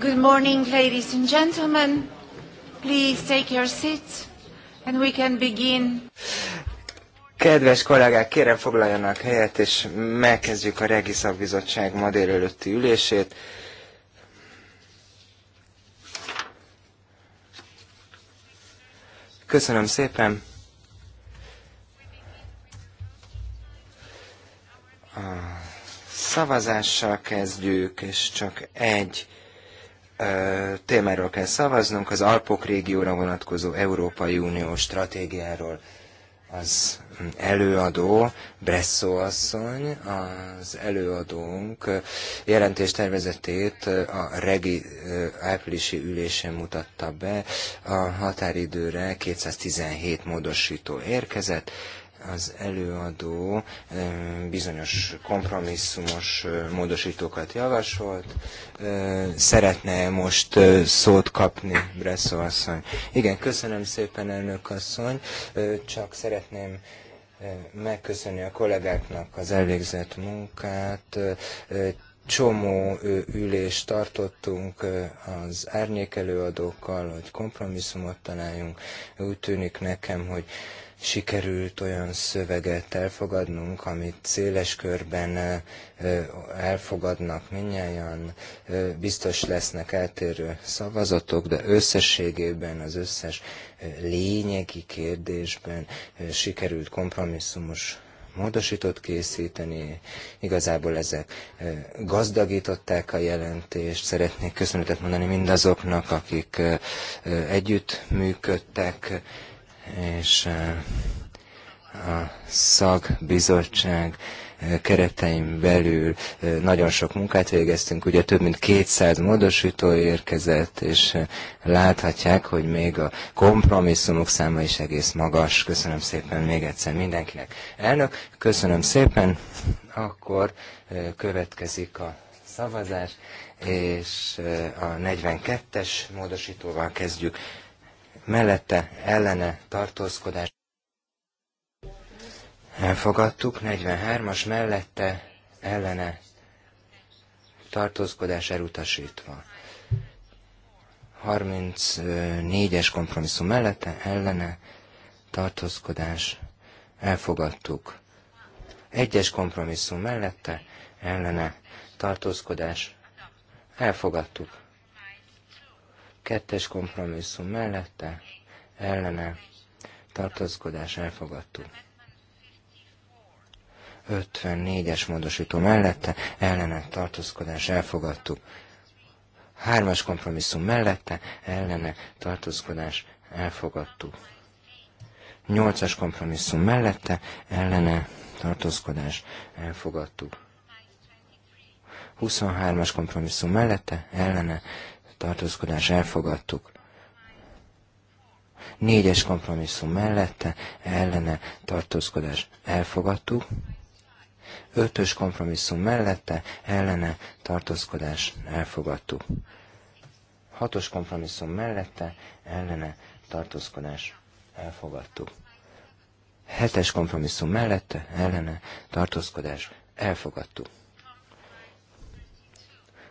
Good morning, ladies and gentlemen. Please take your seats and we can begin. Kedves kollégák, kérem foglaljanak helyet, és megkezdjük a Regi Szakbizottság ma délelőtti ülését. Köszönöm szépen. A szavazással kezdjük, és csak egy témáról kell szavaznunk, az Alpok régióra vonatkozó Európai Unió stratégiáról. Az mm, előadó, Bresszó asszony, az előadónk jelentéstervezetét a regi áprilisi ülésén mutatta be. A határidőre 217 módosító érkezett az előadó bizonyos kompromisszumos módosítókat javasolt. Szeretne most szót kapni, Bresszó asszony. Igen, köszönöm szépen, elnök asszony. Csak szeretném megköszönni a kollégáknak az elvégzett munkát. Csomó ülést tartottunk az árnyékelőadókkal, hogy kompromisszumot találjunk. Úgy tűnik nekem, hogy sikerült olyan szöveget elfogadnunk, amit széles körben elfogadnak minnyáján, biztos lesznek eltérő szavazatok, de összességében az összes lényegi kérdésben sikerült kompromisszumos módosított készíteni, igazából ezek gazdagították a jelentést, szeretnék köszönetet mondani mindazoknak, akik együtt működtek, és a szakbizottság keretein belül nagyon sok munkát végeztünk, ugye több mint 200 módosító érkezett, és láthatják, hogy még a kompromisszumok száma is egész magas. Köszönöm szépen még egyszer mindenkinek. Elnök, köszönöm szépen, akkor következik a szavazás, és a 42-es módosítóval kezdjük mellette ellene tartózkodás elfogadtuk, 43-as mellette ellene tartózkodás elutasítva. 34-es kompromisszum mellette ellene tartózkodás elfogadtuk. Egyes kompromisszum mellette ellene tartózkodás elfogadtuk. Kettes kompromisszum mellette, ellene, tartózkodás elfogadtuk. 54-es módosító mellette, ellene, tartózkodás elfogadtuk. Hármas kompromisszum mellette, ellene, tartózkodás elfogadtuk. Nyolcas kompromisszum mellette, ellene, tartózkodás elfogadtuk. 23-as kompromisszum mellette, ellene, tartózkodás elfogadtuk. Négyes kompromisszum mellette, ellene tartózkodás elfogadtuk. Ötös kompromisszum mellette, ellene tartózkodás elfogadtuk. Hatos kompromisszum mellette, ellene tartózkodás elfogadtuk. Hetes kompromisszum mellette, ellene tartózkodás elfogadtuk.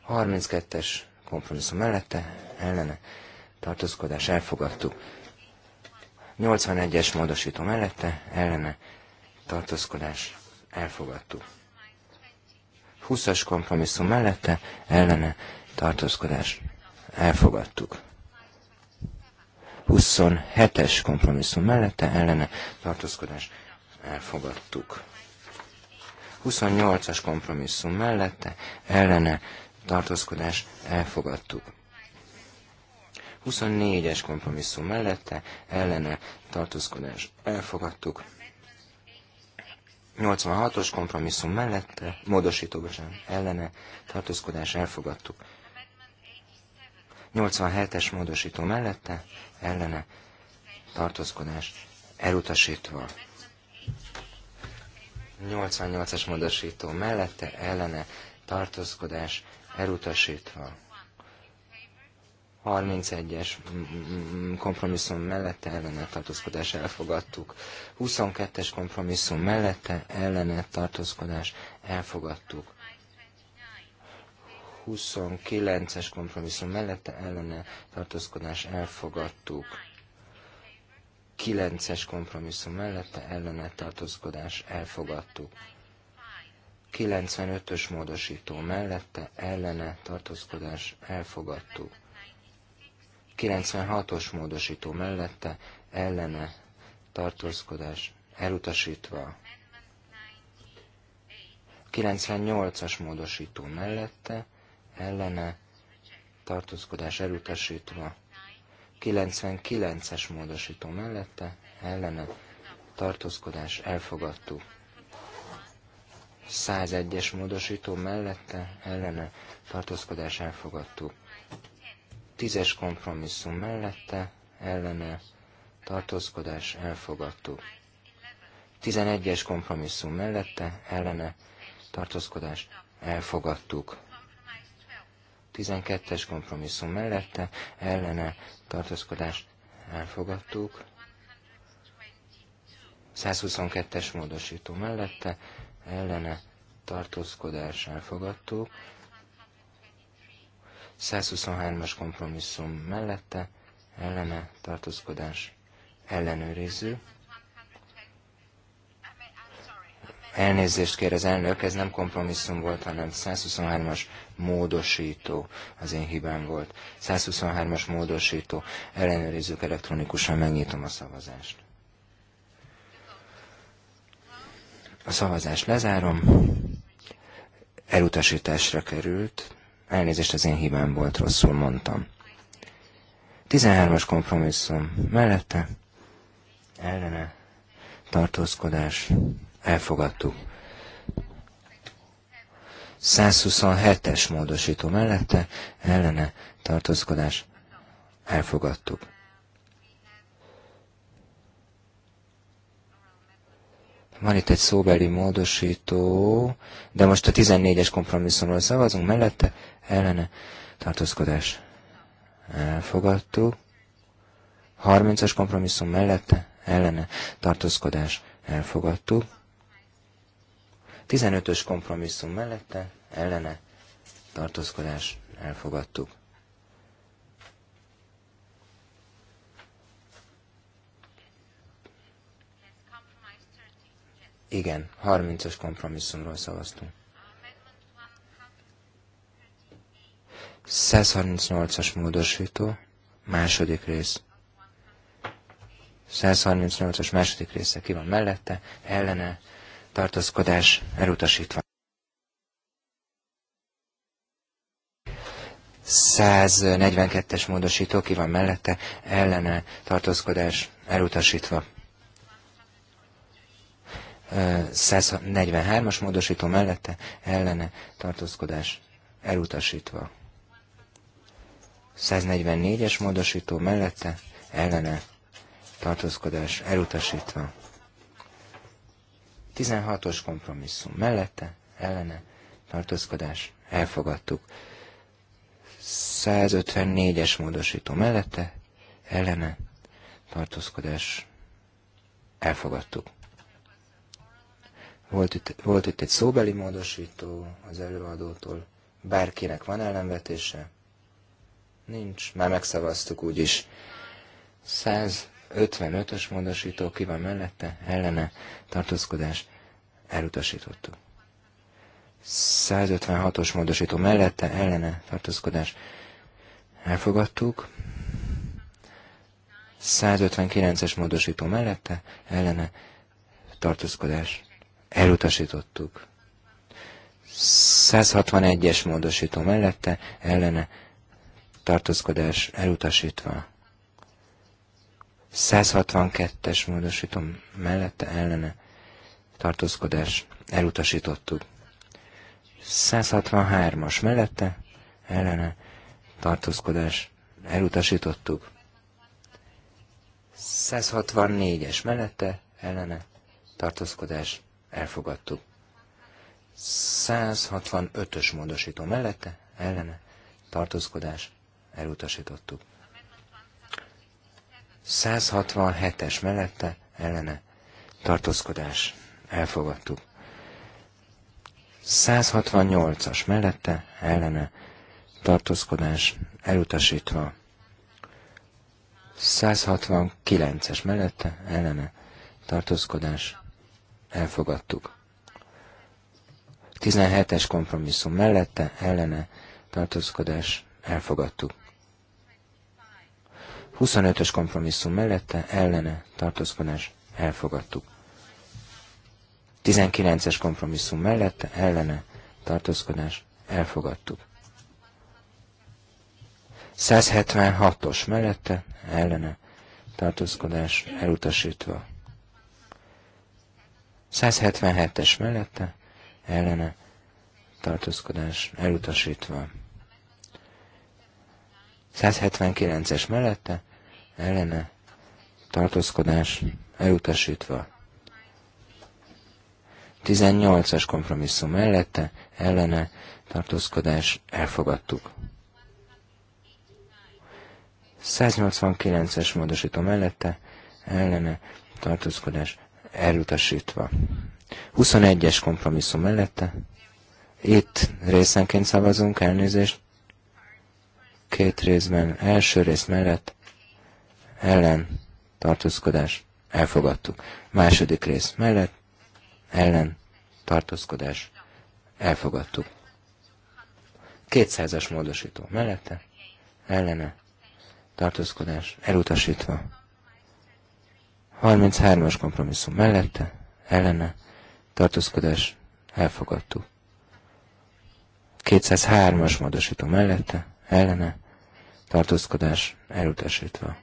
32-es kompromisszum mellette, ellene, tartózkodás elfogadtuk. 81-es módosító mellette, ellene, tartózkodás elfogadtuk. 20-as kompromisszum mellette, ellene, tartózkodás elfogadtuk. 27-es kompromisszum mellette, ellene, tartózkodás elfogadtuk. 28-as kompromisszum mellette, ellene tartózkodás elfogadtuk. 24-es kompromisszum mellette ellene tartózkodás elfogadtuk. 86-os kompromisszum mellette, módosító, bocsánat, ellene tartózkodás elfogadtuk. 87-es módosító mellette, ellene tartózkodás elutasítva. 88 es módosító mellette, ellene tartózkodás elutasítva. 31-es kompromisszum mellette ellene tartózkodás elfogadtuk. 22-es kompromisszum mellette ellene tartózkodás elfogadtuk. 29-es kompromisszum mellette ellene tartózkodás elfogadtuk. 9-es kompromisszum mellette ellene tartózkodás elfogadtuk. 95-ös módosító mellette ellene tartózkodás elfogadtú. 96-os módosító mellette ellene tartózkodás elutasítva. 98-as módosító mellette ellene tartózkodás elutasítva. 99-es módosító mellette ellene tartózkodás elfogadtuk. 101-es módosító mellette ellene tartózkodás elfogadtó. 10-es kompromisszum mellette ellene tartózkodás elfogadtó. 11-es kompromisszum mellette ellene tartózkodás elfogadtuk. 12-es kompromisszum mellette ellene tartózkodás elfogadtuk. 122-es módosító mellette ellene tartózkodás elfogadtó, 123-as kompromisszum mellette ellene tartózkodás ellenőriző. Elnézést kér az elnök, ez nem kompromisszum volt, hanem 123-as módosító, az én hibám volt. 123-as módosító, ellenőrizzük elektronikusan, megnyitom a szavazást. A szavazást lezárom. Elutasításra került. Elnézést, az én hibám volt, rosszul mondtam. 13-as kompromisszum. Mellette ellene tartózkodás. Elfogadtuk. 127-es módosító mellette ellene tartózkodás. Elfogadtuk. Van itt egy szóbeli módosító, de most a 14-es kompromisszumról szavazunk, mellette ellene tartózkodás. Elfogadtuk. 30-as kompromisszum mellette ellene tartózkodás. Elfogadtuk. 15-ös kompromisszum mellette ellene tartózkodás. Elfogadtuk. Igen, 30-as kompromisszumról szavaztunk. 138-as módosító, második rész. 138-as második része ki van mellette, ellene, tartózkodás elutasítva. 142-es módosító ki van mellette, ellene, tartózkodás elutasítva. 143-as módosító mellette ellene tartózkodás elutasítva. 144-es módosító mellette ellene tartózkodás elutasítva. 16-os kompromisszum mellette ellene tartózkodás elfogadtuk. 154-es módosító mellette ellene tartózkodás elfogadtuk. Volt itt, volt itt egy szóbeli módosító az előadótól. Bárkinek van ellenvetése? Nincs, már megszavaztuk úgyis. 155-ös módosító, ki van mellette, ellene, tartózkodás, elutasítottuk. 156-os módosító mellette, ellene, tartózkodás, elfogadtuk. 159-es módosító mellette, ellene, tartózkodás, elutasítottuk. 161-es módosító mellette, ellene tartózkodás elutasítva. 162-es módosító mellette, ellene tartózkodás elutasítottuk. 163-as mellette, ellene tartózkodás elutasítottuk. 164-es mellette, ellene tartózkodás elfogadtuk. 165-ös módosító mellette, ellene, tartózkodás, elutasítottuk. 167-es mellette, ellene, tartózkodás, elfogadtuk. 168-as mellette, ellene, tartózkodás, elutasítva. 169-es mellette, ellene, tartózkodás, elfogadtuk. 17-es kompromisszum mellette, ellene, tartózkodás, elfogadtuk. 25-ös kompromisszum mellette, ellene, tartózkodás, elfogadtuk. 19-es kompromisszum mellette, ellene, tartózkodás, elfogadtuk. 176-os mellette, ellene, tartózkodás, elutasítva. 177-es mellette ellene tartózkodás elutasítva. 179-es mellette ellene tartózkodás elutasítva. 18-as kompromisszum mellette ellene tartózkodás elfogadtuk. 189-es módosító mellette ellene tartózkodás elutasítva. 21-es kompromisszum mellette. Itt részenként szavazunk, elnézést. Két részben, első rész mellett, ellen, tartózkodás, elfogadtuk. Második rész mellett, ellen, tartózkodás, elfogadtuk. 200 módosító mellette, ellene, tartózkodás, elutasítva. 33-as kompromisszum mellette, ellene, tartózkodás, elfogadtuk. 203-as módosító mellette, ellene, tartózkodás, elutasítva.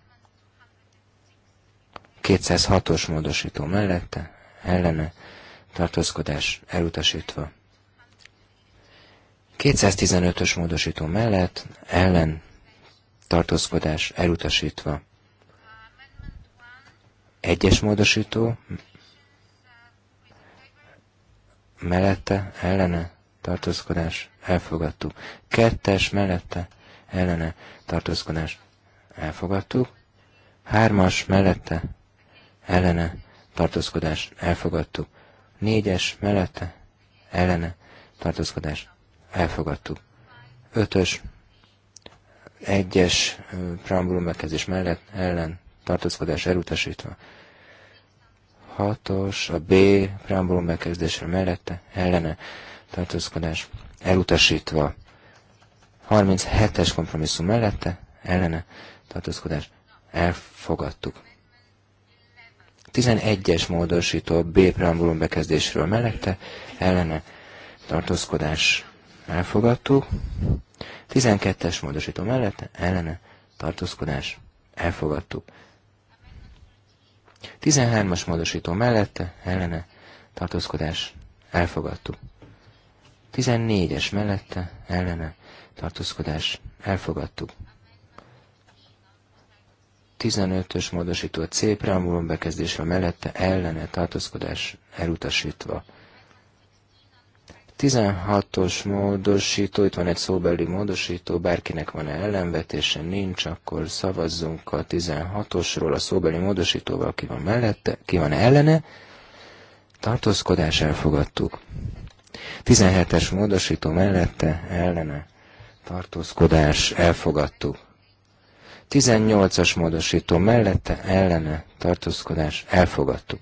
206-os módosító mellette, ellene, tartózkodás, elutasítva. 215-ös módosító mellett, ellen, tartózkodás, elutasítva. Egyes módosító mellette, ellene, tartózkodás, elfogadtuk. Kettes mellette, ellene, tartózkodás, elfogadtuk. Hármas mellette, ellene, tartózkodás, elfogadtuk. Négyes mellette, ellene, tartózkodás, elfogadtuk. Ötös, egyes preambulum mellett, ellen, tartózkodás elutasítva. Hatos, a B preambulum megkezdésre mellette, ellene tartózkodás elutasítva. 37-es kompromisszum mellette, ellene tartózkodás elfogadtuk. 11-es módosító B preambulum bekezdésről mellette, ellene tartózkodás elfogadtuk. 12-es módosító mellette, ellene tartózkodás elfogadtuk. 13-as módosító mellette, ellene, tartózkodás, elfogadtuk. 14-es mellette, ellene, tartózkodás, elfogadtuk. 15-ös módosító C preambulum bekezdésre mellette, ellene, tartózkodás, elutasítva. 16-os módosító, itt van egy szóbeli módosító, bárkinek van-e ellenvetése, nincs, akkor szavazzunk a 16-osról a szóbeli módosítóval, ki van mellette, ki van ellene. Tartózkodás elfogadtuk. 17-es módosító mellette, ellene. Tartózkodás elfogadtuk. 18-as módosító mellette, ellene. Tartózkodás elfogadtuk.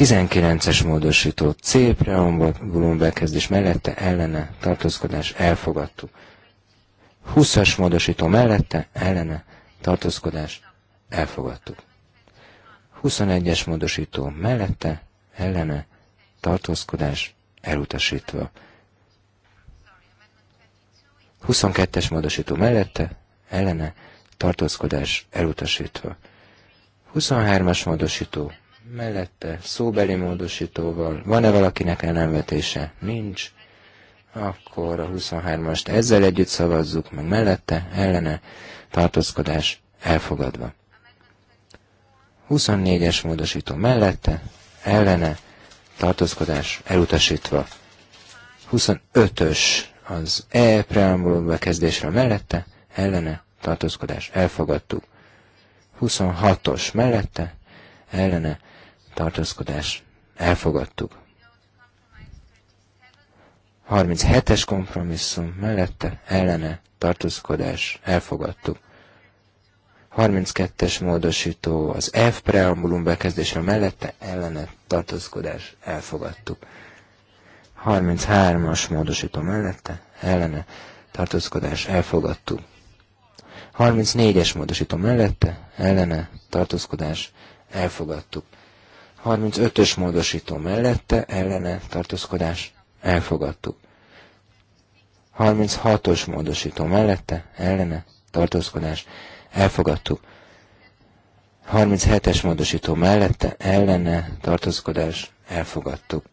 19-es módosító C preambulum bekezdés mellette ellene tartózkodás elfogadtuk. 20-as módosító mellette ellene tartózkodás elfogadtuk. 21-es módosító mellette ellene tartózkodás elutasítva. 22-es módosító mellette ellene tartózkodás elutasítva. 23-as módosító mellette szóbeli módosítóval. Van-e valakinek ellenvetése? Nincs. Akkor a 23-ast ezzel együtt szavazzuk, meg mellette, ellene, tartózkodás elfogadva. 24-es módosító mellette, ellene, tartózkodás elutasítva. 25-ös az E preambulum bekezdésre mellette, ellene, tartózkodás elfogadtuk. 26-os mellette, ellene tartózkodás, elfogadtuk. 37-es kompromisszum mellette ellene tartózkodás, elfogadtuk. 32-es módosító az F preambulum bekezdésre mellette ellene tartózkodás, elfogadtuk. 33-as módosító mellette ellene tartózkodás, elfogadtuk. 34-es módosító mellette ellene tartózkodás, elfogadtuk. 35-ös módosító mellette ellene tartózkodás elfogadtuk. 36-os módosító mellette ellene tartózkodás elfogadtuk. 37-es módosító mellette ellene tartózkodás elfogadtuk.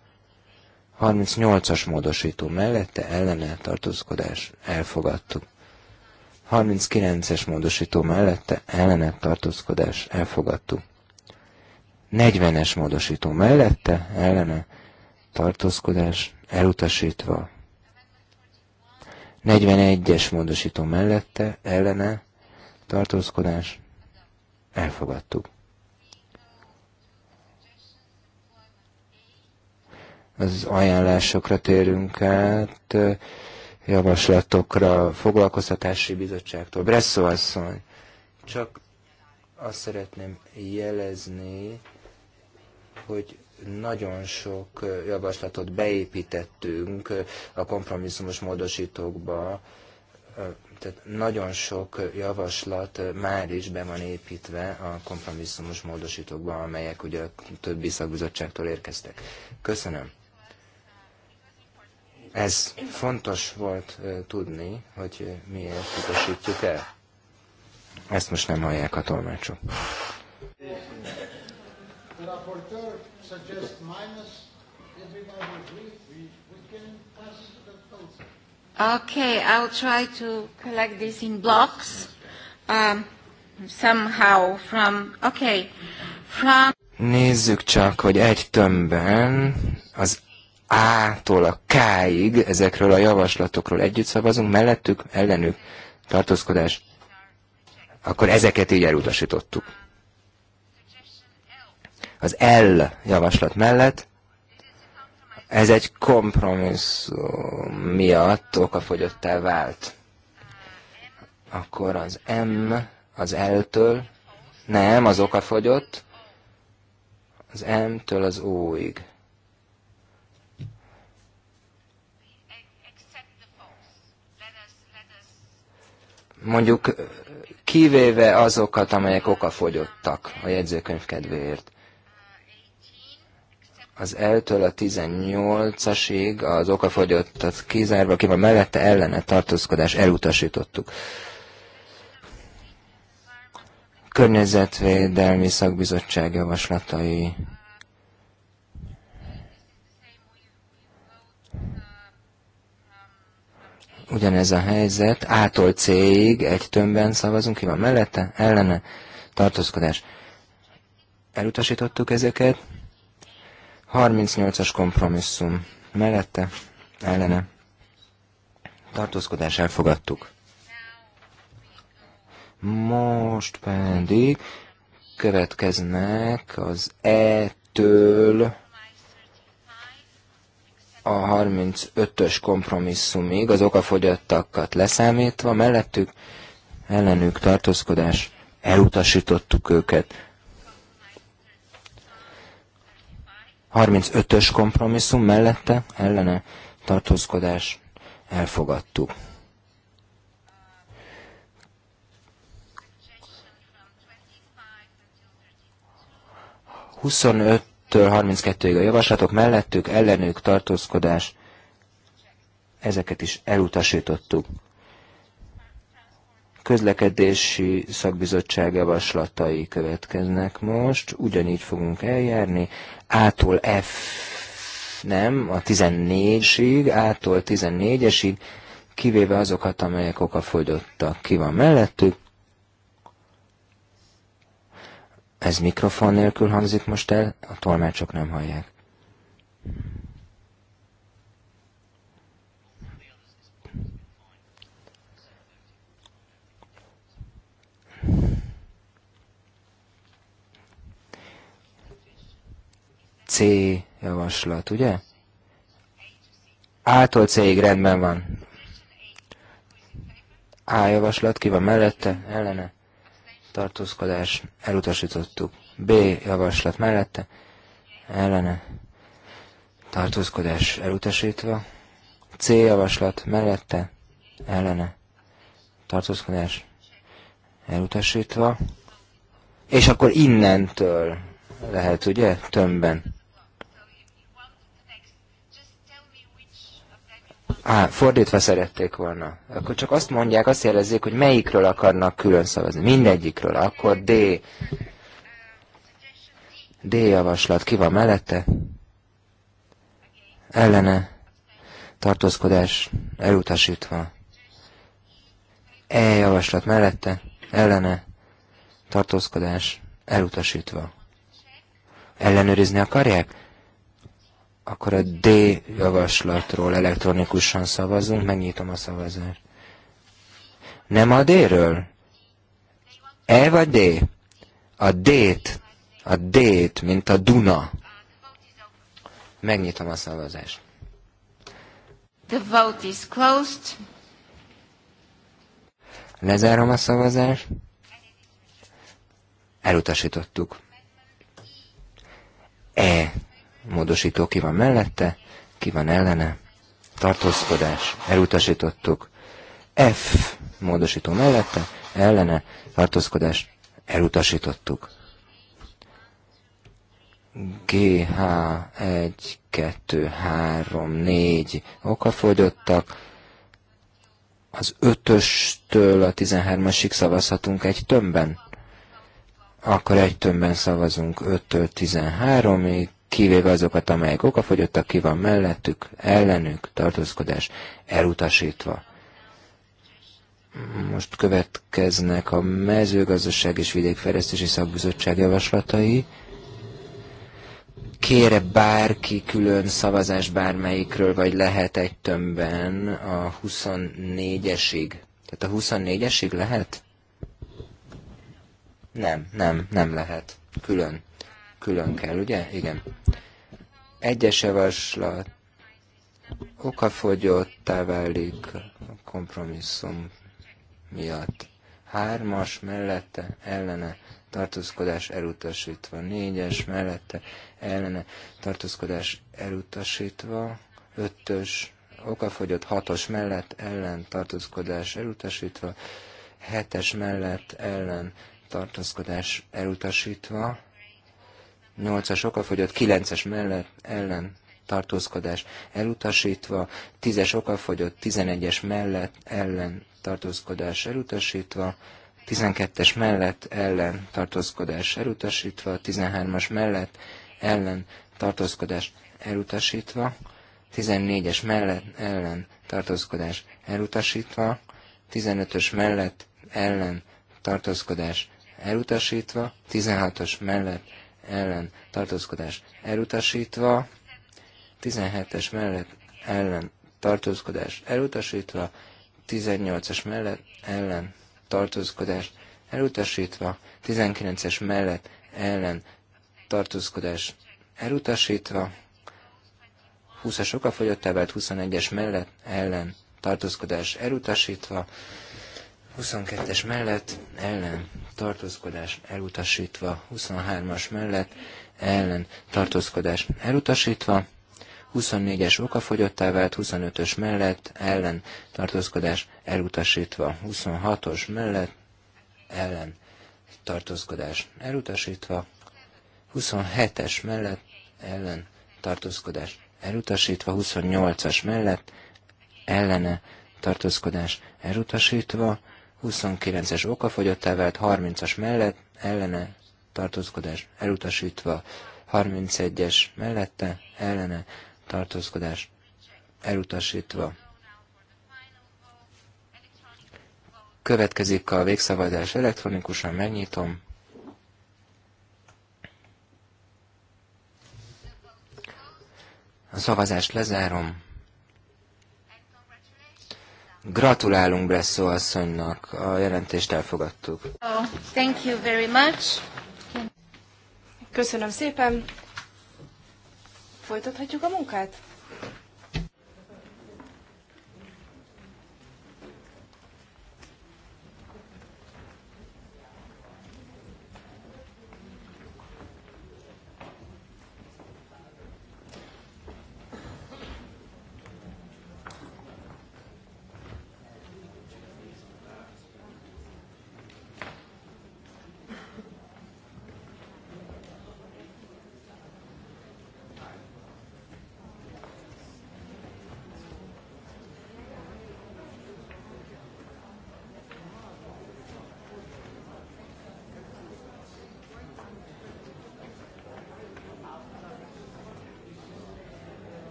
38-as módosító mellette ellene tartózkodás elfogadtuk. 39-es módosító mellette ellene tartózkodás elfogadtuk. 40-es módosító mellette, ellene tartózkodás elutasítva. 41-es módosító mellette, ellene tartózkodás elfogadtuk. Az ajánlásokra térünk át, javaslatokra, foglalkoztatási bizottságtól. Bresszó asszony, csak azt szeretném jelezni, hogy nagyon sok javaslatot beépítettünk a kompromisszumos módosítókba, tehát nagyon sok javaslat már is be van építve a kompromisszumos módosítókba, amelyek ugye a többi szakbizottságtól érkeztek. Köszönöm. Ez fontos volt tudni, hogy miért utasítjuk el. Ezt most nem hallják a tolmácsok. The rapporteur suggests minus. Everybody agrees. We, we can pass the council. Okay, I'll try to collect this in blocks. Um, somehow from, okay, from... Nézzük csak, hogy egy tömbben az A-tól a K-ig ezekről a javaslatokról együtt szavazunk, mellettük, ellenük tartózkodás. Akkor ezeket így elutasítottuk az L javaslat mellett, ez egy kompromisszum miatt okafogyottá vált. Akkor az M az L-től, nem, az okafogyott, az M-től az O-ig. Mondjuk kivéve azokat, amelyek okafogyottak a jegyzőkönyv kedvéért az eltől a 18-asig az okafogyottat kizárva, aki a mellette ellene tartózkodás elutasítottuk. Környezetvédelmi szakbizottság javaslatai ugyanez a helyzet, A-tól C-ig egy tömbben szavazunk, ki van mellette, ellene, tartózkodás. Elutasítottuk ezeket. 38-as kompromisszum. Mellette, ellene. Tartózkodás elfogadtuk. Most pedig következnek az E-től a 35-ös kompromisszumig, az okafogyottakat leszámítva, mellettük ellenük tartózkodás, elutasítottuk őket. 35-ös kompromisszum mellette ellene tartózkodás elfogadtuk. Huszonöt 25-től 32-ig a javaslatok mellettük, ellenük tartózkodás, ezeket is elutasítottuk. Közlekedési szakbizottság javaslatai következnek most, ugyanígy fogunk eljárni, a-tól F nem, a 14-ig, A-tól 14-esig, kivéve azokat, amelyek okafogyottak. Ki van mellettük? Ez mikrofon nélkül hangzik most el, a tolmácsok nem hallják. C javaslat, ugye? A-tól C-ig rendben van. A javaslat, ki van mellette, ellene, tartózkodás, elutasítottuk. B javaslat mellette, ellene, tartózkodás elutasítva. C javaslat mellette, ellene, tartózkodás elutasítva. És akkor innentől lehet, ugye, tömbben. Á, fordítva szerették volna. Akkor csak azt mondják, azt jelezzék, hogy melyikről akarnak külön szavazni. Mindegyikről. Akkor D. D javaslat. Ki van mellette? Ellene. Tartózkodás elutasítva. E javaslat mellette. Ellene. Tartózkodás elutasítva. Ellenőrizni akarják? Akkor a D javaslatról elektronikusan szavazunk, megnyitom a szavazást. Nem a D-ről? E vagy D? A D-t, a D-t, mint a Duna. Megnyitom a szavazást. The vote is closed. Lezárom a szavazást. Elutasítottuk. E módosító ki van mellette, ki van ellene, tartózkodás, elutasítottuk. F módosító mellette, ellene, tartózkodás, elutasítottuk. G, H, 1, 2, 3, 4 okafogyottak. Az 5-östől a 13-asig szavazhatunk egy tömbben. Akkor egy tömbben szavazunk 5-től 13-ig, kivéve azokat, amelyek okafogyottak, ki van mellettük, ellenük, tartózkodás elutasítva. Most következnek a mezőgazdaság és vidékfejlesztési szakbizottság javaslatai. Kére bárki külön szavazás bármelyikről, vagy lehet egy tömbben a 24-esig? Tehát a 24-esig lehet? Nem, nem, nem lehet. Külön külön kell, ugye? Igen. Egyes javaslat okafogyottá válik a kompromisszum miatt. Hármas mellette, ellene, tartózkodás elutasítva. Négyes mellette, ellene, tartózkodás elutasítva. Ötös, okafogyott hatos mellett, ellen, tartózkodás elutasítva. Hetes mellett, ellen, tartózkodás elutasítva. 8-as okafogyott, 9-es mellett ellen tartózkodás elutasítva, 10-es okafogyott, 11-es mellett ellen tartózkodás elutasítva, 12-es mellett ellen tartózkodás elutasítva, 13-as mellett ellen tartózkodás elutasítva, 14-es mellett ellen tartózkodás elutasítva, 15-ös mellett ellen tartózkodás elutasítva, 16-os mellett ellen tartózkodás elutasítva, 17-es mellett ellen tartózkodás elutasítva, 18 es mellett ellen tartózkodás elutasítva, 19-es mellett ellen tartózkodás elutasítva, 20-as okafogyottá vált 21-es mellett ellen tartózkodás elutasítva, 22-es mellett ellen tartózkodás elutasítva, 23-as mellett ellen tartózkodás elutasítva, 24-es okafogyottá vált, 25-ös mellett ellen tartózkodás elutasítva, 26-os mellett ellen tartózkodás elutasítva, 27-es mellett ellen tartózkodás elutasítva, 28-as mellett ellene tartózkodás elutasítva, 29-es okafogyottá vált, 30-as mellett, ellene, tartózkodás elutasítva, 31-es mellette, ellene, tartózkodás elutasítva. Következik a végszavazás elektronikusan, megnyitom. A szavazást lezárom. Gratulálunk Bresszó asszonynak, a jelentést elfogadtuk. Oh, thank you very much. Köszönöm szépen. Folytathatjuk a munkát?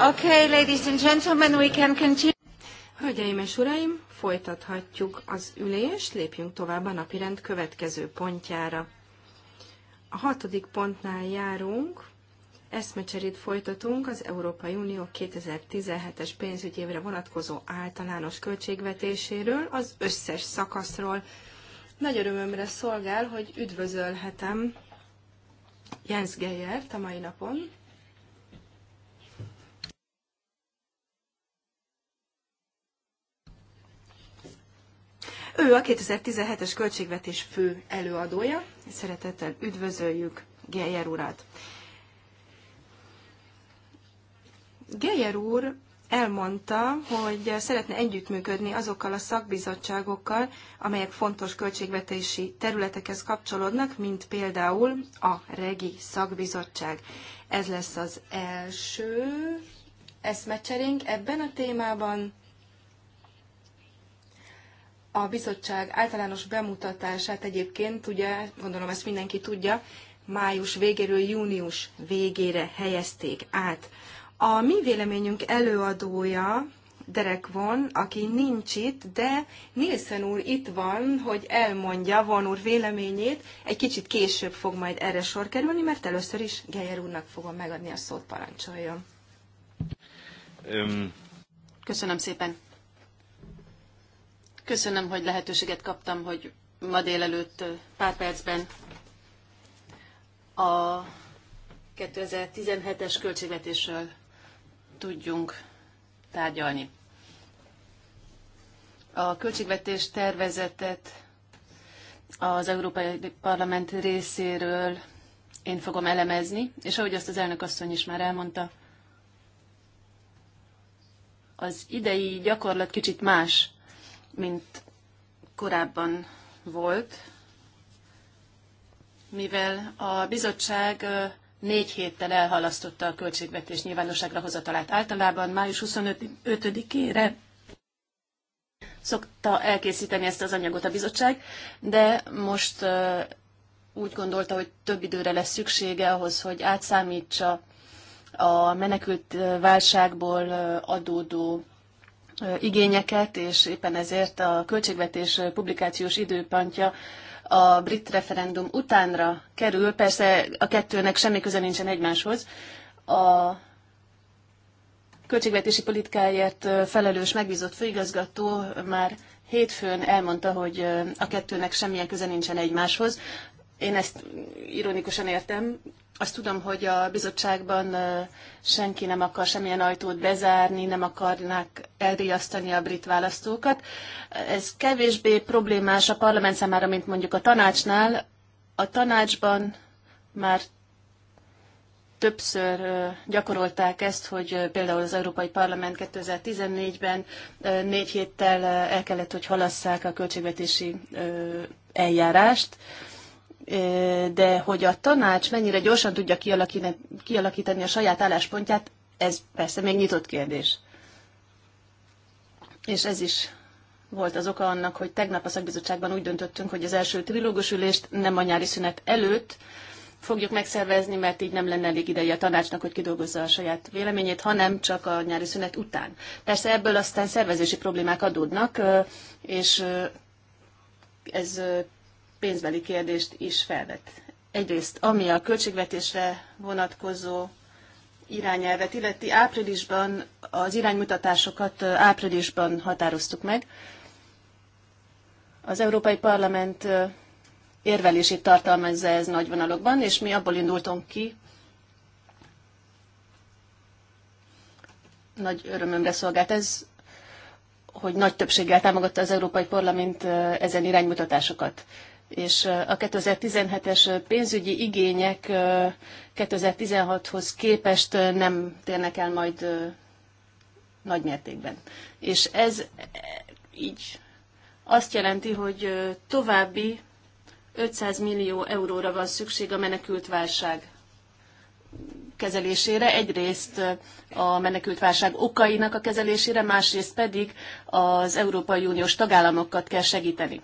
Okay, ladies and gentlemen, we can continue. Hölgyeim és uraim, folytathatjuk az ülést, lépjünk tovább a napirend következő pontjára. A hatodik pontnál járunk, eszmecserét folytatunk az Európai Unió 2017-es pénzügyévre vonatkozó általános költségvetéséről, az összes szakaszról. Nagy örömömre szolgál, hogy üdvözölhetem Jens Geyert a mai napon. a 2017-es költségvetés fő előadója. Szeretettel üdvözöljük Geyer urat. Geyer úr elmondta, hogy szeretne együttműködni azokkal a szakbizottságokkal, amelyek fontos költségvetési területekhez kapcsolódnak, mint például a Regi Szakbizottság. Ez lesz az első eszmecserénk ebben a témában a bizottság általános bemutatását egyébként, ugye, gondolom ezt mindenki tudja, május végéről június végére helyezték át. A mi véleményünk előadója Derek von, aki nincs itt, de Nielsen úr itt van, hogy elmondja von úr véleményét. Egy kicsit később fog majd erre sor kerülni, mert először is Geyer úrnak fogom megadni a szót, parancsoljon. Um. Köszönöm szépen. Köszönöm, hogy lehetőséget kaptam, hogy ma délelőtt pár percben a 2017-es költségvetésről tudjunk tárgyalni. A költségvetés tervezetet az Európai Parlament részéről én fogom elemezni, és ahogy azt az elnök asszony is már elmondta, az idei gyakorlat kicsit más, mint korábban volt, mivel a bizottság négy héttel elhalasztotta a költségvetés nyilvánosságra hozatalát. Általában május 25-ére szokta elkészíteni ezt az anyagot a bizottság, de most úgy gondolta, hogy több időre lesz szüksége ahhoz, hogy átszámítsa a menekült válságból adódó igényeket, és éppen ezért a költségvetés publikációs időpontja a brit referendum utánra kerül. Persze a kettőnek semmi köze nincsen egymáshoz. A költségvetési politikáért felelős megbízott főigazgató már hétfőn elmondta, hogy a kettőnek semmilyen köze nincsen egymáshoz. Én ezt ironikusan értem. Azt tudom, hogy a bizottságban senki nem akar semmilyen ajtót bezárni, nem akarnák elriasztani a brit választókat. Ez kevésbé problémás a parlament számára, mint mondjuk a tanácsnál. A tanácsban már többször gyakorolták ezt, hogy például az Európai Parlament 2014-ben négy héttel el kellett, hogy halasszák a költségvetési eljárást de hogy a tanács mennyire gyorsan tudja kialakítani a saját álláspontját, ez persze még nyitott kérdés. És ez is volt az oka annak, hogy tegnap a szakbizottságban úgy döntöttünk, hogy az első trilógus ülést nem a nyári szünet előtt fogjuk megszervezni, mert így nem lenne elég ideje a tanácsnak, hogy kidolgozza a saját véleményét, hanem csak a nyári szünet után. Persze ebből aztán szervezési problémák adódnak, és ez pénzbeli kérdést is felvet. Egyrészt, ami a költségvetésre vonatkozó irányelvet illeti, áprilisban az iránymutatásokat áprilisban határoztuk meg. Az Európai Parlament érvelését tartalmazza ez nagy vonalokban, és mi abból indultunk ki, nagy örömömre szolgált ez, hogy nagy többséggel támogatta az Európai Parlament ezen iránymutatásokat és a 2017-es pénzügyi igények 2016-hoz képest nem térnek el majd nagy mértékben. És ez e, így azt jelenti, hogy további 500 millió euróra van szükség a menekült válság kezelésére, egyrészt a menekült válság okainak a kezelésére, másrészt pedig az Európai Uniós tagállamokat kell segíteni.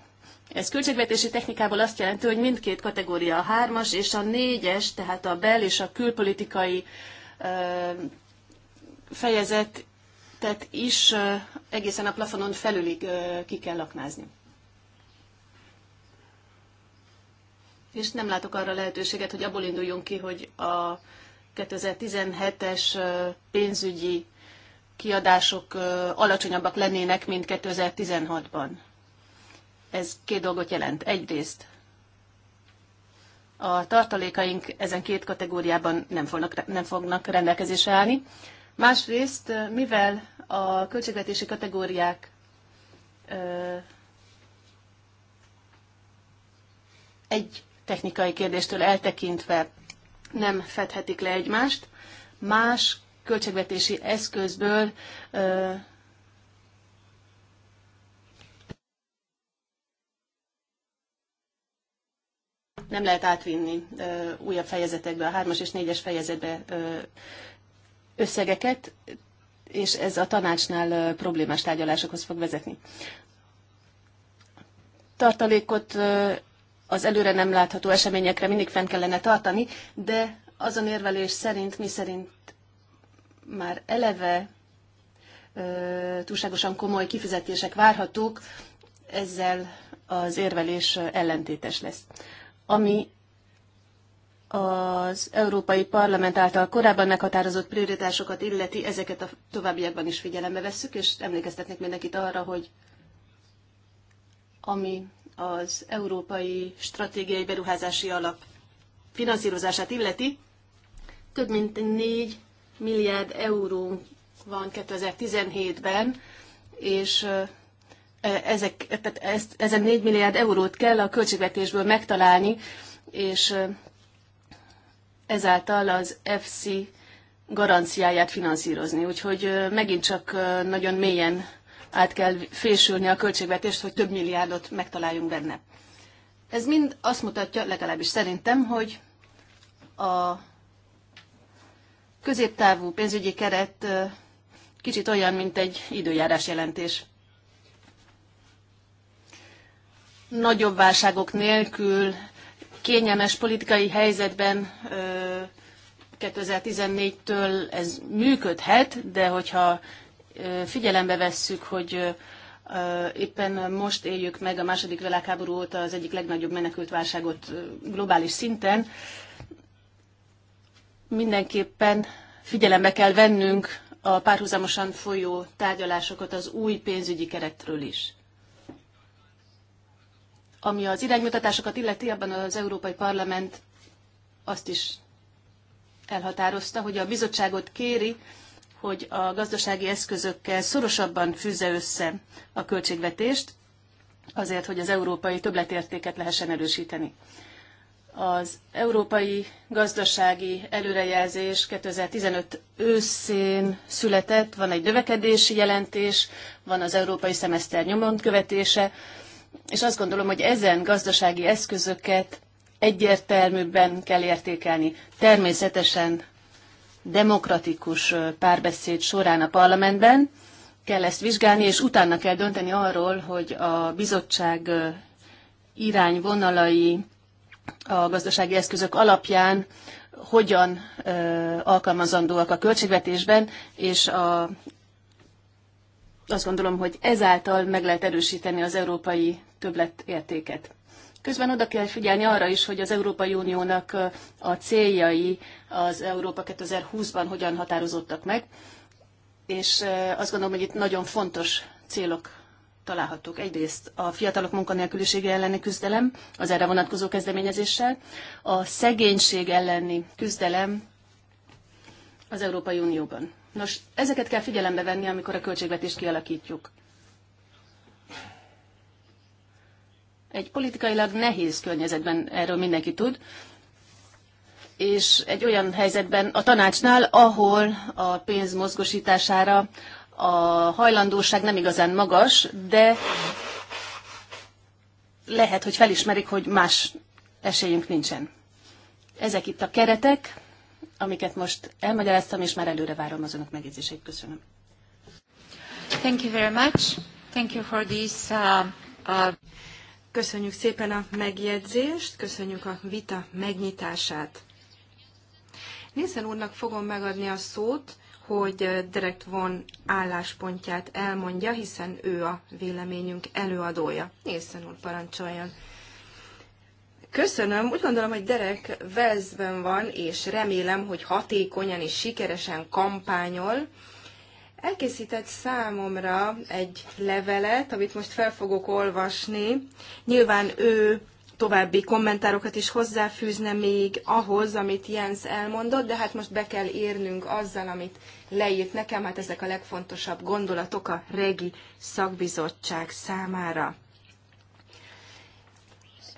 Ez költségvetési technikából azt jelenti, hogy mindkét kategória a hármas és a négyes, tehát a bel- és a külpolitikai fejezetet is egészen a plafonon felülig ki kell laknázni. És nem látok arra lehetőséget, hogy abból induljunk ki, hogy a 2017-es pénzügyi kiadások alacsonyabbak lennének, mint 2016-ban. Ez két dolgot jelent. Egyrészt a tartalékaink ezen két kategóriában nem fognak, nem fognak rendelkezésre állni. Másrészt, mivel a költségvetési kategóriák egy technikai kérdéstől eltekintve nem fedhetik le egymást, más költségvetési eszközből nem lehet átvinni újabb fejezetekbe, a hármas és négyes fejezetbe összegeket, és ez a tanácsnál problémás tárgyalásokhoz fog vezetni. Tartalékot az előre nem látható eseményekre mindig fenn kellene tartani, de azon érvelés szerint, mi szerint már eleve túlságosan komoly kifizetések várhatók, ezzel az érvelés ellentétes lesz ami az Európai Parlament által korábban meghatározott prioritásokat illeti, ezeket a továbbiakban is figyelembe vesszük, és emlékeztetnék mindenkit arra, hogy ami az Európai Stratégiai Beruházási Alap finanszírozását illeti, több mint 4 milliárd euró van 2017-ben, és E, ezek, tehát ezt, ezen 4 milliárd eurót kell a költségvetésből megtalálni, és e, ezáltal az FC garanciáját finanszírozni. Úgyhogy e, megint csak nagyon mélyen át kell fésülni a költségvetést, hogy több milliárdot megtaláljunk benne. Ez mind azt mutatja, legalábbis szerintem, hogy a középtávú pénzügyi keret kicsit olyan, mint egy időjárás jelentés. nagyobb válságok nélkül kényelmes politikai helyzetben 2014-től ez működhet, de hogyha figyelembe vesszük, hogy éppen most éljük meg a második világháború óta az egyik legnagyobb menekült válságot globális szinten, mindenképpen figyelembe kell vennünk a párhuzamosan folyó tárgyalásokat az új pénzügyi keretről is. Ami az iránymutatásokat illeti, abban az Európai Parlament azt is elhatározta, hogy a bizottságot kéri, hogy a gazdasági eszközökkel szorosabban fűzze össze a költségvetést, azért, hogy az európai többletértéket lehessen erősíteni. Az európai gazdasági előrejelzés 2015 őszén született, van egy növekedési jelentés, van az európai szemeszter nyomon követése, és azt gondolom, hogy ezen gazdasági eszközöket egyértelműbben kell értékelni. Természetesen demokratikus párbeszéd során a parlamentben kell ezt vizsgálni, és utána kell dönteni arról, hogy a bizottság irányvonalai a gazdasági eszközök alapján hogyan alkalmazandóak a költségvetésben, és a azt gondolom, hogy ezáltal meg lehet erősíteni az európai többletértéket. Közben oda kell figyelni arra is, hogy az Európai Uniónak uh, a céljai az Európa 2020-ban hogyan határozottak meg, és uh, azt gondolom, hogy itt nagyon fontos célok találhatók. Egyrészt a fiatalok munkanélkülisége elleni küzdelem, az erre vonatkozó kezdeményezéssel, a szegénység elleni küzdelem az Európai Unióban. Nos, ezeket kell figyelembe venni, amikor a költségvetést kialakítjuk. Egy politikailag nehéz környezetben erről mindenki tud, és egy olyan helyzetben a tanácsnál, ahol a pénz mozgosítására a hajlandóság nem igazán magas, de lehet, hogy felismerik, hogy más esélyünk nincsen. Ezek itt a keretek, amiket most elmagyaráztam, és már előre várom az önök megjegyzéseit. Köszönöm. Thank you very much. Thank you for this, uh, uh... Köszönjük szépen a megjegyzést, köszönjük a vita megnyitását. Nézzen úrnak fogom megadni a szót, hogy uh, direkt von álláspontját elmondja, hiszen ő a véleményünk előadója. Nézzen úr, parancsoljon! Köszönöm, úgy gondolom, hogy Derek Velszben van, és remélem, hogy hatékonyan és sikeresen kampányol. Elkészített számomra egy levelet, amit most fel fogok olvasni. Nyilván ő további kommentárokat is hozzáfűzne még ahhoz, amit Jens elmondott, de hát most be kell érnünk azzal, amit leírt nekem, hát ezek a legfontosabb gondolatok a Regi szakbizottság számára.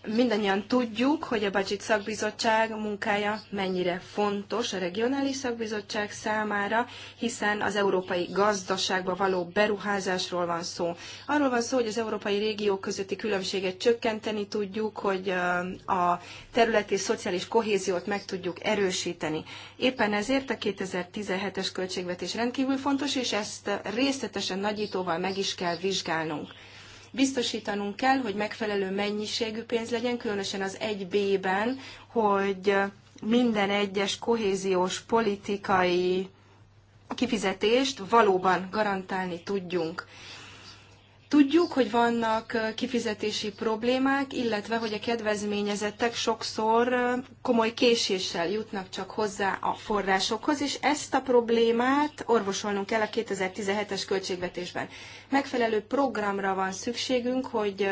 Mindannyian tudjuk, hogy a Budget Szakbizottság munkája mennyire fontos a regionális szakbizottság számára, hiszen az európai gazdaságba való beruházásról van szó. Arról van szó, hogy az európai régiók közötti különbséget csökkenteni tudjuk, hogy a területi szociális kohéziót meg tudjuk erősíteni. Éppen ezért a 2017-es költségvetés rendkívül fontos, és ezt részletesen nagyítóval meg is kell vizsgálnunk. Biztosítanunk kell, hogy megfelelő mennyiségű pénz legyen, különösen az 1B-ben, hogy minden egyes kohéziós politikai kifizetést valóban garantálni tudjunk. Tudjuk, hogy vannak kifizetési problémák, illetve hogy a kedvezményezettek sokszor komoly késéssel jutnak csak hozzá a forrásokhoz, és ezt a problémát orvosolnunk kell a 2017-es költségvetésben. Megfelelő programra van szükségünk, hogy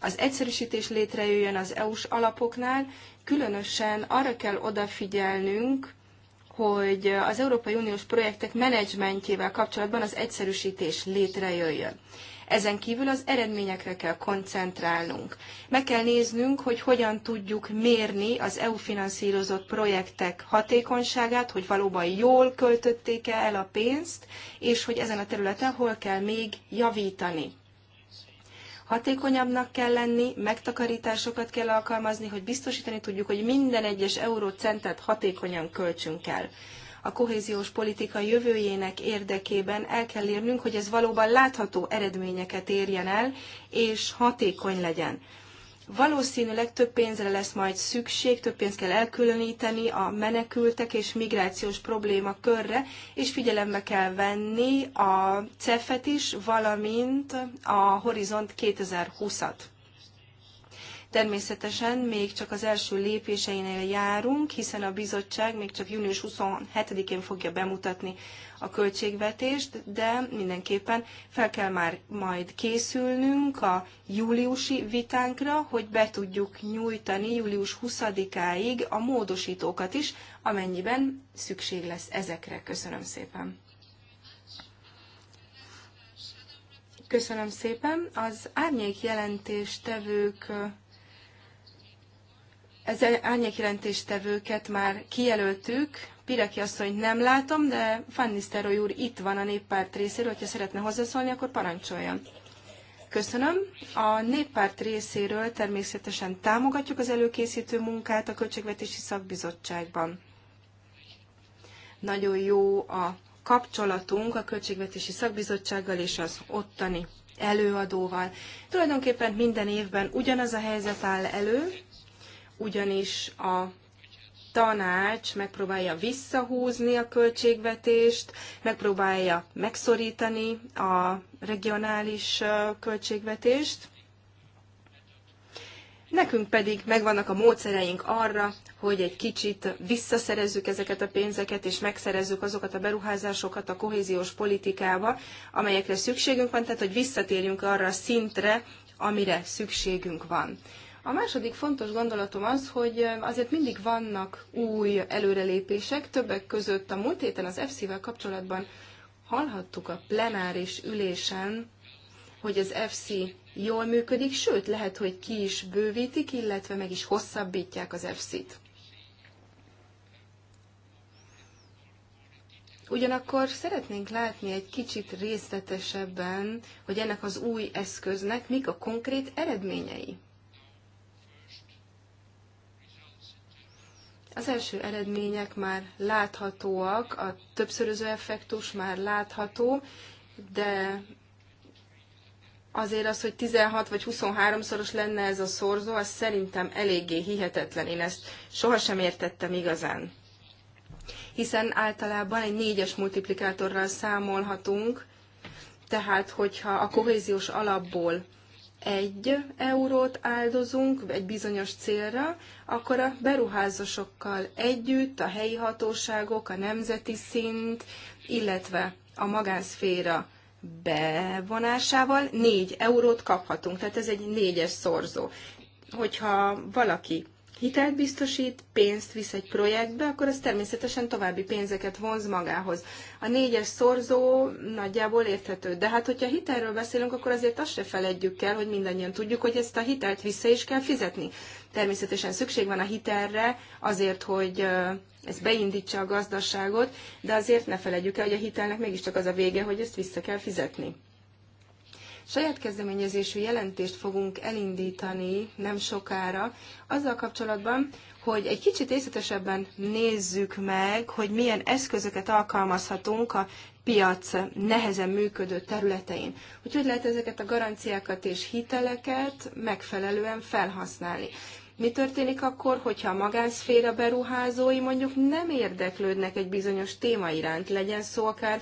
az egyszerűsítés létrejöjjön az EU-s alapoknál, különösen arra kell odafigyelnünk, hogy az Európai Uniós projektek menedzsmentjével kapcsolatban az egyszerűsítés létrejöjjön. Ezen kívül az eredményekre kell koncentrálnunk. Meg kell néznünk, hogy hogyan tudjuk mérni az EU finanszírozott projektek hatékonyságát, hogy valóban jól költötték -e el a pénzt, és hogy ezen a területen hol kell még javítani hatékonyabbnak kell lenni, megtakarításokat kell alkalmazni, hogy biztosítani tudjuk, hogy minden egyes eurócentet hatékonyan költsünk el a kohéziós politika jövőjének érdekében el kell érnünk, hogy ez valóban látható eredményeket érjen el, és hatékony legyen. Valószínűleg több pénzre lesz majd szükség, több pénzt kell elkülöníteni a menekültek és migrációs probléma körre, és figyelembe kell venni a CEF-et is, valamint a Horizont 2020-at. Természetesen még csak az első lépéseinél járunk, hiszen a bizottság még csak június 27-én fogja bemutatni a költségvetést, de mindenképpen fel kell már majd készülnünk a júliusi vitánkra, hogy be tudjuk nyújtani július 20-áig a módosítókat is, amennyiben szükség lesz ezekre. Köszönöm szépen! Köszönöm szépen. Az árnyék jelentéstevők ez árnyékjelentéstevőket már kijelöltük, Pireki asszonyt nem látom, de Fanny úr itt van a néppárt részéről, hogyha szeretne hozzászólni, akkor parancsoljon. Köszönöm. A néppárt részéről természetesen támogatjuk az előkészítő munkát a Költségvetési Szakbizottságban. Nagyon jó a kapcsolatunk a Költségvetési Szakbizottsággal és az ottani előadóval. Tulajdonképpen minden évben ugyanaz a helyzet áll elő, ugyanis a tanács megpróbálja visszahúzni a költségvetést, megpróbálja megszorítani a regionális költségvetést. Nekünk pedig megvannak a módszereink arra, hogy egy kicsit visszaszerezzük ezeket a pénzeket, és megszerezzük azokat a beruházásokat a kohéziós politikába, amelyekre szükségünk van, tehát hogy visszatérjünk arra a szintre, amire szükségünk van. A második fontos gondolatom az, hogy azért mindig vannak új előrelépések, többek között a múlt héten az FC-vel kapcsolatban hallhattuk a plenáris ülésen, hogy az FC jól működik, sőt, lehet, hogy ki is bővítik, illetve meg is hosszabbítják az FC-t. Ugyanakkor szeretnénk látni egy kicsit részletesebben, hogy ennek az új eszköznek mik a konkrét eredményei. Az első eredmények már láthatóak, a többszöröző effektus már látható, de azért az, hogy 16 vagy 23-szoros lenne ez a szorzó, az szerintem eléggé hihetetlen. Én ezt sohasem értettem igazán. Hiszen általában egy négyes multiplikátorral számolhatunk, tehát hogyha a kohéziós alapból egy eurót áldozunk egy bizonyos célra, akkor a beruházásokkal együtt a helyi hatóságok, a nemzeti szint, illetve a magánszféra bevonásával négy eurót kaphatunk. Tehát ez egy négyes szorzó. Hogyha valaki hitelt biztosít, pénzt visz egy projektbe, akkor az természetesen további pénzeket vonz magához. A négyes szorzó nagyjából érthető, de hát hogyha hitelről beszélünk, akkor azért azt se feledjük, el, hogy mindannyian tudjuk, hogy ezt a hitelt vissza is kell fizetni. Természetesen szükség van a hitelre azért, hogy ez beindítsa a gazdaságot, de azért ne felejtjük el, hogy a hitelnek mégiscsak az a vége, hogy ezt vissza kell fizetni saját kezdeményezésű jelentést fogunk elindítani nem sokára, azzal kapcsolatban, hogy egy kicsit részletesebben nézzük meg, hogy milyen eszközöket alkalmazhatunk a piac nehezen működő területein. Hogy hogy lehet ezeket a garanciákat és hiteleket megfelelően felhasználni. Mi történik akkor, hogyha a magánszféra beruházói mondjuk nem érdeklődnek egy bizonyos téma iránt, legyen szó akár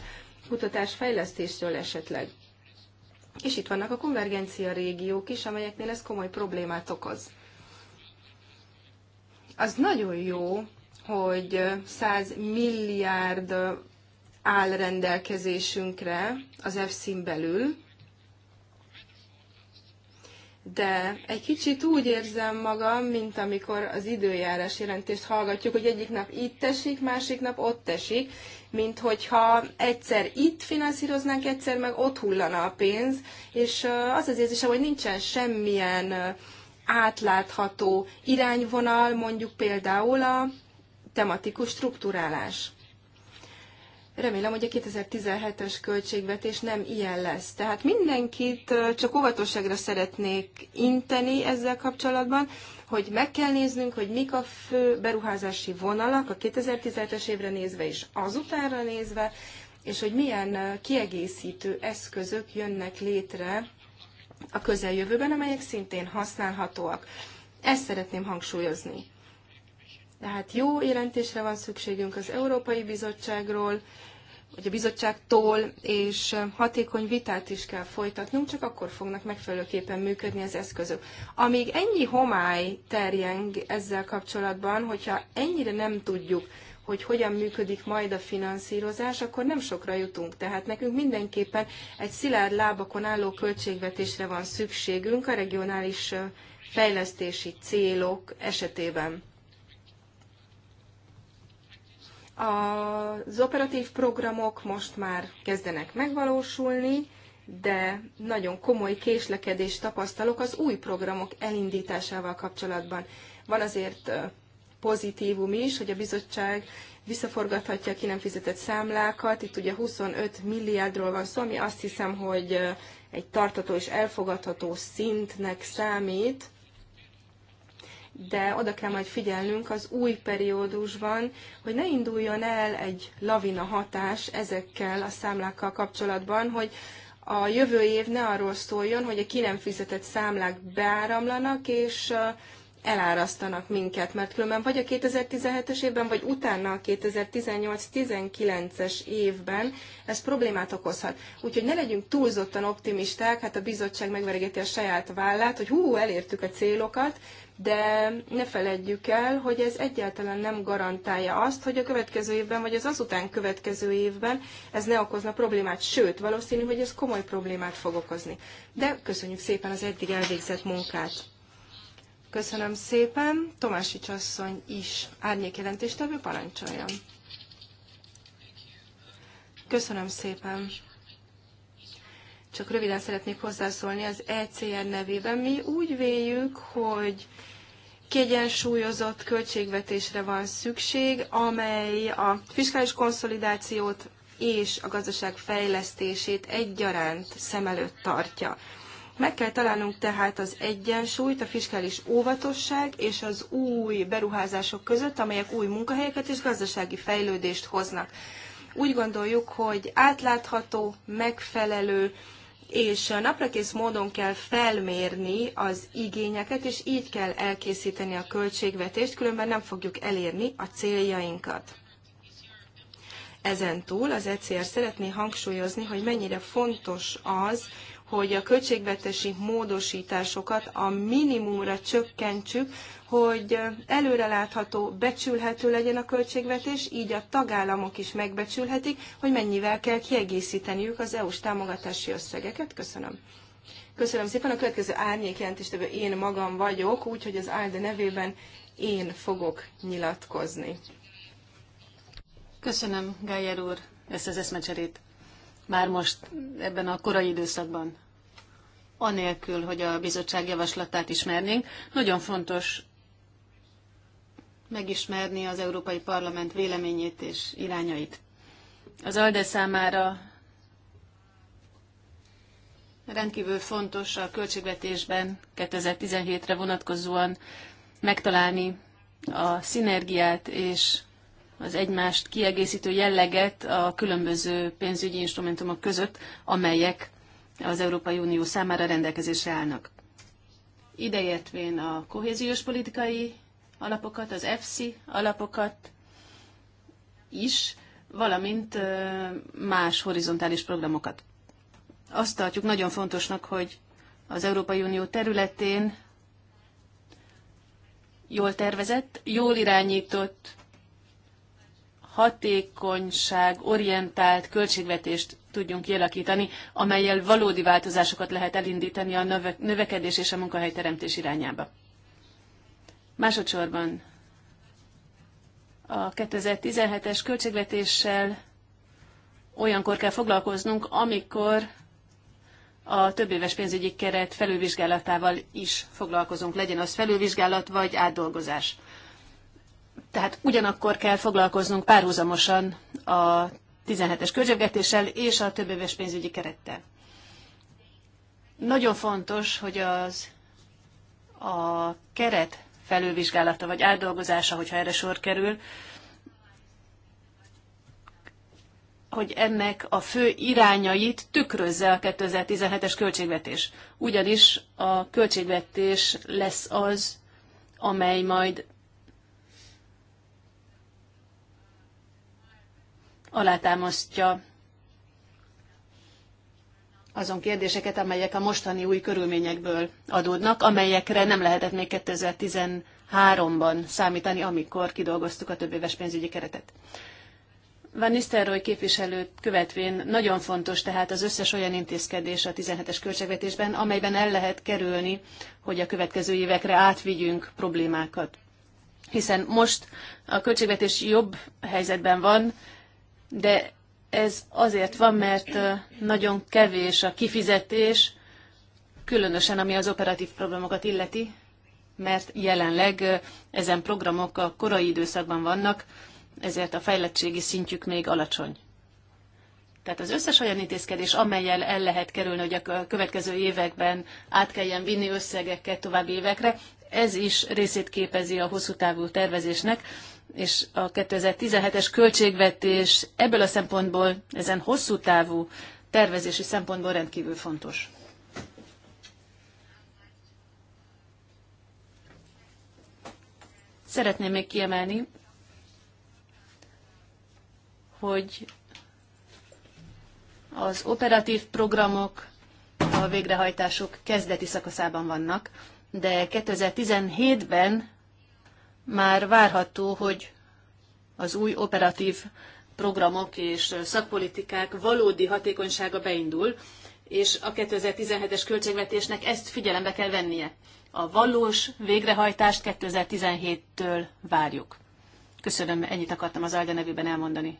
kutatásfejlesztésről esetleg? És itt vannak a konvergencia régiók is, amelyeknél ez komoly problémát okoz. Az nagyon jó, hogy 100 milliárd áll rendelkezésünkre az f belül, de egy kicsit úgy érzem magam, mint amikor az időjárás jelentést hallgatjuk, hogy egyik nap itt esik, másik nap ott esik, mint hogyha egyszer itt finanszíroznánk, egyszer meg ott hullana a pénz, és az az érzésem, hogy nincsen semmilyen átlátható irányvonal, mondjuk például a tematikus struktúrálás. Remélem, hogy a 2017-es költségvetés nem ilyen lesz. Tehát mindenkit csak óvatosságra szeretnék inteni ezzel kapcsolatban, hogy meg kell néznünk, hogy mik a fő beruházási vonalak a 2017-es évre nézve és azutánra nézve, és hogy milyen kiegészítő eszközök jönnek létre a közeljövőben, amelyek szintén használhatóak. Ezt szeretném hangsúlyozni. Tehát jó jelentésre van szükségünk az Európai Bizottságról, hogy a bizottságtól, és hatékony vitát is kell folytatnunk, csak akkor fognak megfelelőképpen működni az eszközök. Amíg ennyi homály terjeng ezzel kapcsolatban, hogyha ennyire nem tudjuk, hogy hogyan működik majd a finanszírozás, akkor nem sokra jutunk. Tehát nekünk mindenképpen egy szilárd lábakon álló költségvetésre van szükségünk a regionális fejlesztési célok esetében. Az operatív programok most már kezdenek megvalósulni, de nagyon komoly késlekedést tapasztalok az új programok elindításával kapcsolatban. Van azért pozitívum is, hogy a bizottság visszaforgathatja ki nem fizetett számlákat. Itt ugye 25 milliárdról van szó, ami azt hiszem, hogy egy tartató és elfogadható szintnek számít de oda kell majd figyelnünk az új periódusban, hogy ne induljon el egy lavina hatás ezekkel a számlákkal kapcsolatban, hogy a jövő év ne arról szóljon, hogy a ki nem fizetett számlák beáramlanak, és elárasztanak minket, mert különben vagy a 2017-es évben, vagy utána a 2018-19-es évben ez problémát okozhat. Úgyhogy ne legyünk túlzottan optimisták, hát a bizottság megveregeti a saját vállát, hogy hú, elértük a célokat, de ne feledjük el, hogy ez egyáltalán nem garantálja azt, hogy a következő évben, vagy az azután következő évben ez ne okozna problémát, sőt, valószínű, hogy ez komoly problémát fog okozni. De köszönjük szépen az eddig elvégzett munkát. Köszönöm szépen. Tomásics asszony is árnyékjelentéstevő parancsoljon. Köszönöm szépen. Csak röviden szeretnék hozzászólni az ECR nevében. Mi úgy véljük, hogy kiegyensúlyozott költségvetésre van szükség, amely a fiskális konszolidációt és a gazdaság fejlesztését egyaránt szem előtt tartja. Meg kell találnunk tehát az egyensúlyt, a fiskális óvatosság és az új beruházások között, amelyek új munkahelyeket és gazdasági fejlődést hoznak. Úgy gondoljuk, hogy átlátható, megfelelő, és naprakész módon kell felmérni az igényeket, és így kell elkészíteni a költségvetést, különben nem fogjuk elérni a céljainkat. Ezen túl az ECR szeretné hangsúlyozni, hogy mennyire fontos az, hogy a költségvetési módosításokat a minimumra csökkentsük, hogy előrelátható, becsülhető legyen a költségvetés, így a tagállamok is megbecsülhetik, hogy mennyivel kell kiegészíteniük az EU-s támogatási összegeket. Köszönöm. Köszönöm szépen. A következő árnyék jelentéstevő én magam vagyok, úgyhogy az ALDE nevében én fogok nyilatkozni. Köszönöm, Gájer úr, ezt az eszmecserét már most ebben a korai időszakban, anélkül, hogy a bizottság javaslatát ismernénk. Nagyon fontos megismerni az Európai Parlament véleményét és irányait. Az ALDE számára rendkívül fontos a költségvetésben 2017-re vonatkozóan megtalálni a szinergiát és az egymást kiegészítő jelleget a különböző pénzügyi instrumentumok között, amelyek az Európai Unió számára rendelkezésre állnak. Ideértvén a kohéziós politikai alapokat, az EFSI alapokat is, valamint más horizontális programokat. Azt tartjuk nagyon fontosnak, hogy az Európai Unió területén jól tervezett, jól irányított hatékonyság orientált költségvetést tudjunk kialakítani, amelyel valódi változásokat lehet elindítani a növekedés és a munkahelyteremtés irányába. Másodszorban a 2017-es költségvetéssel olyankor kell foglalkoznunk, amikor a többéves pénzügyi keret felülvizsgálatával is foglalkozunk, legyen az felülvizsgálat vagy átdolgozás. Tehát ugyanakkor kell foglalkoznunk párhuzamosan a 17-es költségvetéssel és a többéves pénzügyi kerettel. Nagyon fontos, hogy az a keret felülvizsgálata vagy átdolgozása, hogyha erre sor kerül, hogy ennek a fő irányait tükrözze a 2017-es költségvetés. Ugyanis a költségvetés lesz az, amely majd alátámasztja azon kérdéseket, amelyek a mostani új körülményekből adódnak, amelyekre nem lehetett még 2013-ban számítani, amikor kidolgoztuk a többéves pénzügyi keretet. Van Nisztelrooy képviselőt követvén nagyon fontos tehát az összes olyan intézkedés a 17-es költségvetésben, amelyben el lehet kerülni, hogy a következő évekre átvigyünk problémákat. Hiszen most a költségvetés jobb helyzetben van, de ez azért van, mert nagyon kevés a kifizetés, különösen ami az operatív programokat illeti, mert jelenleg ezen programok a korai időszakban vannak, ezért a fejlettségi szintjük még alacsony. Tehát az összes olyan intézkedés, amelyel el lehet kerülni, hogy a következő években át kelljen vinni összegeket további évekre, ez is részét képezi a hosszú távú tervezésnek, és a 2017-es költségvetés ebből a szempontból, ezen hosszú távú tervezési szempontból rendkívül fontos. Szeretném még kiemelni, hogy az operatív programok a végrehajtások kezdeti szakaszában vannak, de 2017-ben már várható, hogy az új operatív programok és szakpolitikák valódi hatékonysága beindul, és a 2017-es költségvetésnek ezt figyelembe kell vennie. A valós végrehajtást 2017-től várjuk. Köszönöm, ennyit akartam az Alde nevében elmondani.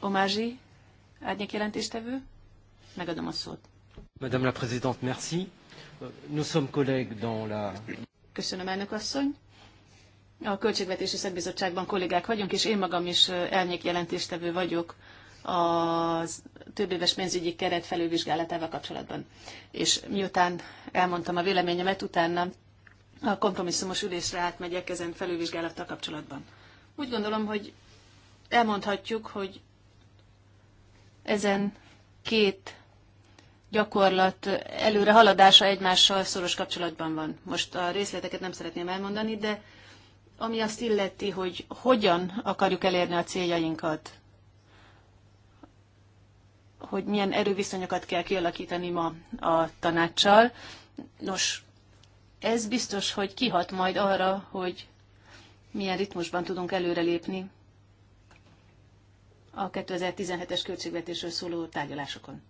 Omázsi, árnyék jelentéstevő, megadom a szót. Madame la Présidente, merci. Nous sommes collègues dans la... Köszönöm, elnök asszony. A Költségvetési Szakbizottságban kollégák vagyunk, és én magam is elnyék jelentéstevő vagyok a éves pénzügyi keret felülvizsgálatával kapcsolatban. És miután elmondtam a véleményemet, utána a kompromisszumos ülésre átmegyek ezen felülvizsgálattal kapcsolatban. Úgy gondolom, hogy elmondhatjuk, hogy ezen két gyakorlat előre haladása egymással szoros kapcsolatban van. Most a részleteket nem szeretném elmondani, de ami azt illeti, hogy hogyan akarjuk elérni a céljainkat, hogy milyen erőviszonyokat kell kialakítani ma a tanácssal. Nos, ez biztos, hogy kihat majd arra, hogy milyen ritmusban tudunk előrelépni a 2017-es költségvetésről szóló tárgyalásokon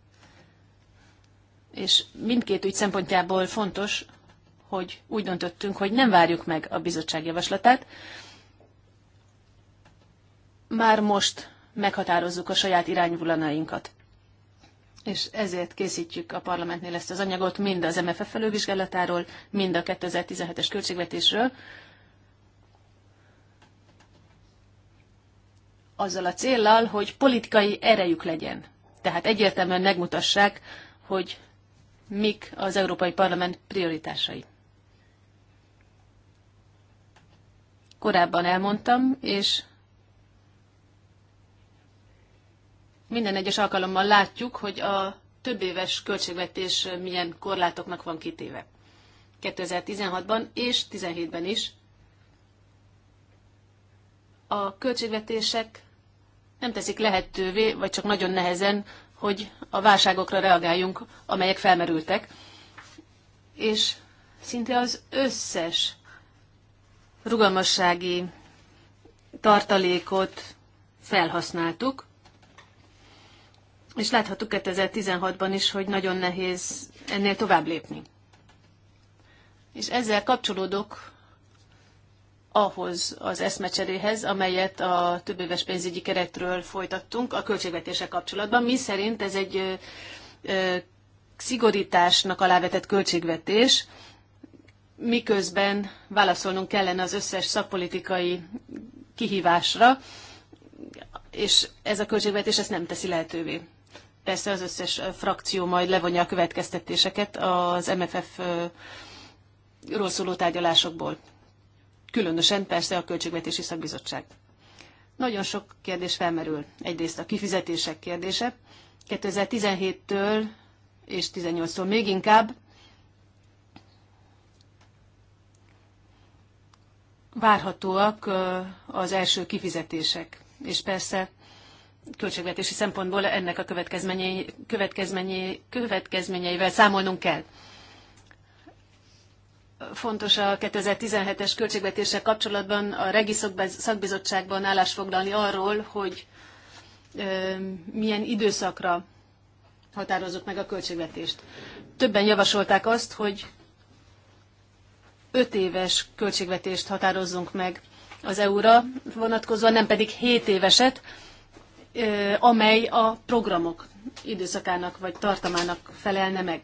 és mindkét ügy szempontjából fontos, hogy úgy döntöttünk, hogy nem várjuk meg a bizottság javaslatát. Már most meghatározzuk a saját irányvulanainkat. És ezért készítjük a parlamentnél ezt az anyagot mind az MFF felővizsgálatáról, mind a 2017-es költségvetésről, azzal a céllal, hogy politikai erejük legyen. Tehát egyértelműen megmutassák, hogy mik az Európai Parlament prioritásai. Korábban elmondtam, és minden egyes alkalommal látjuk, hogy a több éves költségvetés milyen korlátoknak van kitéve. 2016-ban és 2017-ben is a költségvetések nem teszik lehetővé, vagy csak nagyon nehezen hogy a válságokra reagáljunk, amelyek felmerültek, és szinte az összes rugalmassági tartalékot felhasználtuk, és láthattuk 2016-ban is, hogy nagyon nehéz ennél tovább lépni. És ezzel kapcsolódok ahhoz az eszmecseréhez, amelyet a több éves pénzügyi keretről folytattunk a költségvetése kapcsolatban. Mi szerint ez egy szigorításnak alávetett költségvetés, miközben válaszolnunk kellene az összes szakpolitikai kihívásra, és ez a költségvetés ezt nem teszi lehetővé. Persze az összes frakció majd levonja a következtetéseket az MFF ról szóló tárgyalásokból különösen persze a Költségvetési Szakbizottság. Nagyon sok kérdés felmerül. Egyrészt a kifizetések kérdése. 2017-től és 18-tól még inkább várhatóak az első kifizetések. És persze költségvetési szempontból ennek a következményei, következményei, következményeivel számolnunk kell fontos a 2017-es költségvetéssel kapcsolatban a Regi Szakbizottságban állásfoglalni arról, hogy milyen időszakra határozzuk meg a költségvetést. Többen javasolták azt, hogy öt éves költségvetést határozzunk meg az EU-ra vonatkozóan, nem pedig 7 éveset, amely a programok időszakának vagy tartamának felelne meg.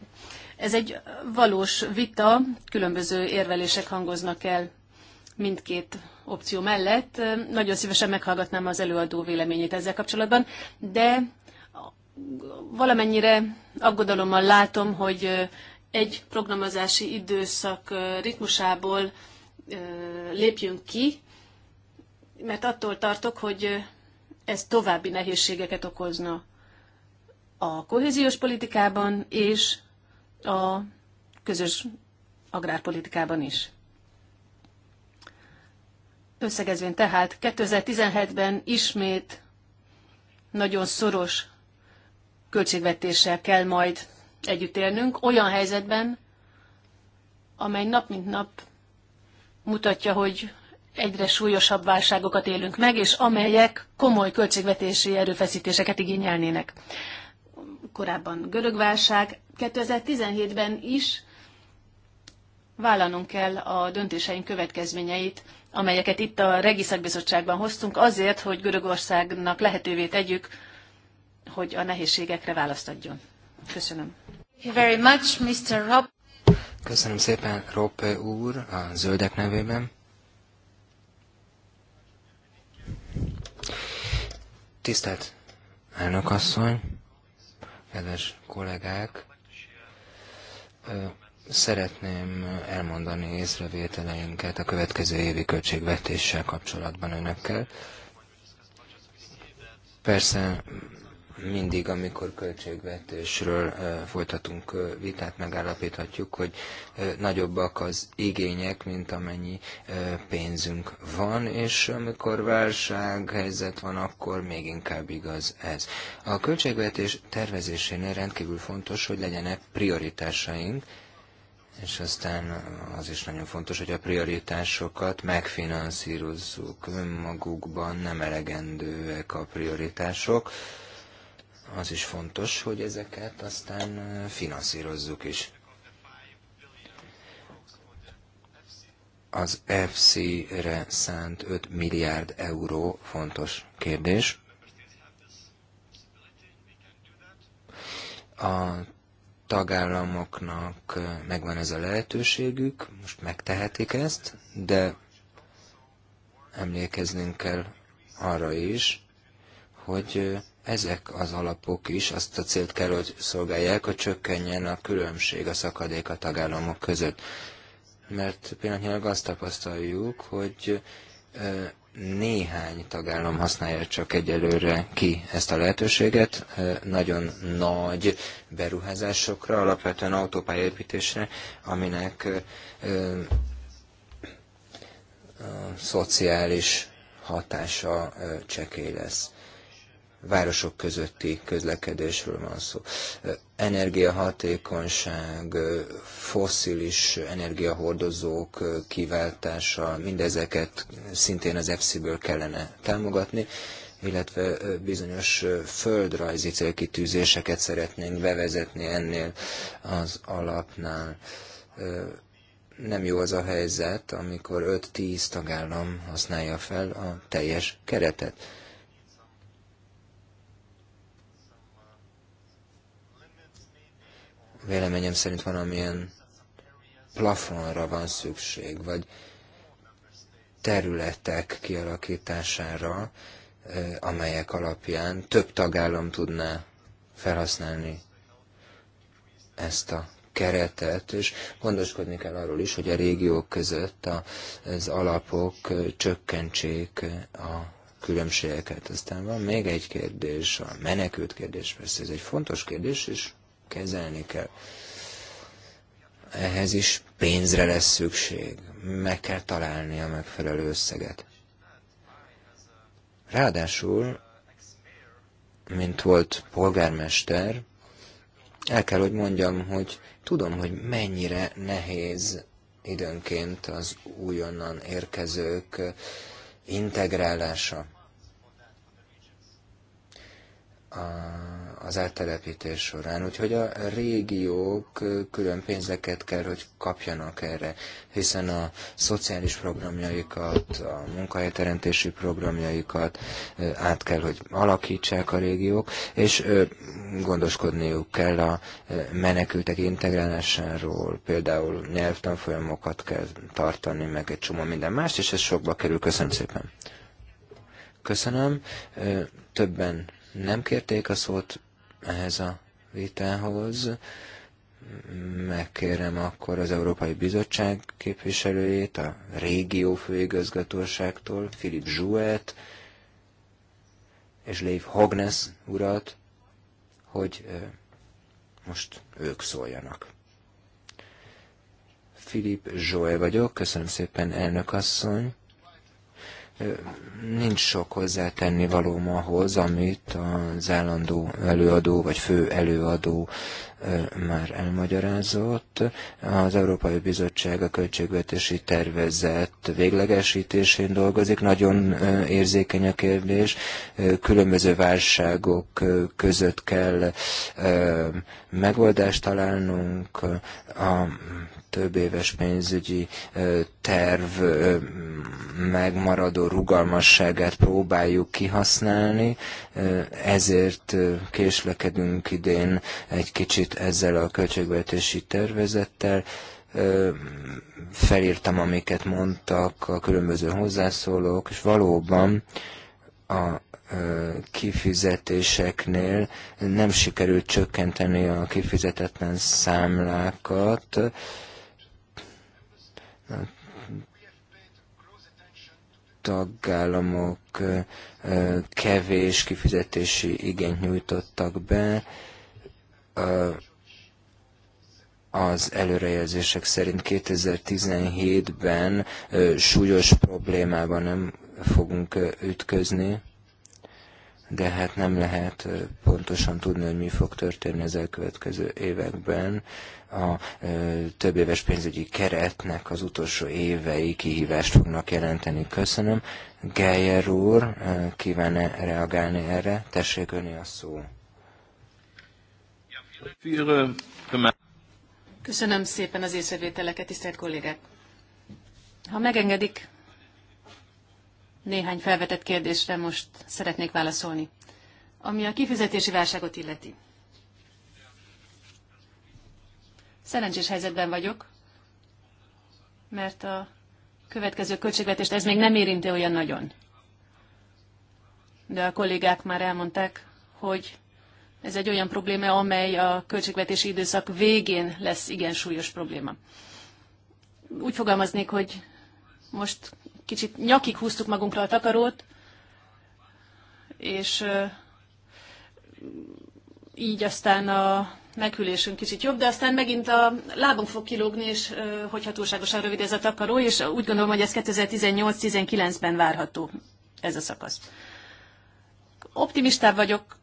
Ez egy valós vita, különböző érvelések hangoznak el mindkét opció mellett. Nagyon szívesen meghallgatnám az előadó véleményét ezzel kapcsolatban, de valamennyire aggodalommal látom, hogy egy programozási időszak ritmusából lépjünk ki, mert attól tartok, hogy ez további nehézségeket okozna a kohéziós politikában és a közös agrárpolitikában is. Összegezvén tehát 2017-ben ismét nagyon szoros költségvetéssel kell majd együtt élnünk, olyan helyzetben, amely nap mint nap mutatja, hogy egyre súlyosabb válságokat élünk meg, és amelyek komoly költségvetési erőfeszítéseket igényelnének. Korábban görög válság, 2017-ben is vállalnunk kell a döntéseink következményeit, amelyeket itt a Regi Szakbizottságban hoztunk, azért, hogy Görögországnak lehetővé tegyük, hogy a nehézségekre választ adjon. Köszönöm. Very much, Mr. Rob. Köszönöm szépen Rob úr a zöldek nevében. Tisztelt elnök asszony, kedves kollégák, szeretném elmondani észrevételeinket a következő évi költségvetéssel kapcsolatban önökkel. Persze mindig, amikor költségvetésről folytatunk vitát, megállapíthatjuk, hogy nagyobbak az igények, mint amennyi pénzünk van, és amikor válsághelyzet van, akkor még inkább igaz ez. A költségvetés tervezésénél rendkívül fontos, hogy legyenek prioritásaink, és aztán az is nagyon fontos, hogy a prioritásokat megfinanszírozzuk. Önmagukban nem elegendőek a prioritások, az is fontos, hogy ezeket aztán finanszírozzuk is. Az FC-re szánt 5 milliárd euró fontos kérdés. A tagállamoknak megvan ez a lehetőségük, most megtehetik ezt, de emlékeznünk kell arra is, hogy ezek az alapok is azt a célt kell, hogy szolgálják, hogy csökkenjen a különbség, a szakadék a tagállamok között. Mert pillanatnyilag azt tapasztaljuk, hogy néhány tagállam használja csak egyelőre ki ezt a lehetőséget, nagyon nagy beruházásokra, alapvetően autópályépítésre, aminek szociális hatása csekély lesz városok közötti közlekedésről van szó. Energiahatékonyság, fosszilis energiahordozók kiváltása, mindezeket szintén az EFSI-ből kellene támogatni, illetve bizonyos földrajzi célkitűzéseket szeretnénk bevezetni ennél az alapnál nem jó az a helyzet, amikor 5-10 tagállam használja fel a teljes keretet. véleményem szerint valamilyen plafonra van szükség, vagy területek kialakítására, amelyek alapján több tagállam tudná felhasználni ezt a keretet, és gondoskodni kell arról is, hogy a régiók között az alapok csökkentsék a különbségeket. Aztán van még egy kérdés, a menekült kérdés, persze ez egy fontos kérdés, és kezelni kell. Ehhez is pénzre lesz szükség, meg kell találni a megfelelő összeget. Ráadásul, mint volt polgármester, el kell, hogy mondjam, hogy tudom, hogy mennyire nehéz időnként az újonnan érkezők integrálása. A az áttelepítés során. Úgyhogy a régiók külön pénzeket kell, hogy kapjanak erre, hiszen a szociális programjaikat, a munkahelyteremtési programjaikat át kell, hogy alakítsák a régiók, és gondoskodniuk kell a menekültek integrálásáról, például nyelvtanfolyamokat kell tartani, meg egy csomó minden mást, és ez sokba kerül. Köszönöm szépen! Köszönöm. Többen nem kérték a szót, ehhez a vitához. Megkérem akkor az Európai Bizottság képviselőjét, a régió főigazgatóságtól, Filip Zsuet és Leif Hognes urat, hogy most ők szóljanak. Filip Zsóe vagyok, köszönöm szépen elnök asszony. Nincs sok hozzátenni valóm ahhoz, amit az állandó előadó vagy fő előadó már elmagyarázott. Az Európai Bizottság a költségvetési tervezet véglegesítésén dolgozik. Nagyon érzékeny a kérdés. Különböző válságok között kell megoldást találnunk. A több éves pénzügyi terv megmaradó rugalmasságát próbáljuk kihasználni, ezért késlekedünk idén egy kicsit együtt ezzel a költségvetési tervezettel. Felírtam, amiket mondtak a különböző hozzászólók, és valóban a kifizetéseknél nem sikerült csökkenteni a kifizetetlen számlákat. A tagállamok kevés kifizetési igényt nyújtottak be, az előrejelzések szerint 2017-ben súlyos problémában nem fogunk ütközni, de hát nem lehet pontosan tudni, hogy mi fog történni az elkövetkező években. A több éves pénzügyi keretnek az utolsó évei kihívást fognak jelenteni. Köszönöm. Geyer úr, -e reagálni erre? Tessék öni a szó. Köszönöm szépen az észrevételeket, tisztelt kollégák. Ha megengedik, néhány felvetett kérdésre most szeretnék válaszolni. Ami a kifizetési válságot illeti. Szerencsés helyzetben vagyok, mert a következő költségvetést ez még nem érinti olyan nagyon. De a kollégák már elmondták, hogy ez egy olyan probléma, amely a költségvetési időszak végén lesz igen súlyos probléma. Úgy fogalmaznék, hogy most kicsit nyakig húztuk magunkra a takarót, és így aztán a meghűlésünk kicsit jobb, de aztán megint a lábunk fog kilógni, és hogyha túlságosan rövid ez a takaró, és úgy gondolom, hogy ez 2018-19-ben várható ez a szakasz. Optimistább vagyok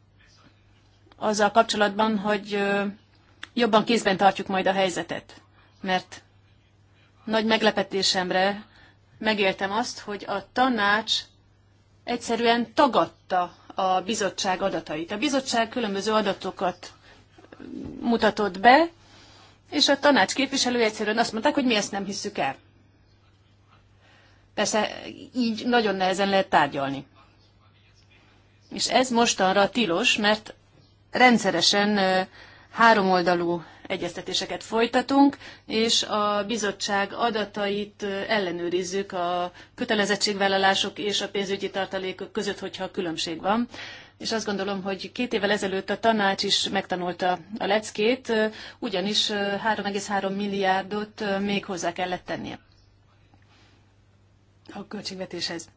azzal kapcsolatban, hogy jobban kézben tartjuk majd a helyzetet. Mert nagy meglepetésemre megéltem azt, hogy a tanács egyszerűen tagadta a bizottság adatait. A bizottság különböző adatokat mutatott be, és a tanács képviselő egyszerűen azt mondták, hogy mi ezt nem hisszük el. Persze így nagyon nehezen lehet tárgyalni. És ez mostanra tilos, mert rendszeresen háromoldalú egyeztetéseket folytatunk, és a bizottság adatait ellenőrizzük a kötelezettségvállalások és a pénzügyi tartalékok között, hogyha különbség van. És azt gondolom, hogy két évvel ezelőtt a tanács is megtanulta a leckét, ugyanis 3,3 milliárdot még hozzá kellett tennie a költségvetéshez.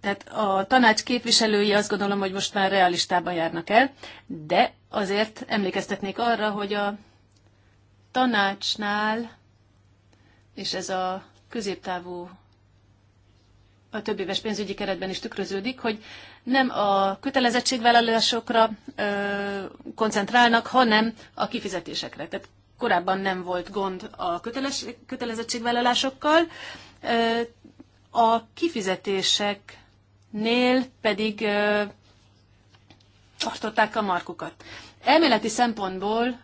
Tehát a tanács képviselői azt gondolom, hogy most már realistában járnak el, de azért emlékeztetnék arra, hogy a tanácsnál, és ez a középtávú, a több éves pénzügyi keretben is tükröződik, hogy nem a kötelezettségvállalásokra ö, koncentrálnak, hanem a kifizetésekre. Tehát korábban nem volt gond a köteles, kötelezettségvállalásokkal, ö, a kifizetések nél pedig ö, tartották a markukat. Elméleti szempontból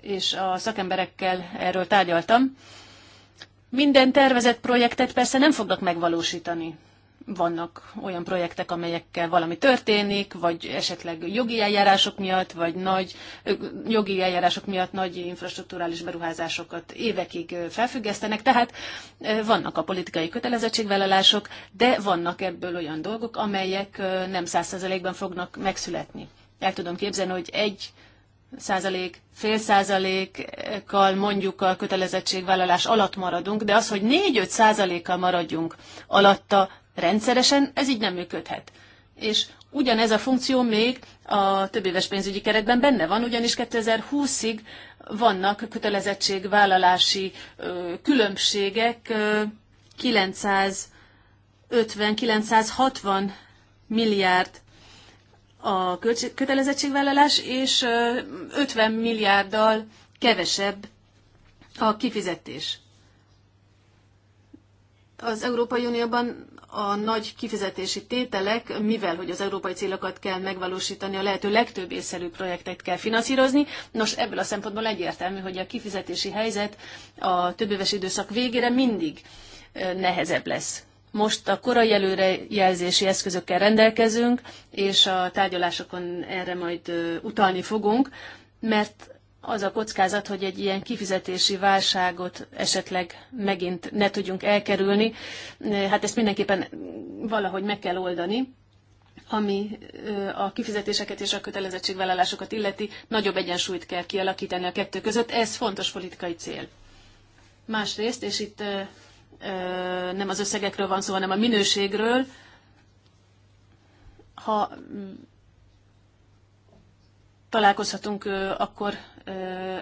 és a szakemberekkel erről tárgyaltam. Minden tervezett projektet persze nem fognak megvalósítani vannak olyan projektek, amelyekkel valami történik, vagy esetleg jogi eljárások miatt, vagy nagy jogi eljárások miatt nagy infrastruktúrális beruházásokat évekig felfüggesztenek. Tehát vannak a politikai kötelezettségvállalások, de vannak ebből olyan dolgok, amelyek nem százszerzelékben fognak megszületni. El tudom képzelni, hogy egy százalék, fél százalékkal mondjuk a kötelezettségvállalás alatt maradunk, de az, hogy 4-5 százalékkal maradjunk alatta, rendszeresen, ez így nem működhet. És ugyanez a funkció még a többéves pénzügyi keretben benne van, ugyanis 2020-ig vannak kötelezettségvállalási különbségek 950-960 milliárd a kötelezettségvállalás, és 50 milliárddal kevesebb a kifizetés. Az Európai Unióban a nagy kifizetési tételek, mivel hogy az európai célokat kell megvalósítani, a lehető legtöbb észszerű projektet kell finanszírozni. Nos, ebből a szempontból egyértelmű, hogy a kifizetési helyzet a többéves időszak végére mindig nehezebb lesz. Most a korai előrejelzési eszközökkel rendelkezünk, és a tárgyalásokon erre majd utalni fogunk, mert az a kockázat, hogy egy ilyen kifizetési válságot esetleg megint ne tudjunk elkerülni. Hát ezt mindenképpen valahogy meg kell oldani ami a kifizetéseket és a kötelezettségvállalásokat illeti, nagyobb egyensúlyt kell kialakítani a kettő között. Ez fontos politikai cél. Másrészt, és itt nem az összegekről van szó, hanem a minőségről, ha mm, találkozhatunk, akkor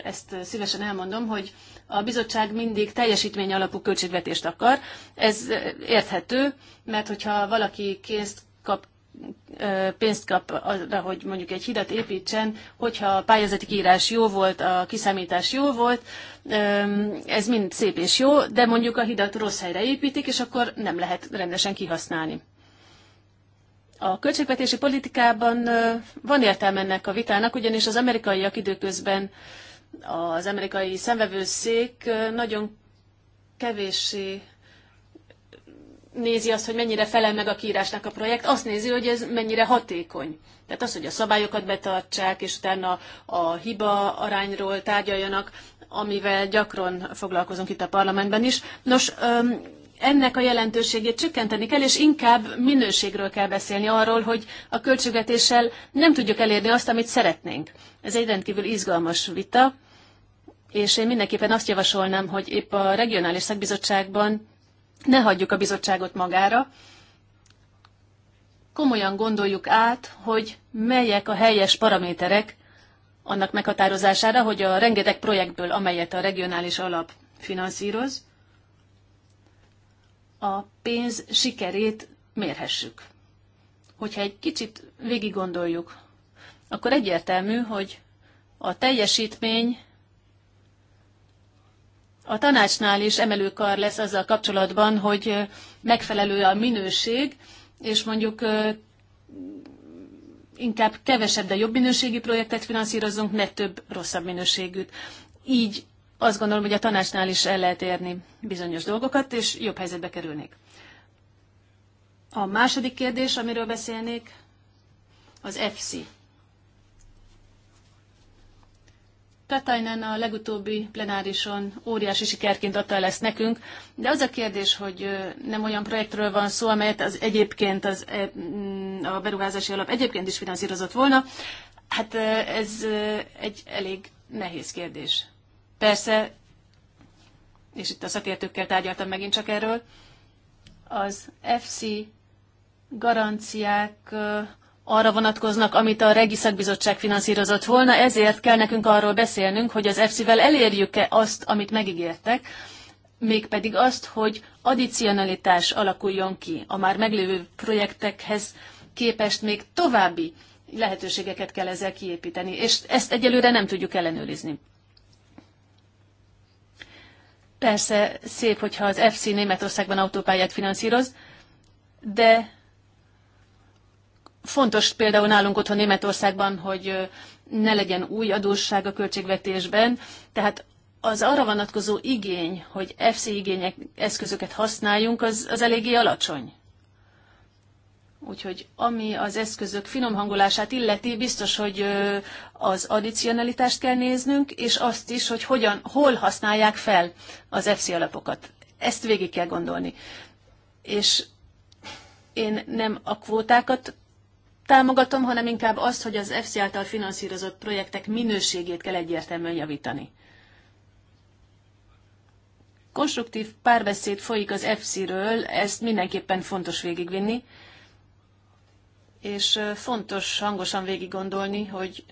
ezt szívesen elmondom, hogy a bizottság mindig teljesítmény alapú költségvetést akar. Ez érthető, mert hogyha valaki kézt kap pénzt kap arra, hogy mondjuk egy hidat építsen, hogyha a pályázati írás jó volt, a kiszámítás jó volt, ez mind szép és jó, de mondjuk a hidat rossz helyre építik, és akkor nem lehet rendesen kihasználni. A költségvetési politikában van értelme ennek a vitának, ugyanis az amerikaiak időközben az amerikai szemvevőszék nagyon kevéssé nézi azt, hogy mennyire felel meg a kiírásnak a projekt, azt nézi, hogy ez mennyire hatékony. Tehát az, hogy a szabályokat betartsák, és utána a hiba arányról tárgyaljanak, amivel gyakran foglalkozunk itt a parlamentben is. Nos, ennek a jelentőségét csökkenteni kell, és inkább minőségről kell beszélni arról, hogy a költségvetéssel nem tudjuk elérni azt, amit szeretnénk. Ez egy rendkívül izgalmas vita, és én mindenképpen azt javasolnám, hogy épp a regionális szakbizottságban ne hagyjuk a bizottságot magára, komolyan gondoljuk át, hogy melyek a helyes paraméterek annak meghatározására, hogy a rengeteg projektből, amelyet a regionális alap finanszíroz, a pénz sikerét mérhessük. Hogyha egy kicsit végig gondoljuk, akkor egyértelmű, hogy a teljesítmény a tanácsnál is emelőkar lesz azzal kapcsolatban, hogy megfelelő a minőség, és mondjuk inkább kevesebb, de jobb minőségi projektet finanszírozunk, ne több rosszabb minőségűt. Így azt gondolom, hogy a tanácsnál is el lehet érni bizonyos dolgokat, és jobb helyzetbe kerülnék. A második kérdés, amiről beszélnék, az FC. Katajnán a legutóbbi plenárison óriási sikerként adta el ezt nekünk, de az a kérdés, hogy nem olyan projektről van szó, amelyet az egyébként az, e, mm, a beruházási alap egyébként is finanszírozott volna, hát ez egy elég nehéz kérdés. Persze, és itt a szakértőkkel tárgyaltam megint csak erről, az FC garanciák arra vonatkoznak, amit a Regi Szakbizottság finanszírozott volna, ezért kell nekünk arról beszélnünk, hogy az fc vel elérjük-e azt, amit megígértek, mégpedig azt, hogy addicionalitás alakuljon ki a már meglévő projektekhez képest még további lehetőségeket kell ezzel kiépíteni, és ezt egyelőre nem tudjuk ellenőrizni. Persze szép, hogyha az FC Németországban autópályát finanszíroz, de fontos például nálunk otthon Németországban, hogy ne legyen új adósság a költségvetésben, tehát az arra vonatkozó igény, hogy FC igények eszközöket használjunk, az, az eléggé alacsony. Úgyhogy ami az eszközök finomhangolását illeti, biztos, hogy az addicionalitást kell néznünk, és azt is, hogy hogyan, hol használják fel az FC alapokat. Ezt végig kell gondolni. És én nem a kvótákat támogatom, hanem inkább azt, hogy az FC által finanszírozott projektek minőségét kell egyértelműen javítani. Konstruktív párbeszéd folyik az FC-ről, ezt mindenképpen fontos végigvinni és fontos hangosan végig gondolni, hogy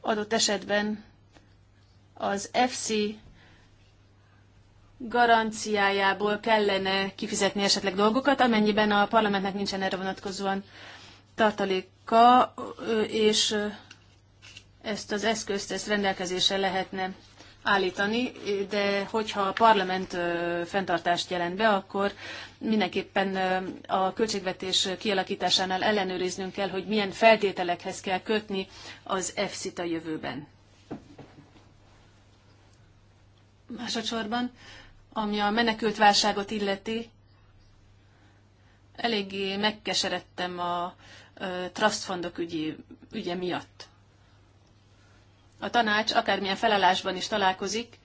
adott esetben az FC garanciájából kellene kifizetni esetleg dolgokat, amennyiben a parlamentnek nincsen erre vonatkozóan tartaléka, és ezt az eszközt ezt rendelkezésre lehetne állítani, de hogyha a parlament fenntartást jelent be, akkor mindenképpen a költségvetés kialakításánál ellenőriznünk kell, hogy milyen feltételekhez kell kötni az EFSZIT a jövőben. Másodszorban, ami a menekült válságot illeti, eléggé megkeseredtem a trust fundok ügyi, ügye miatt a tanács akármilyen felelásban is találkozik,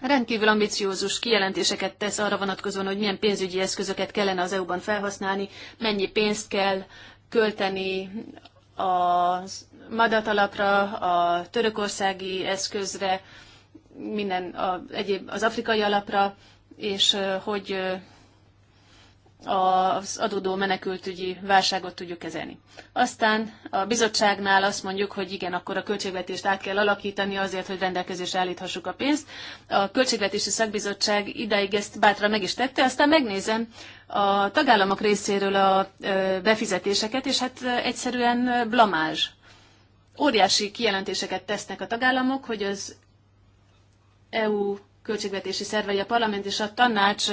rendkívül ambiciózus kijelentéseket tesz arra vonatkozóan, hogy milyen pénzügyi eszközöket kellene az EU-ban felhasználni, mennyi pénzt kell költeni a madat alapra, a törökországi eszközre, minden a, egyéb, az afrikai alapra, és hogy az adódó menekültügyi válságot tudjuk kezelni. Aztán a bizottságnál azt mondjuk, hogy igen, akkor a költségvetést át kell alakítani azért, hogy rendelkezésre állíthassuk a pénzt. A Költségvetési Szakbizottság ideig ezt bátran meg is tette, aztán megnézem a tagállamok részéről a befizetéseket, és hát egyszerűen blamázs. Óriási kijelentéseket tesznek a tagállamok, hogy az EU költségvetési szervei, a parlament és a tanács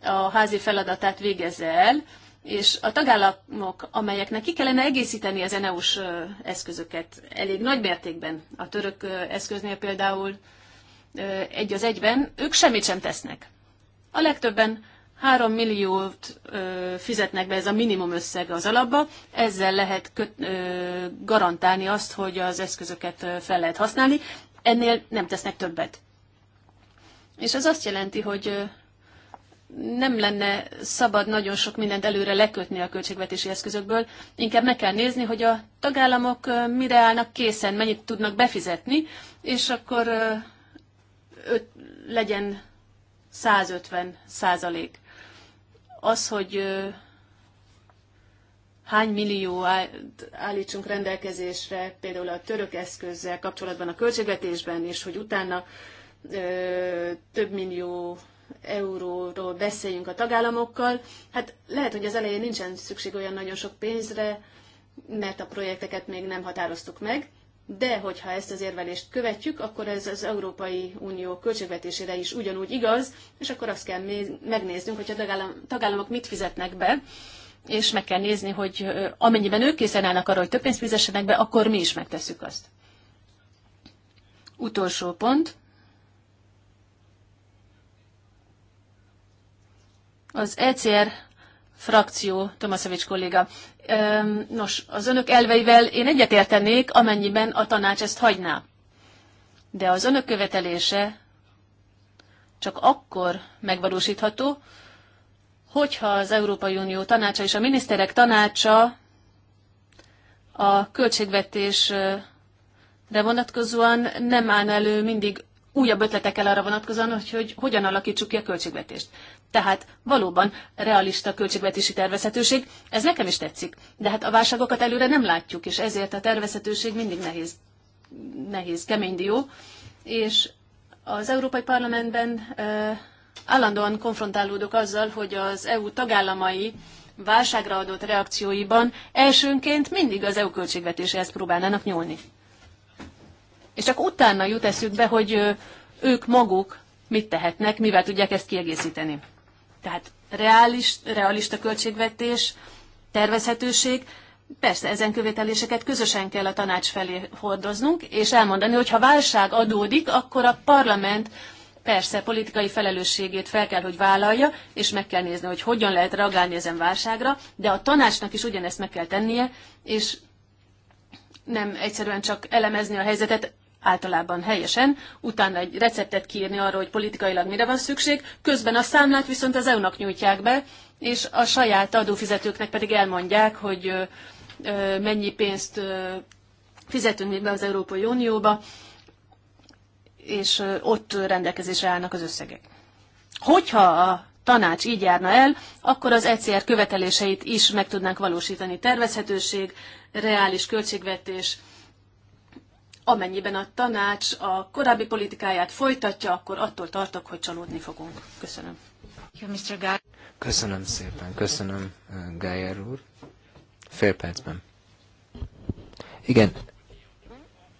a házi feladatát végezze el, és a tagállamok, amelyeknek ki kellene egészíteni az EU-s eszközöket elég nagy mértékben, a török eszköznél például egy az egyben, ők semmit sem tesznek. A legtöbben 3 milliót fizetnek be, ez a minimum összeg az alapba, ezzel lehet köt, ö, garantálni azt, hogy az eszközöket fel lehet használni, ennél nem tesznek többet. És ez azt jelenti, hogy nem lenne szabad nagyon sok mindent előre lekötni a költségvetési eszközökből, inkább meg kell nézni, hogy a tagállamok mire állnak készen, mennyit tudnak befizetni, és akkor öt, legyen 150 százalék. Az, hogy hány millió állítsunk rendelkezésre például a török eszközzel kapcsolatban a költségvetésben, és hogy utána több millió euróról beszéljünk a tagállamokkal. Hát lehet, hogy az elején nincsen szükség olyan nagyon sok pénzre, mert a projekteket még nem határoztuk meg, de hogyha ezt az érvelést követjük, akkor ez az Európai Unió költségvetésére is ugyanúgy igaz, és akkor azt kell megnéznünk, hogy a tagállamok mit fizetnek be, és meg kell nézni, hogy amennyiben ők készen állnak arra, hogy több pénzt fizessenek be, akkor mi is megtesszük azt. Utolsó pont, Az ECR frakció, Tomaszevics kolléga. Nos, az önök elveivel én egyetértenék, amennyiben a tanács ezt hagyná. De az önök követelése csak akkor megvalósítható, hogyha az Európai Unió tanácsa és a miniszterek tanácsa a költségvetésre vonatkozóan nem áll elő mindig újabb ötletekkel arra vonatkozóan, hogy, hogy hogyan alakítsuk ki a költségvetést. Tehát valóban realista költségvetési tervezhetőség, ez nekem is tetszik. De hát a válságokat előre nem látjuk, és ezért a tervezhetőség mindig nehéz, nehéz kemény dió. És az Európai Parlamentben állandóan konfrontálódok azzal, hogy az EU tagállamai válságra adott reakcióiban elsőnként mindig az EU költségvetéséhez próbálnának nyúlni. És csak utána jut be, hogy ők maguk mit tehetnek, mivel tudják ezt kiegészíteni. Tehát reális, realista költségvetés, tervezhetőség, Persze, ezen követeléseket közösen kell a tanács felé hordoznunk, és elmondani, hogy ha válság adódik, akkor a parlament persze politikai felelősségét fel kell, hogy vállalja, és meg kell nézni, hogy hogyan lehet reagálni ezen válságra, de a tanácsnak is ugyanezt meg kell tennie, és nem egyszerűen csak elemezni a helyzetet, általában helyesen, utána egy receptet kiírni arra, hogy politikailag mire van szükség, közben a számlát viszont az EU-nak nyújtják be, és a saját adófizetőknek pedig elmondják, hogy mennyi pénzt fizetünk még be az Európai Unióba, és ott rendelkezésre állnak az összegek. Hogyha a tanács így járna el, akkor az ECR követeléseit is meg tudnánk valósítani. Tervezhetőség, reális költségvetés, amennyiben a tanács a korábbi politikáját folytatja, akkor attól tartok, hogy csalódni fogunk. Köszönöm. Köszönöm szépen, köszönöm eh, Gájer úr. Fél percben. Igen,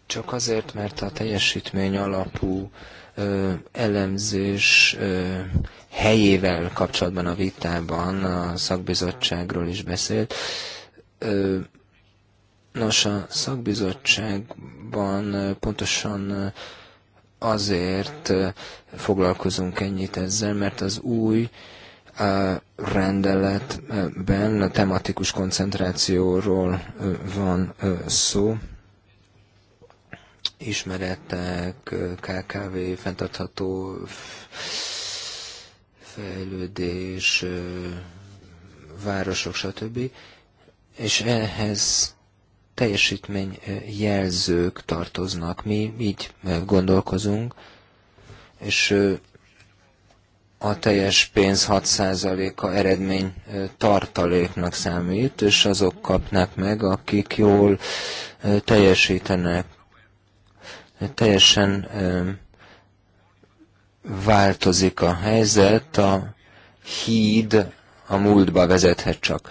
csak azért, mert a teljesítmény alapú ö, eh, elemzés ö, eh, helyével kapcsolatban a vitában a szakbizottságról is beszélt. Ö, Nos, a szakbizottságban pontosan azért foglalkozunk ennyit ezzel, mert az új rendeletben a tematikus koncentrációról van szó. Ismeretek, KKV, fenntartható fejlődés, városok, stb. És ehhez teljesítményjelzők tartoznak. Mi így gondolkozunk, és a teljes pénz 6%-a eredmény tartaléknak számít, és azok kapnak meg, akik jól teljesítenek. Teljesen változik a helyzet, a híd a múltba vezethet csak.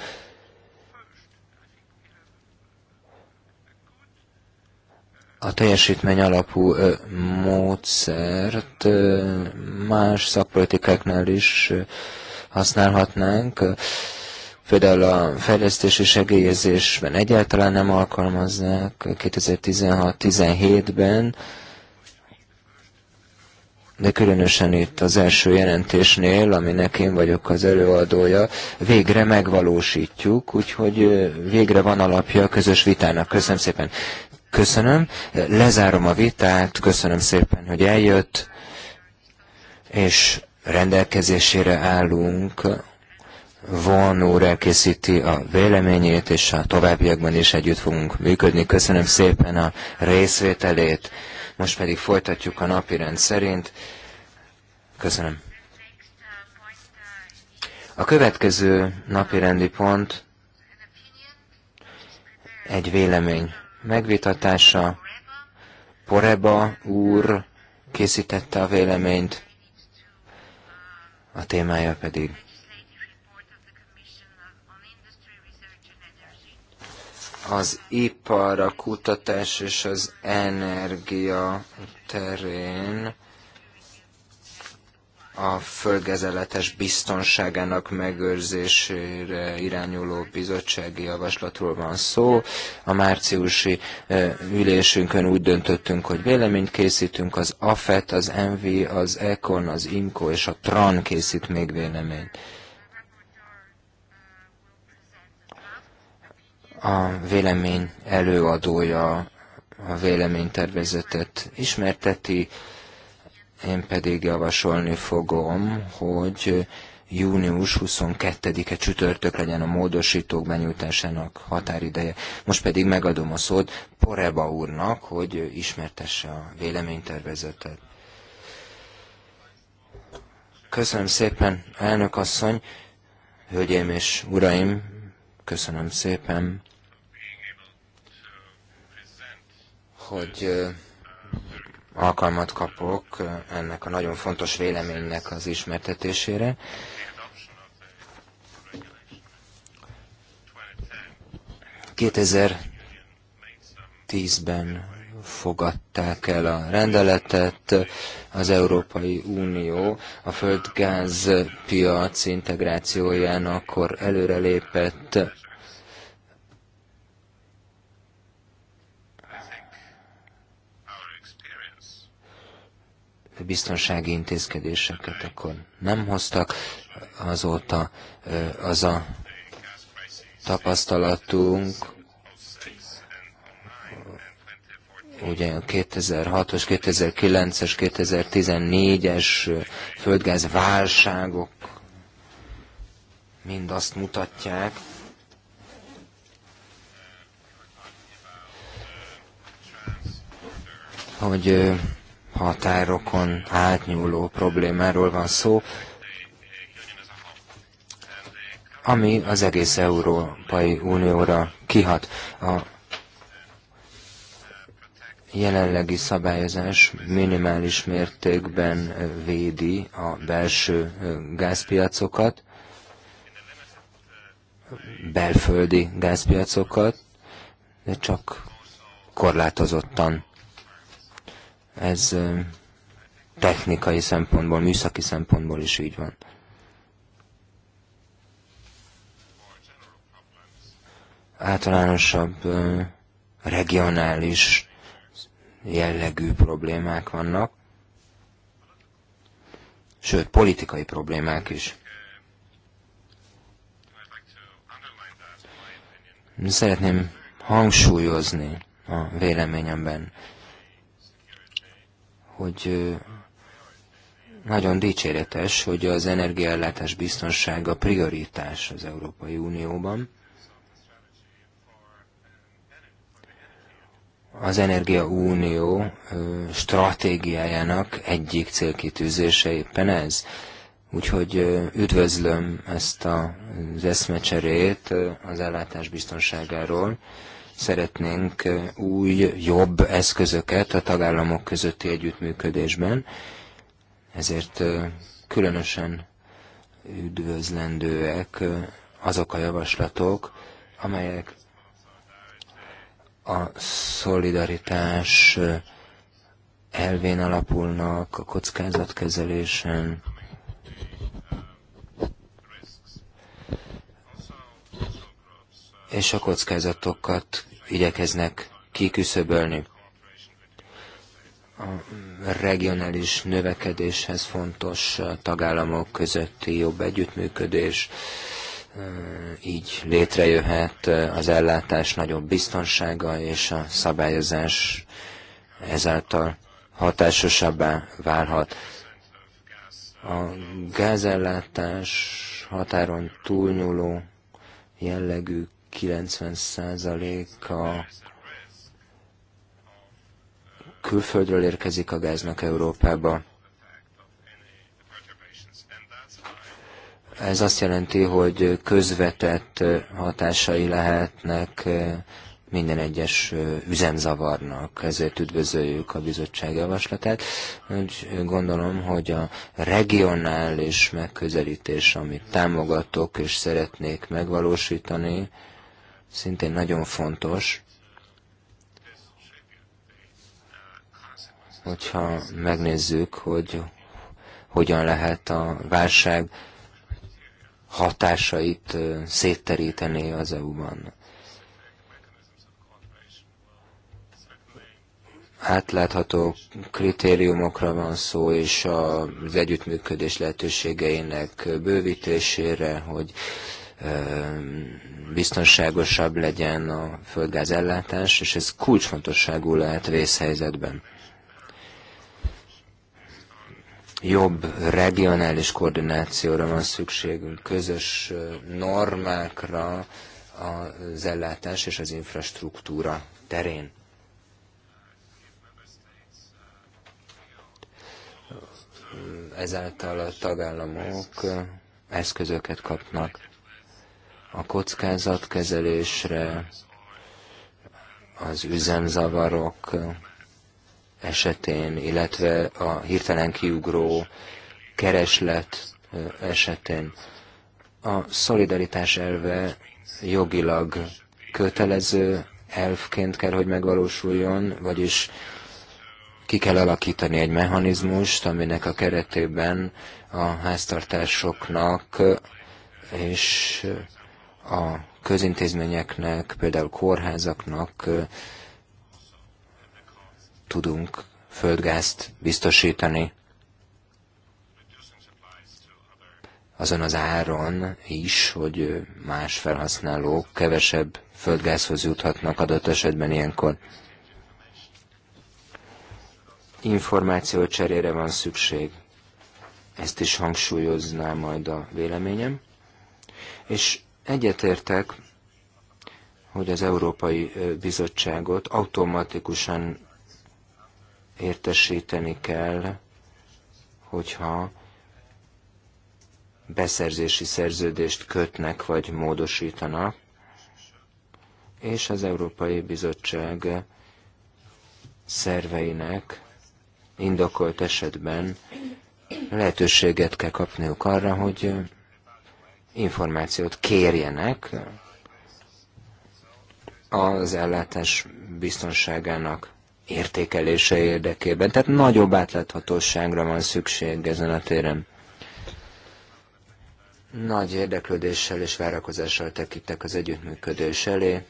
a teljesítmény alapú módszert más szakpolitikáknál is használhatnánk. Például a fejlesztési segélyezésben egyáltalán nem alkalmaznák 2016-17-ben, de különösen itt az első jelentésnél, aminek én vagyok az előadója, végre megvalósítjuk, úgyhogy végre van alapja a közös vitának. Köszönöm szépen. Köszönöm, lezárom a vitát, köszönöm szépen, hogy eljött, és rendelkezésére állunk. Von úr elkészíti a véleményét, és a továbbiakban is együtt fogunk működni. Köszönöm szépen a részvételét, most pedig folytatjuk a napi rend szerint. Köszönöm. A következő napi rendi pont egy vélemény megvitatása. Poreba úr készítette a véleményt, a témája pedig az ipar, a kutatás és az energia terén a földgezeletes biztonságának megőrzésére irányuló bizottsági javaslatról van szó. A márciusi ülésünkön úgy döntöttünk, hogy véleményt készítünk, az AFET, az ENVI, az ECON, az IMCO és a TRAN készít még véleményt. A vélemény előadója a véleménytervezetet ismerteti, én pedig javasolni fogom, hogy június 22-e csütörtök legyen a módosítók benyújtásának határideje. Most pedig megadom a szót Poreba úrnak, hogy ismertesse a véleménytervezetet. Köszönöm szépen, elnök asszony, hölgyeim és uraim, köszönöm szépen, hogy alkalmat kapok ennek a nagyon fontos véleménynek az ismertetésére. ...2010-ben fogadták el a rendeletet, az Európai Unió a földgáz piac integrációjának akkor előrelépett biztonsági intézkedéseket akkor nem hoztak. Azóta az a tapasztalatunk, ugye 2006-os, 2009-es, 2014-es földgáz válságok mind azt mutatják, hogy határokon átnyúló problémáról van szó, ami az egész Európai Unióra kihat. A jelenlegi szabályozás minimális mértékben védi a belső gázpiacokat, belföldi gázpiacokat, de csak korlátozottan. Ez technikai szempontból, műszaki szempontból is így van. Általánosabb regionális jellegű problémák vannak, sőt, politikai problémák is. Szeretném hangsúlyozni a véleményemben, hogy nagyon dicséretes, hogy az energiaellátás biztonsága prioritás az Európai Unióban. Az Energia Unió stratégiájának egyik célkitűzése éppen ez. Úgyhogy üdvözlöm ezt az eszmecserét az ellátás biztonságáról. Szeretnénk új, jobb eszközöket a tagállamok közötti együttműködésben, ezért különösen üdvözlendőek azok a javaslatok, amelyek a szolidaritás elvén alapulnak, a kockázatkezelésen, és a kockázatokat igyekeznek kiküszöbölni. A regionális növekedéshez fontos tagállamok közötti jobb együttműködés, így létrejöhet az ellátás nagyobb biztonsága és a szabályozás ezáltal hatásosabbá válhat. A gázellátás határon túlnyúló jellegű 90%-a külföldről érkezik a gáznak Európába. Ez azt jelenti, hogy közvetett hatásai lehetnek minden egyes üzemzavarnak, ezért üdvözöljük a bizottság javaslatát. Úgy gondolom, hogy a regionális megközelítés, amit támogatok és szeretnék megvalósítani, szintén nagyon fontos, hogyha megnézzük, hogy hogyan lehet a válság hatásait szétteríteni az EU-ban. átlátható kritériumokra van szó, és az együttműködés lehetőségeinek bővítésére, hogy biztonságosabb legyen a földgáz ellátás, és ez kulcsfontosságú lehet vészhelyzetben. Jobb regionális koordinációra van szükségünk, közös normákra az ellátás és az infrastruktúra terén. Ezáltal a tagállamok eszközöket kapnak a kockázatkezelésre, az üzemzavarok esetén, illetve a hirtelen kiugró kereslet esetén. A szolidaritás elve jogilag kötelező elfként kell, hogy megvalósuljon, vagyis ki kell alakítani egy mechanizmust, aminek a keretében a háztartásoknak és a közintézményeknek, például kórházaknak tudunk földgázt biztosítani azon az áron is, hogy más felhasználók kevesebb földgázhoz juthatnak adott esetben ilyenkor. Információ cserére van szükség. Ezt is hangsúlyozná majd a véleményem. És Egyetértek, hogy az Európai Bizottságot automatikusan értesíteni kell, hogyha beszerzési szerződést kötnek vagy módosítanak, és az Európai Bizottság szerveinek indokolt esetben lehetőséget kell kapniuk arra, hogy információt kérjenek az ellátás biztonságának értékelése érdekében. Tehát nagyobb átláthatóságra van szükség ezen a téren. Nagy érdeklődéssel és várakozással tekintek az együttműködés elé.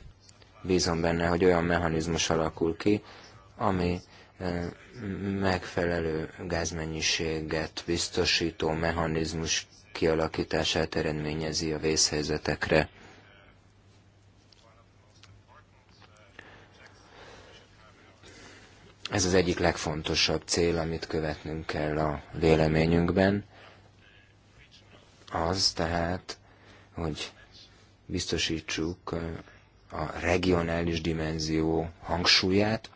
Bízom benne, hogy olyan mechanizmus alakul ki, ami eh, megfelelő gázmennyiséget biztosító mechanizmus kialakítását eredményezi a vészhelyzetekre. Ez az egyik legfontosabb cél, amit követnünk kell a véleményünkben. Az tehát, hogy biztosítsuk a regionális dimenzió hangsúlyát,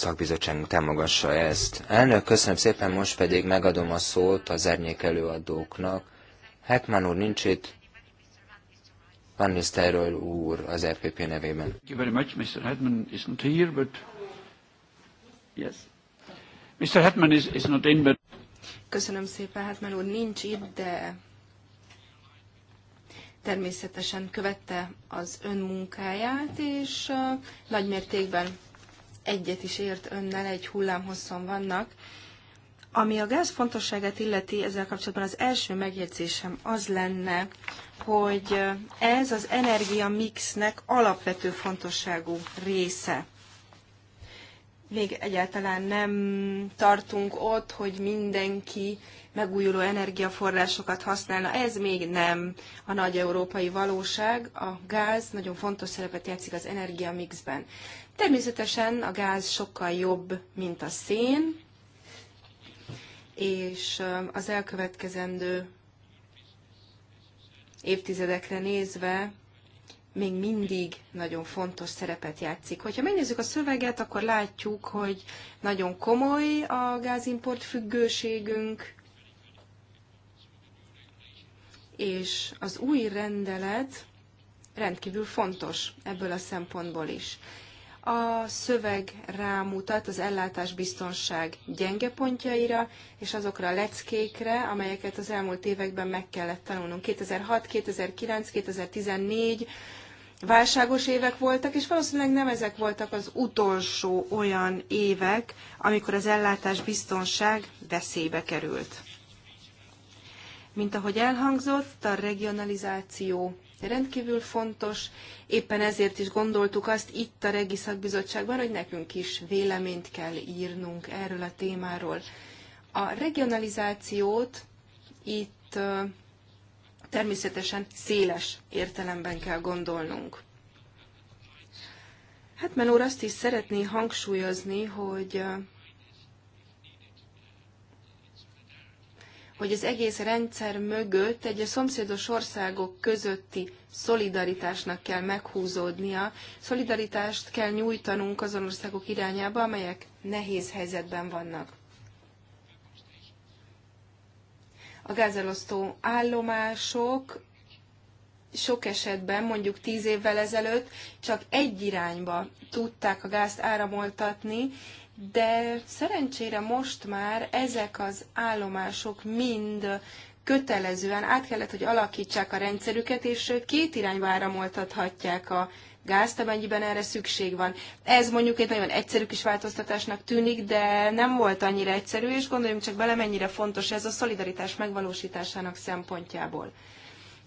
szakbizottságunk támogassa ezt. Elnök, köszönöm szépen, most pedig megadom a szót az ernyék előadóknak. Hetman úr nincs itt, Van Nisztelről úr az RPP nevében. Thank you very much. Mr. Hetman is not here, but yes. Mr. Hetman is, is not in, but... Köszönöm szépen, Hetman úr nincs itt, de természetesen követte az ön munkáját, és uh, nagymértékben egyet is ért önnel, egy hullámhosszon vannak. Ami a gáz fontosságát illeti, ezzel kapcsolatban az első megjegyzésem az lenne, hogy ez az energia mixnek alapvető fontosságú része. Még egyáltalán nem tartunk ott, hogy mindenki megújuló energiaforrásokat használna. Ez még nem a nagy európai valóság. A gáz nagyon fontos szerepet játszik az energiamixben. Természetesen a gáz sokkal jobb, mint a szén, és az elkövetkezendő évtizedekre nézve még mindig nagyon fontos szerepet játszik. Hogyha megnézzük a szöveget, akkor látjuk, hogy nagyon komoly a gázimport függőségünk, és az új rendelet rendkívül fontos ebből a szempontból is. A szöveg rámutat az ellátásbiztonság gyenge pontjaira, és azokra a leckékre, amelyeket az elmúlt években meg kellett tanulnunk. 2006, 2009, 2014 válságos évek voltak, és valószínűleg nem ezek voltak az utolsó olyan évek, amikor az ellátás biztonság veszélybe került. Mint ahogy elhangzott, a regionalizáció rendkívül fontos. Éppen ezért is gondoltuk azt itt a Regi Szakbizottságban, hogy nekünk is véleményt kell írnunk erről a témáról. A regionalizációt itt természetesen széles értelemben kell gondolnunk. Hát Menor azt is szeretné hangsúlyozni, hogy hogy az egész rendszer mögött egy a szomszédos országok közötti szolidaritásnak kell meghúzódnia, szolidaritást kell nyújtanunk azon országok irányába, amelyek nehéz helyzetben vannak. A gázelosztó állomások sok esetben, mondjuk tíz évvel ezelőtt csak egy irányba tudták a gázt áramoltatni, de szerencsére most már ezek az állomások mind kötelezően át kellett, hogy alakítsák a rendszerüket, és két irányba áramoltathatják a gázt, amennyiben erre szükség van. Ez mondjuk egy nagyon egyszerű kis változtatásnak tűnik, de nem volt annyira egyszerű, és gondoljunk csak bele, mennyire fontos ez a szolidaritás megvalósításának szempontjából.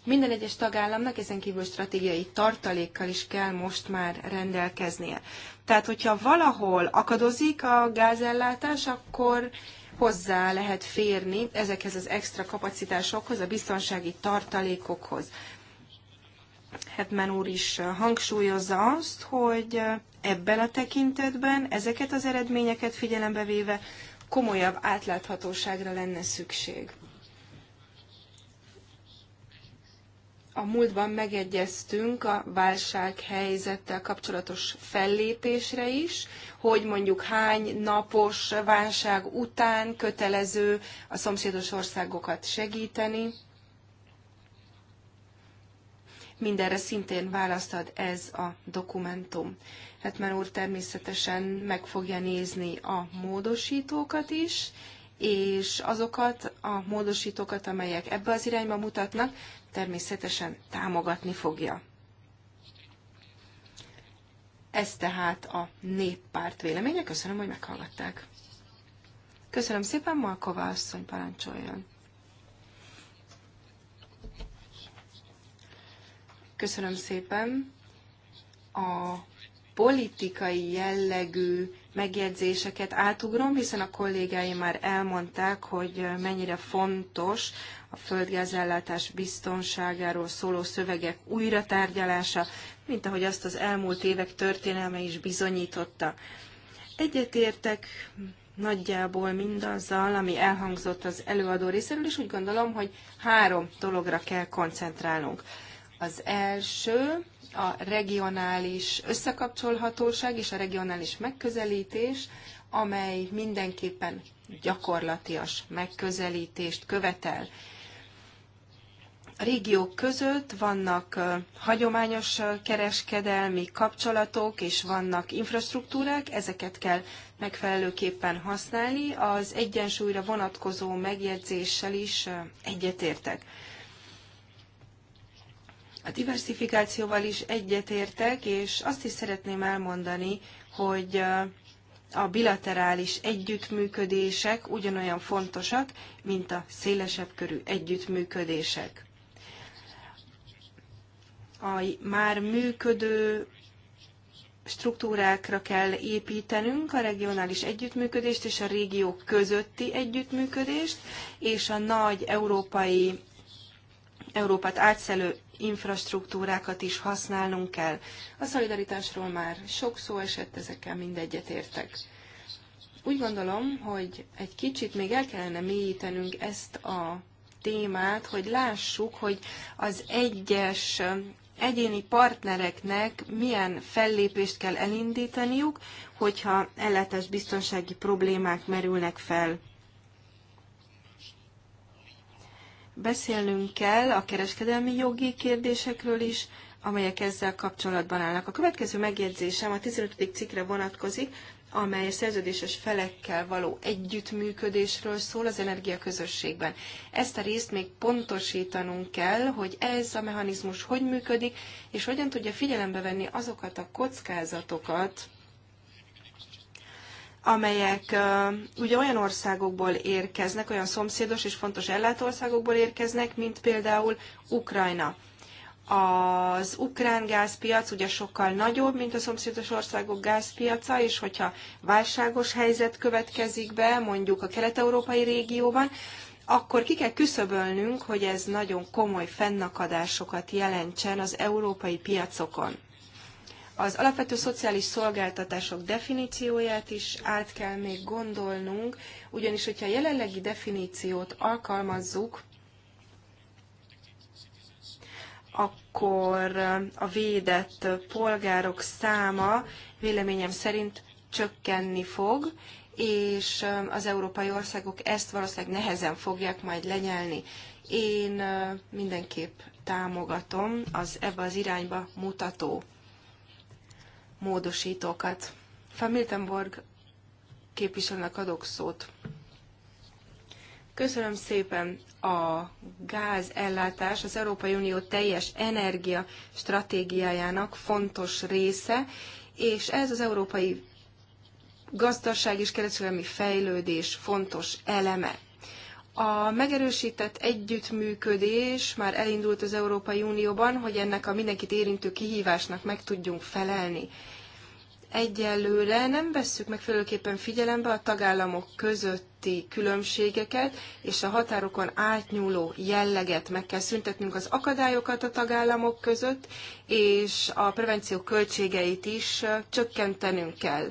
Minden egyes tagállamnak ezen kívül stratégiai tartalékkal is kell most már rendelkeznie. Tehát, hogyha valahol akadozik a gázellátás, akkor hozzá lehet férni ezekhez az extra kapacitásokhoz, a biztonsági tartalékokhoz. Hetman úr is hangsúlyozza azt, hogy ebben a tekintetben ezeket az eredményeket figyelembe véve komolyabb átláthatóságra lenne szükség. a múltban megegyeztünk a válsághelyzettel kapcsolatos fellépésre is, hogy mondjuk hány napos válság után kötelező a szomszédos országokat segíteni. Mindenre szintén választad ez a dokumentum. Hetman úr természetesen meg fogja nézni a módosítókat is, és azokat a módosítókat, amelyek ebbe az irányba mutatnak, természetesen támogatni fogja. Ez tehát a néppárt véleménye. Köszönöm, hogy meghallgatták. Köszönöm szépen, Malkova asszony parancsoljon. Köszönöm szépen. A politikai jellegű megjegyzéseket átugrom, hiszen a kollégáim már elmondták, hogy mennyire fontos a földgázellátás biztonságáról szóló szövegek újratárgyalása, mint ahogy azt az elmúlt évek történelme is bizonyította. Egyetértek nagyjából mindazzal, ami elhangzott az előadó részéről, és úgy gondolom, hogy három dologra kell koncentrálnunk. Az első a regionális összekapcsolhatóság és a regionális megközelítés, amely mindenképpen gyakorlatias megközelítést követel. A régiók között vannak hagyományos kereskedelmi kapcsolatok, és vannak infrastruktúrák, ezeket kell megfelelőképpen használni. Az egyensúlyra vonatkozó megjegyzéssel is egyetértek. A diversifikációval is egyetértek, és azt is szeretném elmondani, hogy a bilaterális együttműködések ugyanolyan fontosak, mint a szélesebb körű együttműködések a már működő struktúrákra kell építenünk a regionális együttműködést és a régiók közötti együttműködést, és a nagy európai, Európát átszelő infrastruktúrákat is használnunk kell. A szolidaritásról már sok szó esett, ezekkel mindegyet értek. Úgy gondolom, hogy egy kicsit még el kellene mélyítenünk ezt a témát, hogy lássuk, hogy az egyes egyéni partnereknek milyen fellépést kell elindítaniuk, hogyha elletes biztonsági problémák merülnek fel. Beszélnünk kell a kereskedelmi jogi kérdésekről is, amelyek ezzel kapcsolatban állnak. A következő megjegyzésem a 15. cikkre vonatkozik, amely a szerződéses felekkel való együttműködésről szól az energiaközösségben. Ezt a részt még pontosítanunk kell, hogy ez a mechanizmus hogy működik, és hogyan tudja figyelembe venni azokat a kockázatokat, amelyek uh, ugye olyan országokból érkeznek, olyan szomszédos és fontos ellátországokból érkeznek, mint például Ukrajna az ukrán gázpiac ugye sokkal nagyobb, mint a szomszédos országok gázpiaca, és hogyha válságos helyzet következik be, mondjuk a kelet-európai régióban, akkor ki kell küszöbölnünk, hogy ez nagyon komoly fennakadásokat jelentsen az európai piacokon. Az alapvető szociális szolgáltatások definícióját is át kell még gondolnunk, ugyanis hogyha a jelenlegi definíciót alkalmazzuk, akkor eh, a védett polgárok száma véleményem szerint csökkenni fog, és eh, az európai országok ezt valószínűleg nehezen fogják majd lenyelni. Én eh, mindenképp támogatom az ebbe az irányba mutató módosítókat. Van Miltenborg képviselőnek adok szót. Köszönöm szépen a gázellátás, az Európai Unió teljes energia stratégiájának fontos része, és ez az európai gazdaság és kereskedelmi fejlődés fontos eleme. A megerősített együttműködés már elindult az Európai Unióban, hogy ennek a mindenkit érintő kihívásnak meg tudjunk felelni egyelőre nem vesszük megfelelőképpen figyelembe a tagállamok közötti különbségeket és a határokon átnyúló jelleget. Meg kell szüntetnünk az akadályokat a tagállamok között, és a prevenció költségeit is csökkentenünk kell.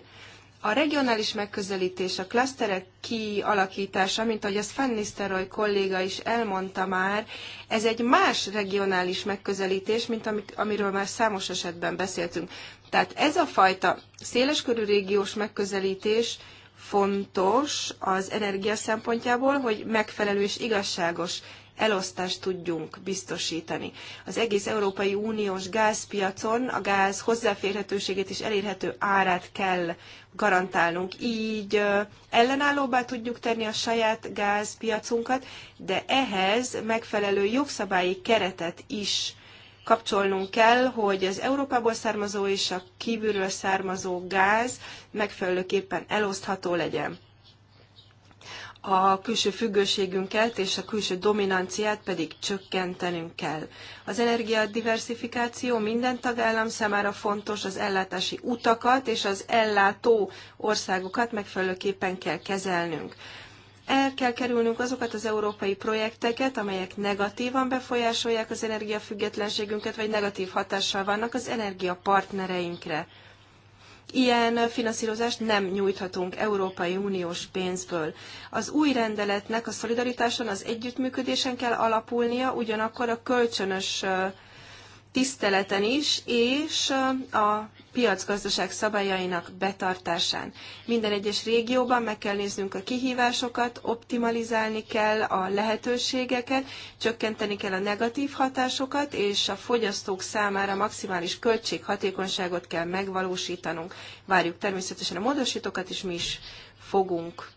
A regionális megközelítés, a klaszterek kialakítása, mint ahogy azt Van Nistelrooy kolléga is elmondta már, ez egy más regionális megközelítés, mint amit, amiről már számos esetben beszéltünk. Tehát ez a fajta széleskörű régiós megközelítés fontos az energia szempontjából, hogy megfelelő és igazságos elosztást tudjunk biztosítani. Az egész Európai Uniós gázpiacon a gáz hozzáférhetőségét és elérhető árát kell garantálnunk. Így ellenállóbbá tudjuk tenni a saját gázpiacunkat, de ehhez megfelelő jogszabályi keretet is kapcsolnunk kell, hogy az Európából származó és a kívülről származó gáz megfelelőképpen elosztható legyen a külső függőségünket és a külső dominanciát pedig csökkentenünk kell. Az energiadiversifikáció minden tagállam számára fontos, az ellátási utakat és az ellátó országokat megfelelőképpen kell kezelnünk. El kell kerülnünk azokat az európai projekteket, amelyek negatívan befolyásolják az energiafüggetlenségünket, vagy negatív hatással vannak az energiapartnereinkre. partnereinkre Ilyen finanszírozást nem nyújthatunk Európai Uniós pénzből. Az új rendeletnek a szolidaritáson, az együttműködésen kell alapulnia, ugyanakkor a kölcsönös tiszteleten is, és a piacgazdaság szabályainak betartásán. Minden egyes régióban meg kell néznünk a kihívásokat, optimalizálni kell a lehetőségeket, csökkenteni kell a negatív hatásokat, és a fogyasztók számára maximális költséghatékonyságot kell megvalósítanunk. Várjuk természetesen a módosítókat, és mi is fogunk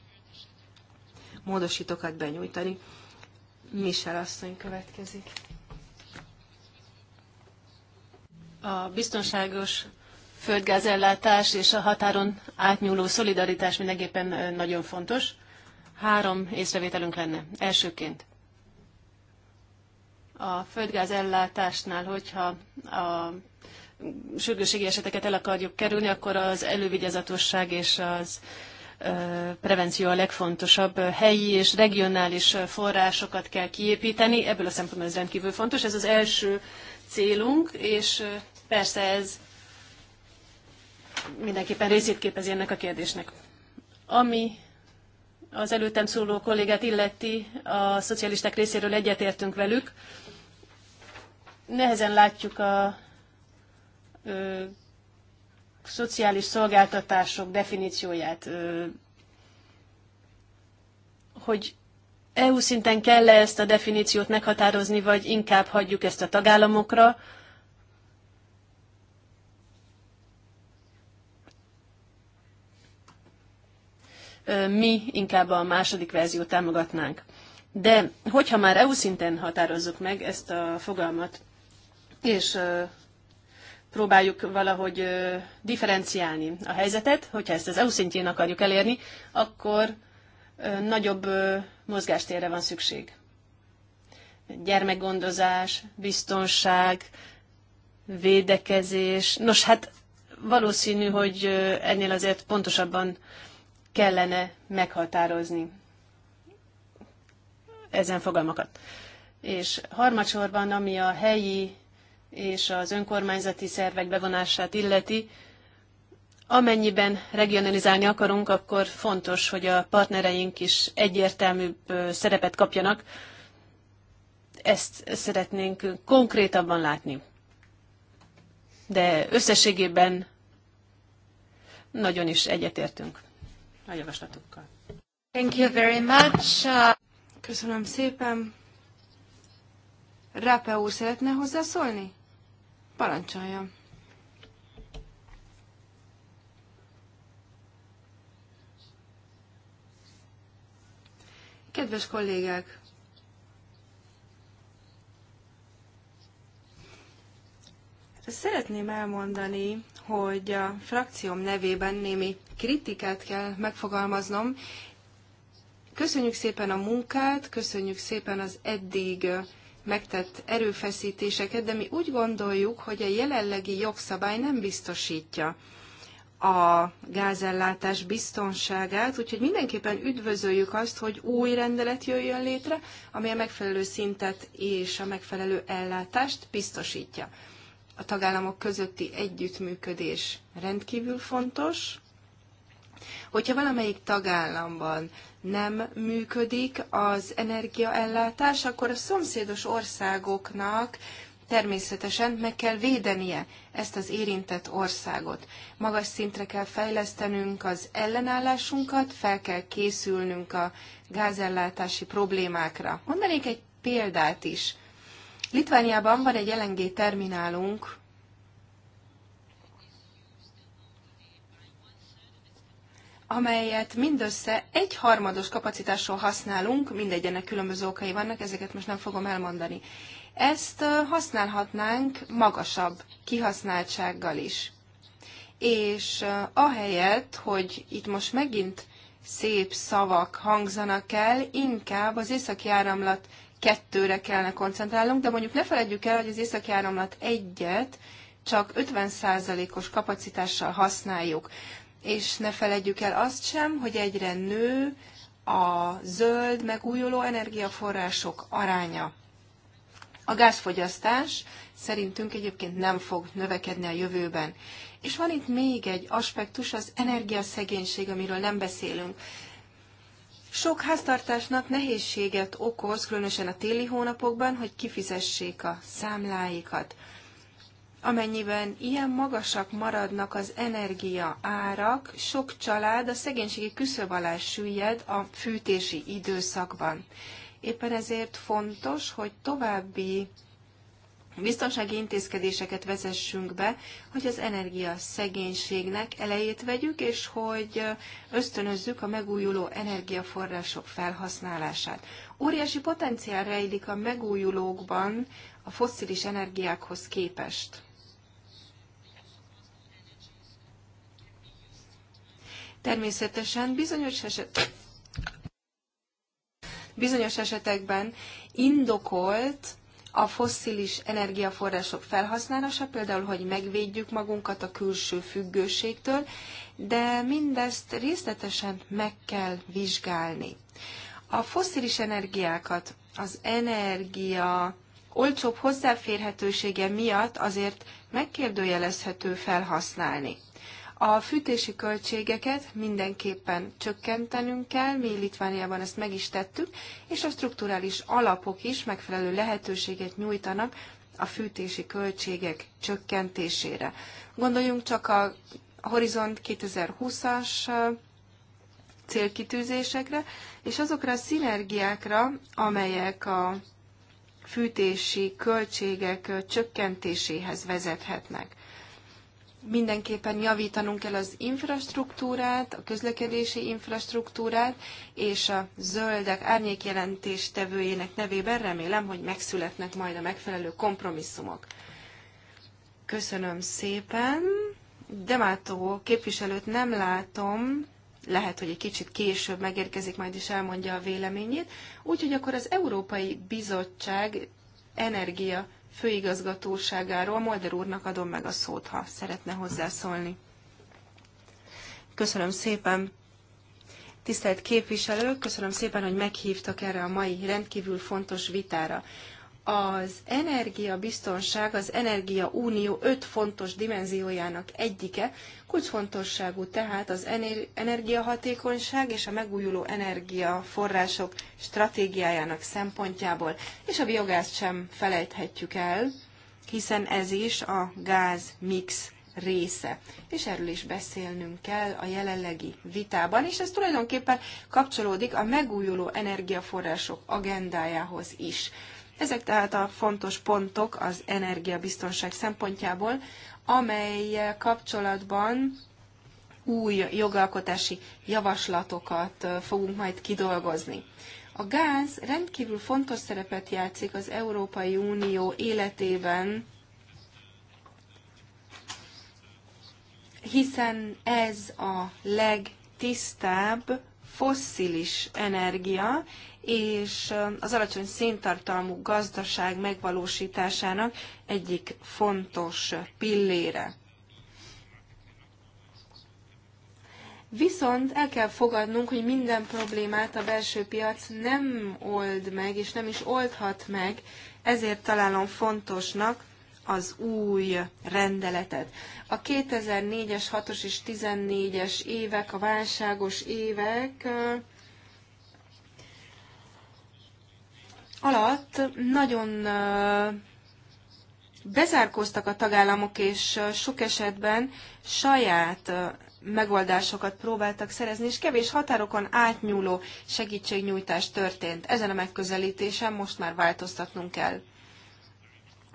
módosítókat benyújtani. Michel asszony következik a biztonságos földgázellátás és a határon átnyúló szolidaritás mindenképpen nagyon fontos. Három észrevételünk lenne. Elsőként a földgáz ellátásnál, hogyha a sürgőségi eseteket el akarjuk kerülni, akkor az elővigyázatosság és az prevenció a legfontosabb. Helyi és regionális forrásokat kell kiépíteni, ebből a szempontból ez rendkívül fontos. Ez az első célunk, és Persze ez mindenképpen részét képezi ennek a kérdésnek. Ami az előttem szóló kollégát illeti, a szocialisták részéről egyetértünk velük. Nehezen látjuk a ö, szociális szolgáltatások definícióját, ö, hogy EU szinten kell -e ezt a definíciót meghatározni, vagy inkább hagyjuk ezt a tagállamokra, mi inkább a második verziót támogatnánk. De hogyha már EU szinten határozzuk meg ezt a fogalmat, és próbáljuk valahogy differenciálni a helyzetet, hogyha ezt az EU szintjén akarjuk elérni, akkor nagyobb mozgástérre van szükség. Gyermekgondozás, biztonság, védekezés. Nos, hát valószínű, hogy ennél azért pontosabban kellene meghatározni ezen fogalmakat. És harmadsorban, ami a helyi és az önkormányzati szervek bevonását illeti, amennyiben regionalizálni akarunk, akkor fontos, hogy a partnereink is egyértelműbb szerepet kapjanak. Ezt szeretnénk konkrétabban látni. De összességében nagyon is egyetértünk a javaslatukkal. Thank you very much. Köszönöm szépen. Rápe úr szeretne hozzászólni? Parancsolja. Kedves kollégák! Szeretném elmondani, hogy a frakcióm nevében némi kritikát kell megfogalmaznom. Köszönjük szépen a munkát, köszönjük szépen az eddig megtett erőfeszítéseket, de mi úgy gondoljuk, hogy a jelenlegi jogszabály nem biztosítja a gázellátás biztonságát, úgyhogy mindenképpen üdvözöljük azt, hogy új rendelet jöjjön létre, ami a megfelelő szintet és a megfelelő ellátást biztosítja a tagállamok közötti együttműködés rendkívül fontos. Hogyha valamelyik tagállamban nem működik az energiaellátás, akkor a szomszédos országoknak természetesen meg kell védenie ezt az érintett országot. Magas szintre kell fejlesztenünk az ellenállásunkat, fel kell készülnünk a gázellátási problémákra. Mondanék egy példát is. Litvániában van egy LNG terminálunk, amelyet mindössze egy harmados kapacitással használunk, mindegy, ennek különböző okai vannak, ezeket most nem fogom elmondani. Ezt használhatnánk magasabb kihasználtsággal is. És ahelyett, hogy itt most megint szép szavak hangzanak el, inkább az északi áramlat kettőre kellene koncentrálnunk, de mondjuk ne felejtjük el, hogy az északi áramlat egyet csak 50%-os kapacitással használjuk. És ne felejtjük el azt sem, hogy egyre nő a zöld megújuló energiaforrások aránya. A gázfogyasztás szerintünk egyébként nem fog növekedni a jövőben. És van itt még egy aspektus, az energiaszegénység, amiről nem beszélünk. Sok háztartásnak nehézséget okoz, különösen a téli hónapokban, hogy kifizessék a számláikat. Amennyiben ilyen magasak maradnak az energia árak, sok család a szegénységi küszöb alá süllyed a fűtési időszakban. Éppen ezért fontos, hogy további biztonsági intézkedéseket vezessünk be, hogy az energia szegénységnek elejét vegyük, és hogy ösztönözzük a megújuló energiaforrások felhasználását. Óriási potenciál rejlik a megújulókban a fosszilis energiákhoz képest. Természetesen bizonyos eset... Bizonyos esetekben indokolt a fosszilis energiaforrások felhasználása, például, hogy megvédjük magunkat a külső függőségtől, de mindezt részletesen meg kell vizsgálni. A fosszilis energiákat az energia olcsóbb hozzáférhetősége miatt azért megkérdőjelezhető felhasználni. A fűtési költségeket mindenképpen csökkentenünk kell, mi Litvániában ezt meg is tettük, és a strukturális alapok is megfelelő lehetőséget nyújtanak a fűtési költségek csökkentésére. Gondoljunk csak a Horizont 2020-as célkitűzésekre, és azokra a szinergiákra, amelyek a fűtési költségek csökkentéséhez vezethetnek mindenképpen javítanunk kell az infrastruktúrát, a közlekedési infrastruktúrát, és a zöldek árnyékjelentés tevőjének nevében remélem, hogy megszületnek majd a megfelelő kompromisszumok. Köszönöm szépen. Demátó képviselőt nem látom, lehet, hogy egy kicsit később megérkezik, majd is elmondja a véleményét. Úgyhogy akkor az Európai Bizottság energia főigazgatóságáról. Molder úrnak adom meg a szót, ha szeretne hozzászólni. Köszönöm szépen. Tisztelt képviselők, köszönöm szépen, hogy meghívtak erre a mai rendkívül fontos vitára. Az energiabiztonság az Energia Unió öt fontos dimenziójának egyike, kulcsfontosságú tehát az energiahatékonyság és a megújuló energiaforrások stratégiájának szempontjából, és a biogázt sem felejthetjük el, hiszen ez is a gázmix része. És erről is beszélnünk kell a jelenlegi vitában, és ez tulajdonképpen kapcsolódik a megújuló energiaforrások agendájához is. Ezek tehát a fontos pontok az energiabiztonság szempontjából, amely kapcsolatban új jogalkotási javaslatokat fogunk majd kidolgozni. A gáz rendkívül fontos szerepet játszik az Európai Unió életében, hiszen ez a legtisztább fosszilis energia, és az alacsony széntartalmú gazdaság megvalósításának egyik fontos pillére. Viszont el kell fogadnunk, hogy minden problémát a belső piac nem old meg, és nem is oldhat meg, ezért találom fontosnak az új rendeletet. A 2004-es, 6-os és 14-es évek, a válságos évek alatt nagyon bezárkóztak a tagállamok, és sok esetben saját megoldásokat próbáltak szerezni, és kevés határokon átnyúló segítségnyújtás történt. Ezen a megközelítésen most már változtatnunk kell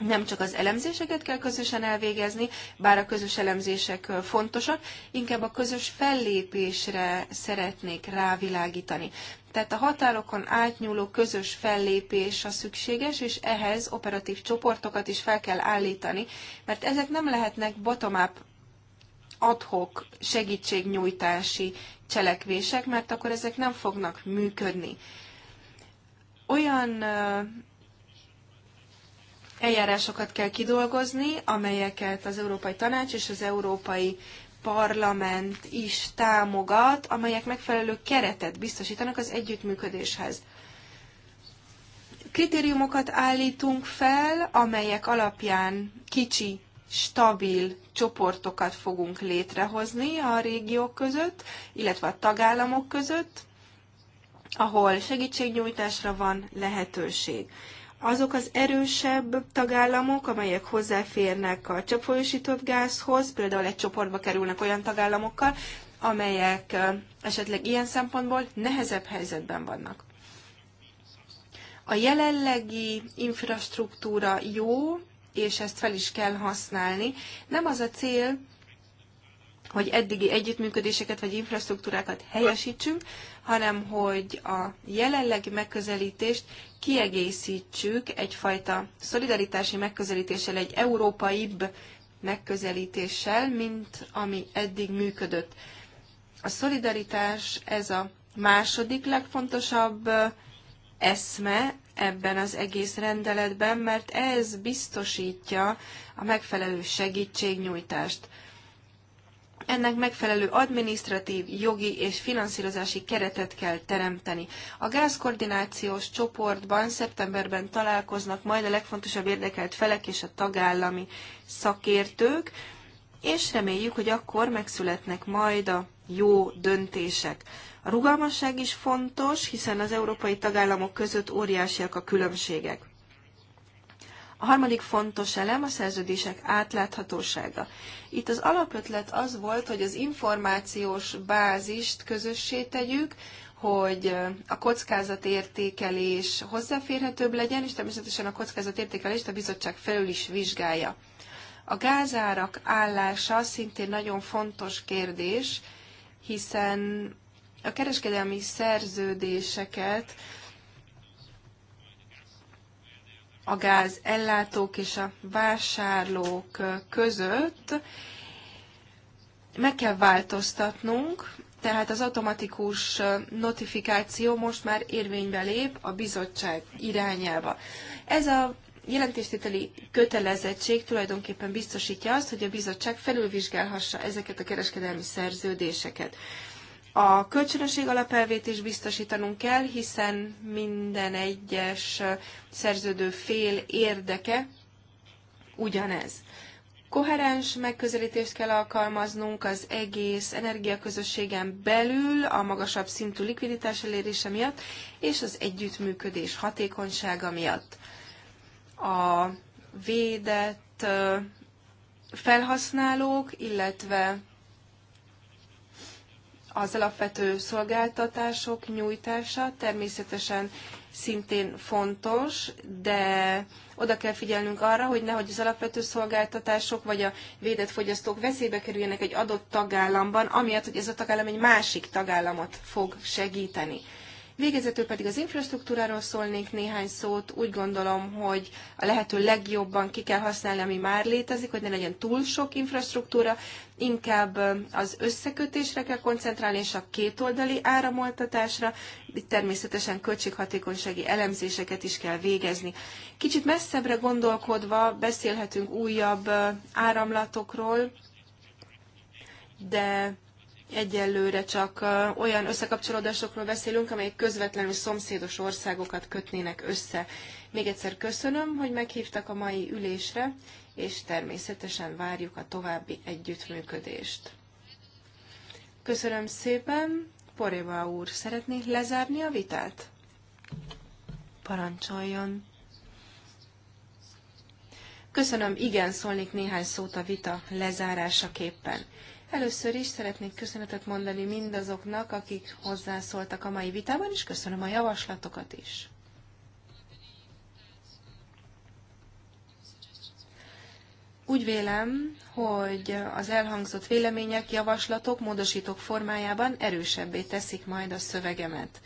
nem csak az elemzéseket kell közösen elvégezni, bár a közös elemzések fontosak, inkább a közös fellépésre szeretnék rávilágítani. Tehát a határokon átnyúló közös fellépés a szükséges, és ehhez operatív csoportokat is fel kell állítani, mert ezek nem lehetnek bottom-up adhok segítségnyújtási cselekvések, mert akkor ezek nem fognak működni. Olyan eljárásokat kell kidolgozni, amelyeket az Európai Tanács és az Európai Parlament is támogat, amelyek megfelelő keretet biztosítanak az együttműködéshez. Kritériumokat állítunk fel, amelyek alapján kicsi stabil csoportokat fogunk létrehozni a régiók között, illetve a tagállamok között, ahol segítségnyújtásra van lehetőség azok az erősebb tagállamok, amelyek hozzáférnek a csapfolyósított gázhoz, például egy csoportba kerülnek olyan tagállamokkal, amelyek esetleg ilyen szempontból nehezebb helyzetben vannak. A jelenlegi infrastruktúra jó, és ezt fel is kell használni. Nem az a cél, hogy eddigi együttműködéseket vagy infrastruktúrákat helyesítsünk, hanem hogy a jelenlegi megközelítést kiegészítsük egyfajta szolidaritási megközelítéssel, egy európaibb megközelítéssel, mint ami eddig működött. A szolidaritás ez a második legfontosabb eszme ebben az egész rendeletben, mert ez biztosítja a megfelelő segítségnyújtást ennek megfelelő adminisztratív, jogi és finanszírozási keretet kell teremteni. A gázkoordinációs csoportban szeptemberben találkoznak majd a legfontosabb érdekelt felek és a tagállami szakértők, és reméljük, hogy akkor megszületnek majd a jó döntések. A rugalmasság is fontos, hiszen az európai tagállamok között óriásiak a különbségek. A harmadik fontos elem a szerződések átláthatósága. Itt az alapötlet az volt, hogy az információs bázist közössé tegyük, hogy a kockázatértékelés hozzáférhetőbb legyen, és természetesen a kockázatértékelést a bizottság felül is vizsgálja. A gázárak állása szintén nagyon fontos kérdés, hiszen a kereskedelmi szerződéseket a gáz ellátók és a vásárlók között meg kell változtatnunk, tehát az automatikus notifikáció most már érvénybe lép a bizottság irányába. Ez a jelentéstételi kötelezettség tulajdonképpen biztosítja azt, hogy a bizottság felülvizsgálhassa ezeket a kereskedelmi szerződéseket. A kölcsönösség alapelvét is biztosítanunk kell, hiszen minden egyes szerződő fél érdeke ugyanez. Koherens megközelítést kell alkalmaznunk az egész energiaközösségen belül a magasabb szintű likviditás elérése miatt és az együttműködés hatékonysága miatt. A védett felhasználók, illetve az alapvető szolgáltatások nyújtása természetesen szintén fontos, de oda kell figyelnünk arra, hogy nehogy az alapvető szolgáltatások vagy a védett fogyasztók veszélybe kerüljenek egy adott tagállamban, amiatt, hogy ez a tagállam egy másik tagállamot fog segíteni. Végezetül pedig az infrastruktúráról szólnék néhány szót. Úgy gondolom, hogy a lehető legjobban ki kell használni, ami már létezik, hogy ne legyen túl sok infrastruktúra, inkább az összekötésre kell koncentrálni, és a kétoldali áramoltatásra. Itt természetesen költséghatékonysági elemzéseket is kell végezni. Kicsit messzebbre gondolkodva beszélhetünk újabb áramlatokról, de Egyelőre csak olyan összekapcsolódásokról beszélünk, amelyek közvetlenül szomszédos országokat kötnének össze. Még egyszer köszönöm, hogy meghívtak a mai ülésre, és természetesen várjuk a további együttműködést. Köszönöm szépen. Poréva úr, szeretné lezárni a vitát? Parancsoljon. Köszönöm, igen, szólnék néhány szót a vita lezárásaképpen. Először is szeretnék köszönetet mondani mindazoknak, akik hozzászóltak a mai vitában, és köszönöm a javaslatokat is. Úgy vélem, hogy az elhangzott vélemények, javaslatok, módosítók formájában erősebbé teszik majd a szövegemet.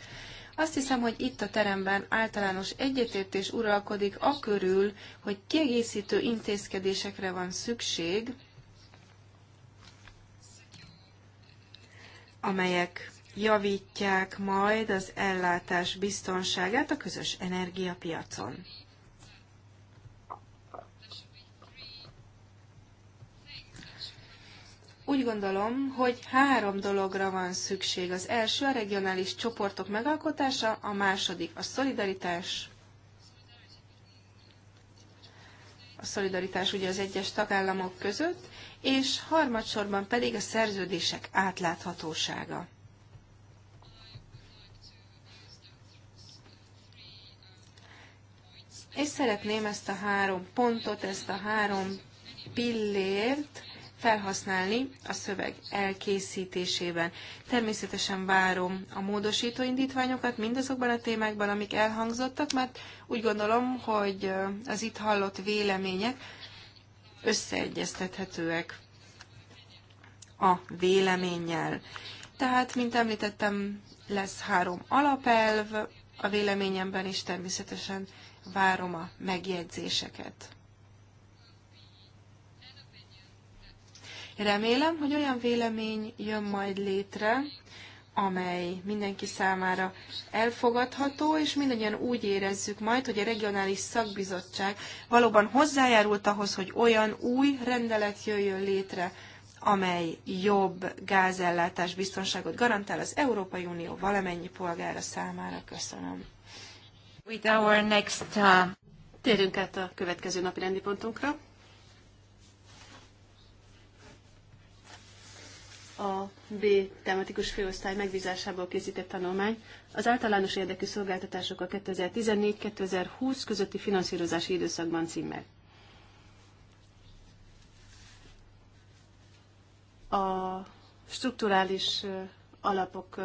Azt hiszem, hogy itt a teremben általános egyetértés uralkodik a körül, hogy kiegészítő intézkedésekre van szükség amelyek javítják majd az ellátás biztonságát a közös energiapiacon. Úgy gondolom, hogy három dologra van szükség. Az első a regionális csoportok megalkotása, a második a szolidaritás. A szolidaritás ugye az egyes tagállamok között, és harmadsorban pedig a szerződések átláthatósága. És szeretném ezt a három pontot, ezt a három pillért felhasználni a szöveg elkészítésében. Természetesen várom a módosító indítványokat mindazokban a témákban, amik elhangzottak, mert úgy gondolom, hogy az itt hallott vélemények összeegyeztethetőek a véleménnyel. Tehát, mint említettem, lesz három alapelv a véleményemben, is természetesen várom a megjegyzéseket. Remélem, hogy olyan vélemény jön majd létre, amely mindenki számára elfogadható, és mindannyian úgy érezzük majd, hogy a regionális szakbizottság valóban hozzájárult ahhoz, hogy olyan új rendelet jöjjön létre, amely jobb gázellátás biztonságot garantál az Európai Unió valamennyi polgára számára. Köszönöm. With our next, uh... Térjünk át a következő napi rendi pontunkra. a B tematikus főosztály megbízásából készített tanulmány az általános érdekű szolgáltatások a 2014-2020 közötti finanszírozási időszakban címmel. A strukturális alapok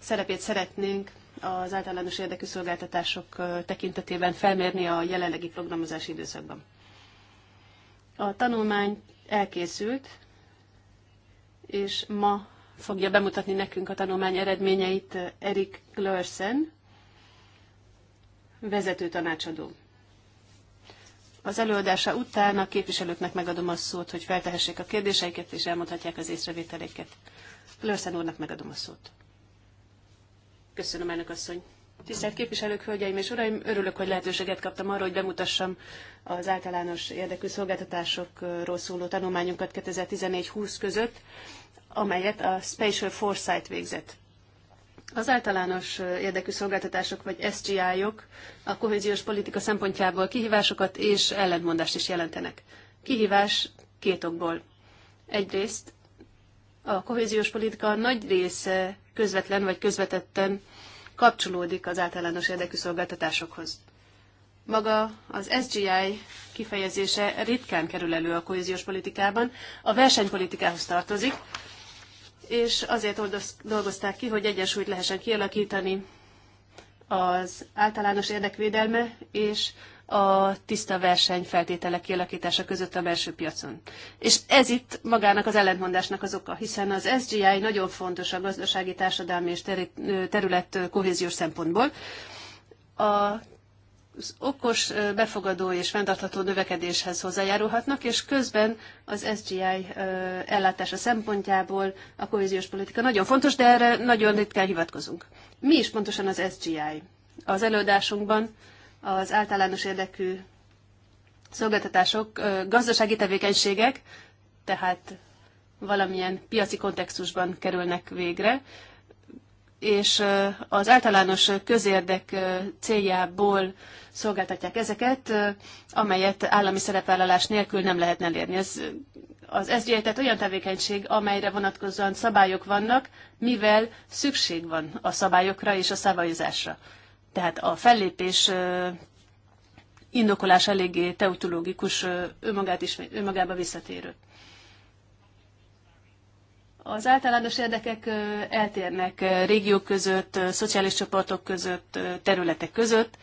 szerepét szeretnénk az általános érdekű szolgáltatások tekintetében felmérni a jelenlegi programozási időszakban. A tanulmány elkészült, és ma fogja bemutatni nekünk a tanulmány eredményeit eh, Erik Glörsen, vezető tanácsadó. Az előadása után a képviselőknek megadom a szót, hogy feltehessék a kérdéseiket, és elmondhatják az észrevételeiket. Glörsen úrnak megadom a szót. Köszönöm, elnök asszony. Tisztelt képviselők, hölgyeim és uraim, örülök, hogy lehetőséget kaptam arra, hogy bemutassam az általános érdekű szolgáltatásokról szóló tanulmányunkat 2014-20 között, amelyet a Spatial Foresight végzett. Az általános érdekű szolgáltatások vagy SGI-ok a kohéziós politika szempontjából kihívásokat és ellentmondást is jelentenek. Kihívás két okból. Egyrészt a kohéziós politika nagy része közvetlen vagy közvetetten kapcsolódik az általános érdekű szolgáltatásokhoz. Maga az SGI kifejezése ritkán kerül elő a kohéziós politikában, a versenypolitikához tartozik, és azért dolgozták ki, hogy egyensúlyt lehessen kialakítani az általános érdekvédelme és a tiszta verseny feltételek kialakítása között a belső piacon. És ez itt magának az ellentmondásnak az oka, hiszen az SGI nagyon fontos a gazdasági, társadalmi és terület kohéziós szempontból. A az okos, befogadó és fenntartható növekedéshez hozzájárulhatnak, és közben az SGI ellátása szempontjából a kohéziós politika nagyon fontos, de erre nagyon ritkán hivatkozunk. Mi is pontosan az SGI? Az előadásunkban az általános érdekű szolgáltatások, gazdasági tevékenységek, tehát valamilyen piaci kontextusban kerülnek végre, és az általános közérdek céljából szolgáltatják ezeket, amelyet állami szerepvállalás nélkül nem lehetne elérni. Ez, az SGI tehát olyan tevékenység, amelyre vonatkozóan szabályok vannak, mivel szükség van a szabályokra és a szabályozásra. Tehát a fellépés indokolás eléggé teutológikus, önmagát is, önmagába visszatérő. Az általános érdekek eltérnek régiók között, szociális csoportok között, területek között,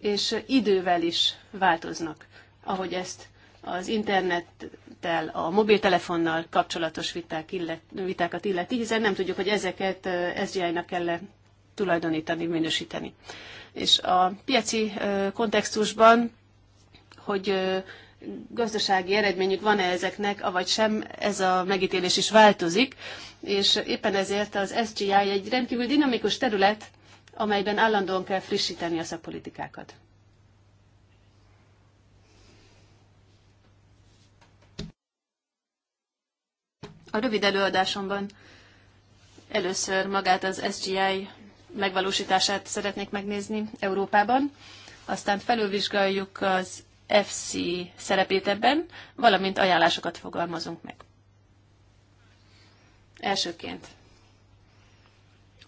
és idővel is változnak, ahogy ezt az internettel, a mobiltelefonnal kapcsolatos viták illet, vitákat illeti, hiszen nem tudjuk, hogy ezeket SGI-nak kell -e tulajdonítani, minősíteni. És a piaci kontextusban, hogy gazdasági eredményük van-e ezeknek, avagy sem, ez a megítélés is változik, és éppen ezért az SGI egy rendkívül dinamikus terület, amelyben állandóan kell frissíteni a szakpolitikákat. A rövid előadásomban először magát az SGI megvalósítását szeretnék megnézni Európában, aztán felülvizsgáljuk az FC szerepét ebben, valamint ajánlásokat fogalmazunk meg. Elsőként.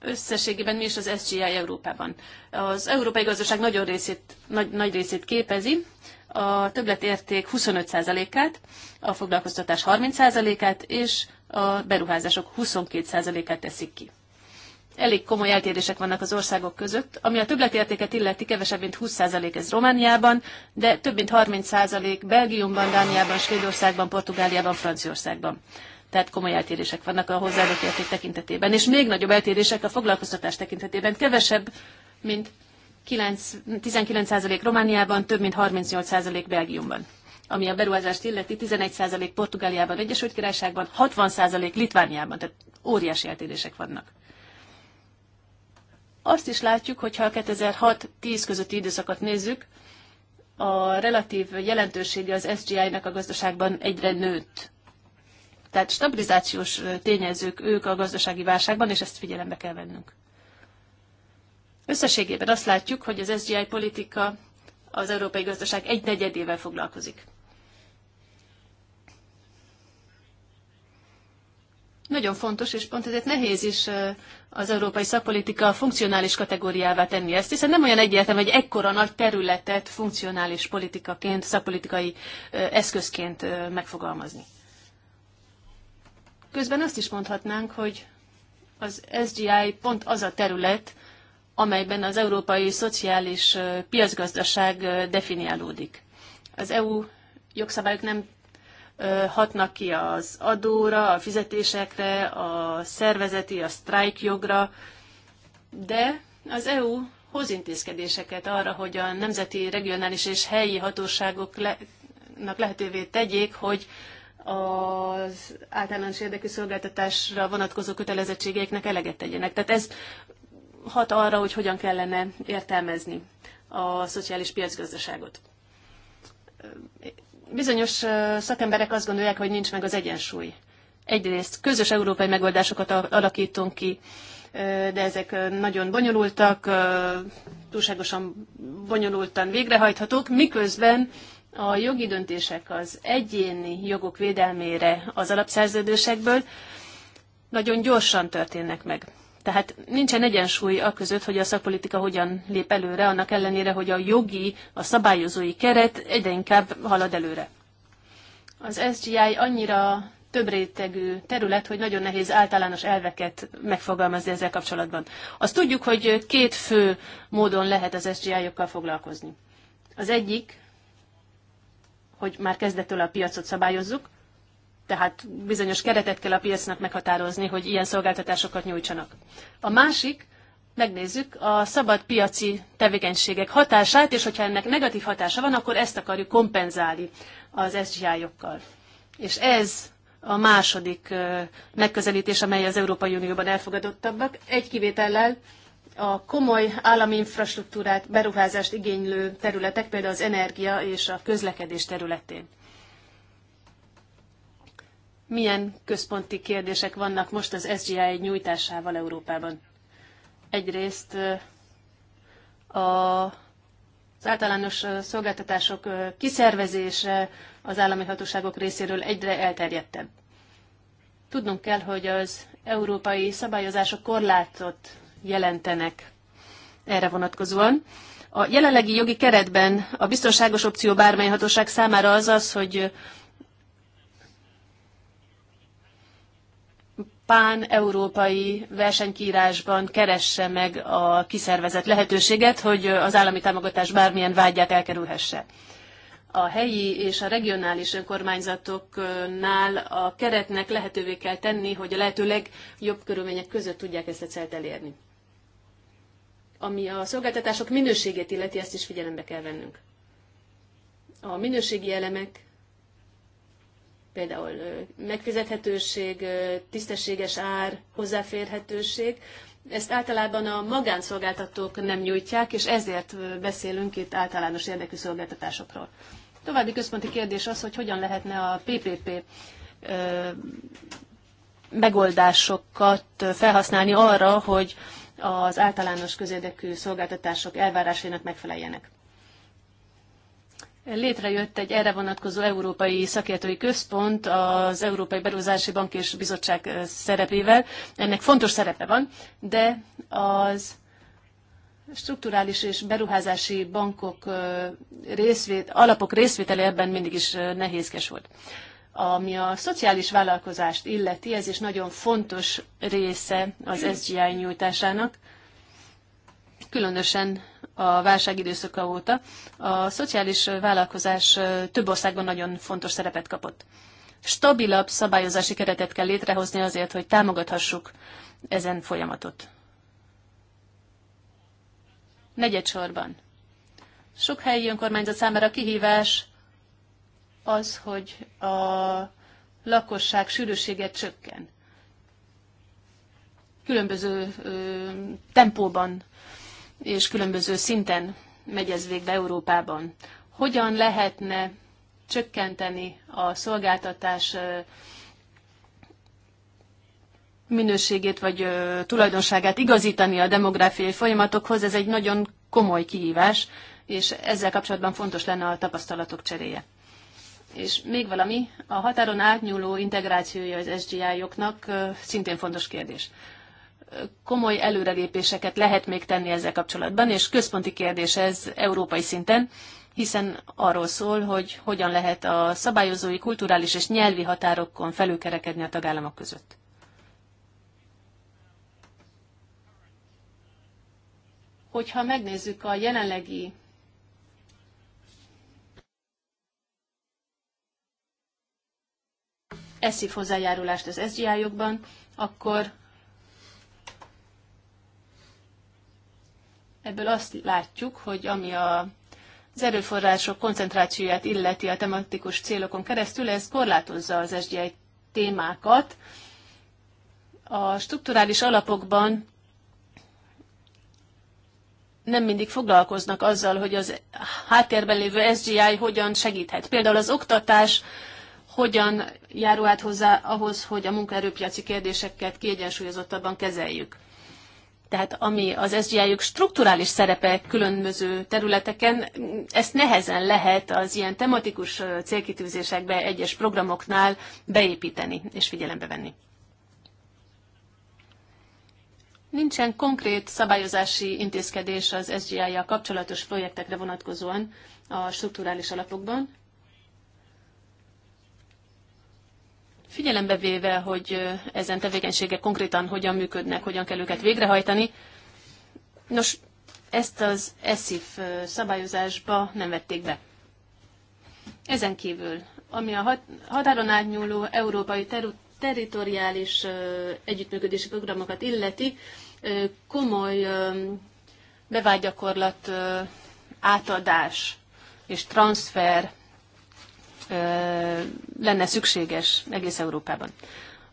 Összességében mi is az SGI Európában? Az európai gazdaság nagyon részét, nagy, nagy részét képezi, a többletérték 25%-át, a foglalkoztatás 30%-át és a beruházások 22%-át teszik ki elég komoly eltérések vannak az országok között. Ami a többletértéket illeti, kevesebb mint 20% ez Romániában, de több mint 30% Belgiumban, Dániában, Svédországban, Portugáliában, Franciaországban. Tehát komoly eltérések vannak a hozzáadott érték tekintetében, és még nagyobb eltérések a foglalkoztatás tekintetében. Kevesebb, mint 9, 19% Romániában, több mint 38% Belgiumban ami a beruházást illeti, 11% Portugáliában, Egyesült Királyságban, 60% Litvániában, tehát óriási eltérések vannak. Azt is látjuk, hogyha a 2006-10 közötti időszakot nézzük, a relatív jelentősége az SGI-nak a gazdaságban egyre nőtt. Tehát stabilizációs tényezők ők a gazdasági válságban, és ezt figyelembe kell vennünk. Összességében azt látjuk, hogy az SGI politika az európai gazdaság egy negyedével foglalkozik. nagyon fontos, és pont ezért nehéz is az európai szakpolitika funkcionális kategóriává tenni ezt, hiszen nem olyan egyértelmű, hogy ekkora nagy területet funkcionális politikaként, szakpolitikai eszközként megfogalmazni. Közben azt is mondhatnánk, hogy az SGI pont az a terület, amelyben az európai szociális piacgazdaság definiálódik. Az EU jogszabályok nem hatnak ki az adóra, a fizetésekre, a szervezeti, a sztrájk jogra, de az EU hoz intézkedéseket arra, hogy a nemzeti, regionális és helyi hatóságoknak lehetővé tegyék, hogy az általános érdekű szolgáltatásra vonatkozó kötelezettségeiknek eleget tegyenek. Tehát ez hat arra, hogy hogyan kellene értelmezni a szociális piacgazdaságot bizonyos szakemberek azt gondolják, hogy nincs meg az egyensúly. Egyrészt közös európai megoldásokat alakítunk ki, de ezek nagyon bonyolultak, túlságosan bonyolultan végrehajthatók, miközben a jogi döntések az egyéni jogok védelmére az alapszerződésekből nagyon gyorsan történnek meg. Tehát nincsen egyensúly a között, hogy a szakpolitika hogyan lép előre, annak ellenére, hogy a jogi, a szabályozói keret egyre inkább halad előre. Az SGI annyira több rétegű terület, hogy nagyon nehéz általános elveket megfogalmazni ezzel kapcsolatban. Azt tudjuk, hogy két fő módon lehet az SGI-okkal foglalkozni. Az egyik, hogy már kezdettől a piacot szabályozzuk, tehát bizonyos keretet kell a piacnak meghatározni, hogy ilyen szolgáltatásokat nyújtsanak. A másik, megnézzük a szabad piaci tevékenységek hatását, és hogyha ennek negatív hatása van, akkor ezt akarjuk kompenzálni az SGI-okkal. És ez a második megközelítés, amely az Európai Unióban elfogadottabbak, egy kivétellel a komoly állami infrastruktúrát, beruházást igénylő területek, például az energia és a közlekedés területén milyen központi kérdések vannak most az SGI nyújtásával Európában. Egyrészt a az általános szolgáltatások kiszervezése az állami hatóságok részéről egyre elterjedtebb. Tudnunk kell, hogy az európai szabályozások korlátot jelentenek erre vonatkozóan. A jelenlegi jogi keretben a biztonságos opció bármely hatóság számára az az, hogy pán-európai versenykírásban keresse meg a kiszervezett lehetőséget, hogy az állami támogatás bármilyen vágyát elkerülhesse. A helyi és a regionális önkormányzatoknál a keretnek lehetővé kell tenni, hogy a lehető legjobb körülmények között tudják ezt a célt elérni. Ami a szolgáltatások minőségét illeti, ezt is figyelembe kell vennünk. A minőségi elemek például megfizethetőség, tisztességes ár, hozzáférhetőség. Ezt általában a magánszolgáltatók nem nyújtják, és ezért beszélünk itt általános érdekű szolgáltatásokról. További központi kérdés az, hogy hogyan lehetne a PPP megoldásokat felhasználni arra, hogy az általános közérdekű szolgáltatások elvárásainak megfeleljenek. Létrejött egy erre vonatkozó európai szakértői központ az Európai Beruházási Bank és Bizottság szerepével. Ennek fontos szerepe van, de az strukturális és beruházási bankok részvét, alapok részvétele ebben mindig is nehézkes volt. Ami a szociális vállalkozást illeti, ez is nagyon fontos része az SGI nyújtásának, különösen a válság időszaka óta, a szociális vállalkozás több országban nagyon fontos szerepet kapott. Stabilabb szabályozási keretet kell létrehozni azért, hogy támogathassuk ezen folyamatot. Negyedsorban. Sok helyi önkormányzat számára kihívás az, hogy a lakosság sűrűsége csökken. Különböző ö, tempóban és különböző szinten megy ez végbe Európában. Hogyan lehetne csökkenteni a szolgáltatás minőségét vagy tulajdonságát igazítani a demográfiai folyamatokhoz, ez egy nagyon komoly kihívás, és ezzel kapcsolatban fontos lenne a tapasztalatok cseréje. És még valami, a határon átnyúló integrációja az sgi oknak szintén fontos kérdés komoly előrelépéseket lehet még tenni ezzel kapcsolatban, és központi kérdés ez európai szinten, hiszen arról szól, hogy hogyan lehet a szabályozói, kulturális és nyelvi határokon felülkerekedni a tagállamok között. Hogyha megnézzük a jelenlegi eszív hozzájárulást az SGI-jogban, akkor Ebből azt látjuk, hogy ami a az erőforrások koncentrációját illeti a tematikus célokon keresztül, ez korlátozza az SGI témákat. A strukturális alapokban nem mindig foglalkoznak azzal, hogy az háttérben lévő SGI hogyan segíthet. Például az oktatás hogyan járul át hozzá ahhoz, hogy a munkaerőpiaci kérdéseket kiegyensúlyozottabban kezeljük. Tehát ami az SGI-juk strukturális szerepe különböző területeken, ezt nehezen lehet az ilyen tematikus célkitűzésekbe egyes programoknál beépíteni és figyelembe venni. Nincsen konkrét szabályozási intézkedés az SGI-jal kapcsolatos projektekre vonatkozóan a strukturális alapokban, Figyelembe véve, hogy ezen tevékenységek konkrétan hogyan működnek, hogyan kell őket végrehajtani. Nos, ezt az ESIF szabályozásba nem vették be. Ezen kívül, ami a határon átnyúló európai ter- teritoriális együttműködési programokat illeti, komoly bevágyakorlat átadás és transfer lenne szükséges egész Európában.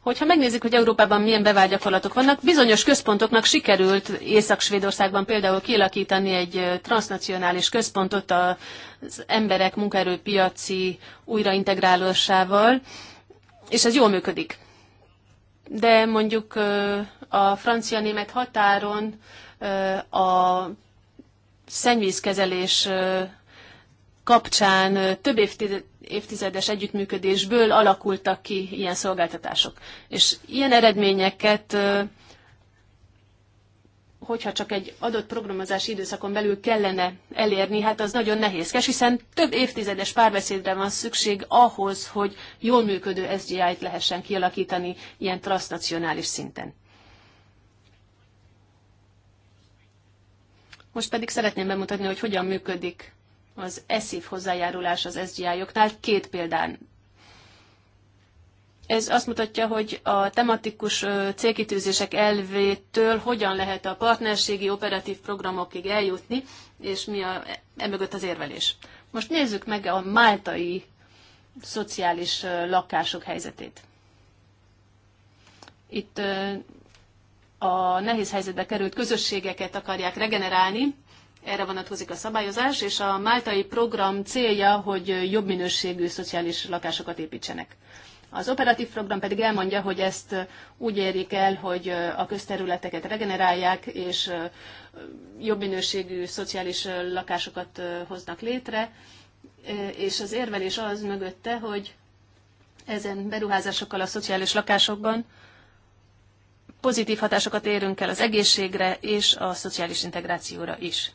Hogyha megnézzük, hogy Európában milyen bevált gyakorlatok vannak, bizonyos központoknak sikerült Észak-Svédországban például kialakítani egy transnacionális központot az emberek munkaerőpiaci újraintegrálásával, és ez jól működik. De mondjuk a francia-német határon a szennyvízkezelés kapcsán több évtized, évtizedes együttműködésből alakultak ki ilyen szolgáltatások. És ilyen eredményeket, hogyha csak egy adott programozási időszakon belül kellene elérni, hát az nagyon nehézkes, hiszen több évtizedes párbeszédre van szükség ahhoz, hogy jól működő SGI-t lehessen kialakítani ilyen transnacionális szinten. Most pedig szeretném bemutatni, hogy hogyan működik az eszív hozzájárulás az sgi Tehát két példán. Ez azt mutatja, hogy a tematikus célkitűzések elvétől hogyan lehet a partnerségi operatív programokig eljutni, és mi a, emögött az érvelés. Most nézzük meg a máltai szociális lakások helyzetét. Itt a nehéz helyzetbe került közösségeket akarják regenerálni, erre vonatkozik a szabályozás, és a máltai program célja, hogy jobb minőségű szociális lakásokat építsenek. Az operatív program pedig elmondja, hogy ezt úgy érik el, hogy a közterületeket regenerálják, és jobb minőségű szociális lakásokat hoznak létre, és az érvelés az mögötte, hogy ezen beruházásokkal a szociális lakásokban pozitív hatásokat érünk el az egészségre és a szociális integrációra is.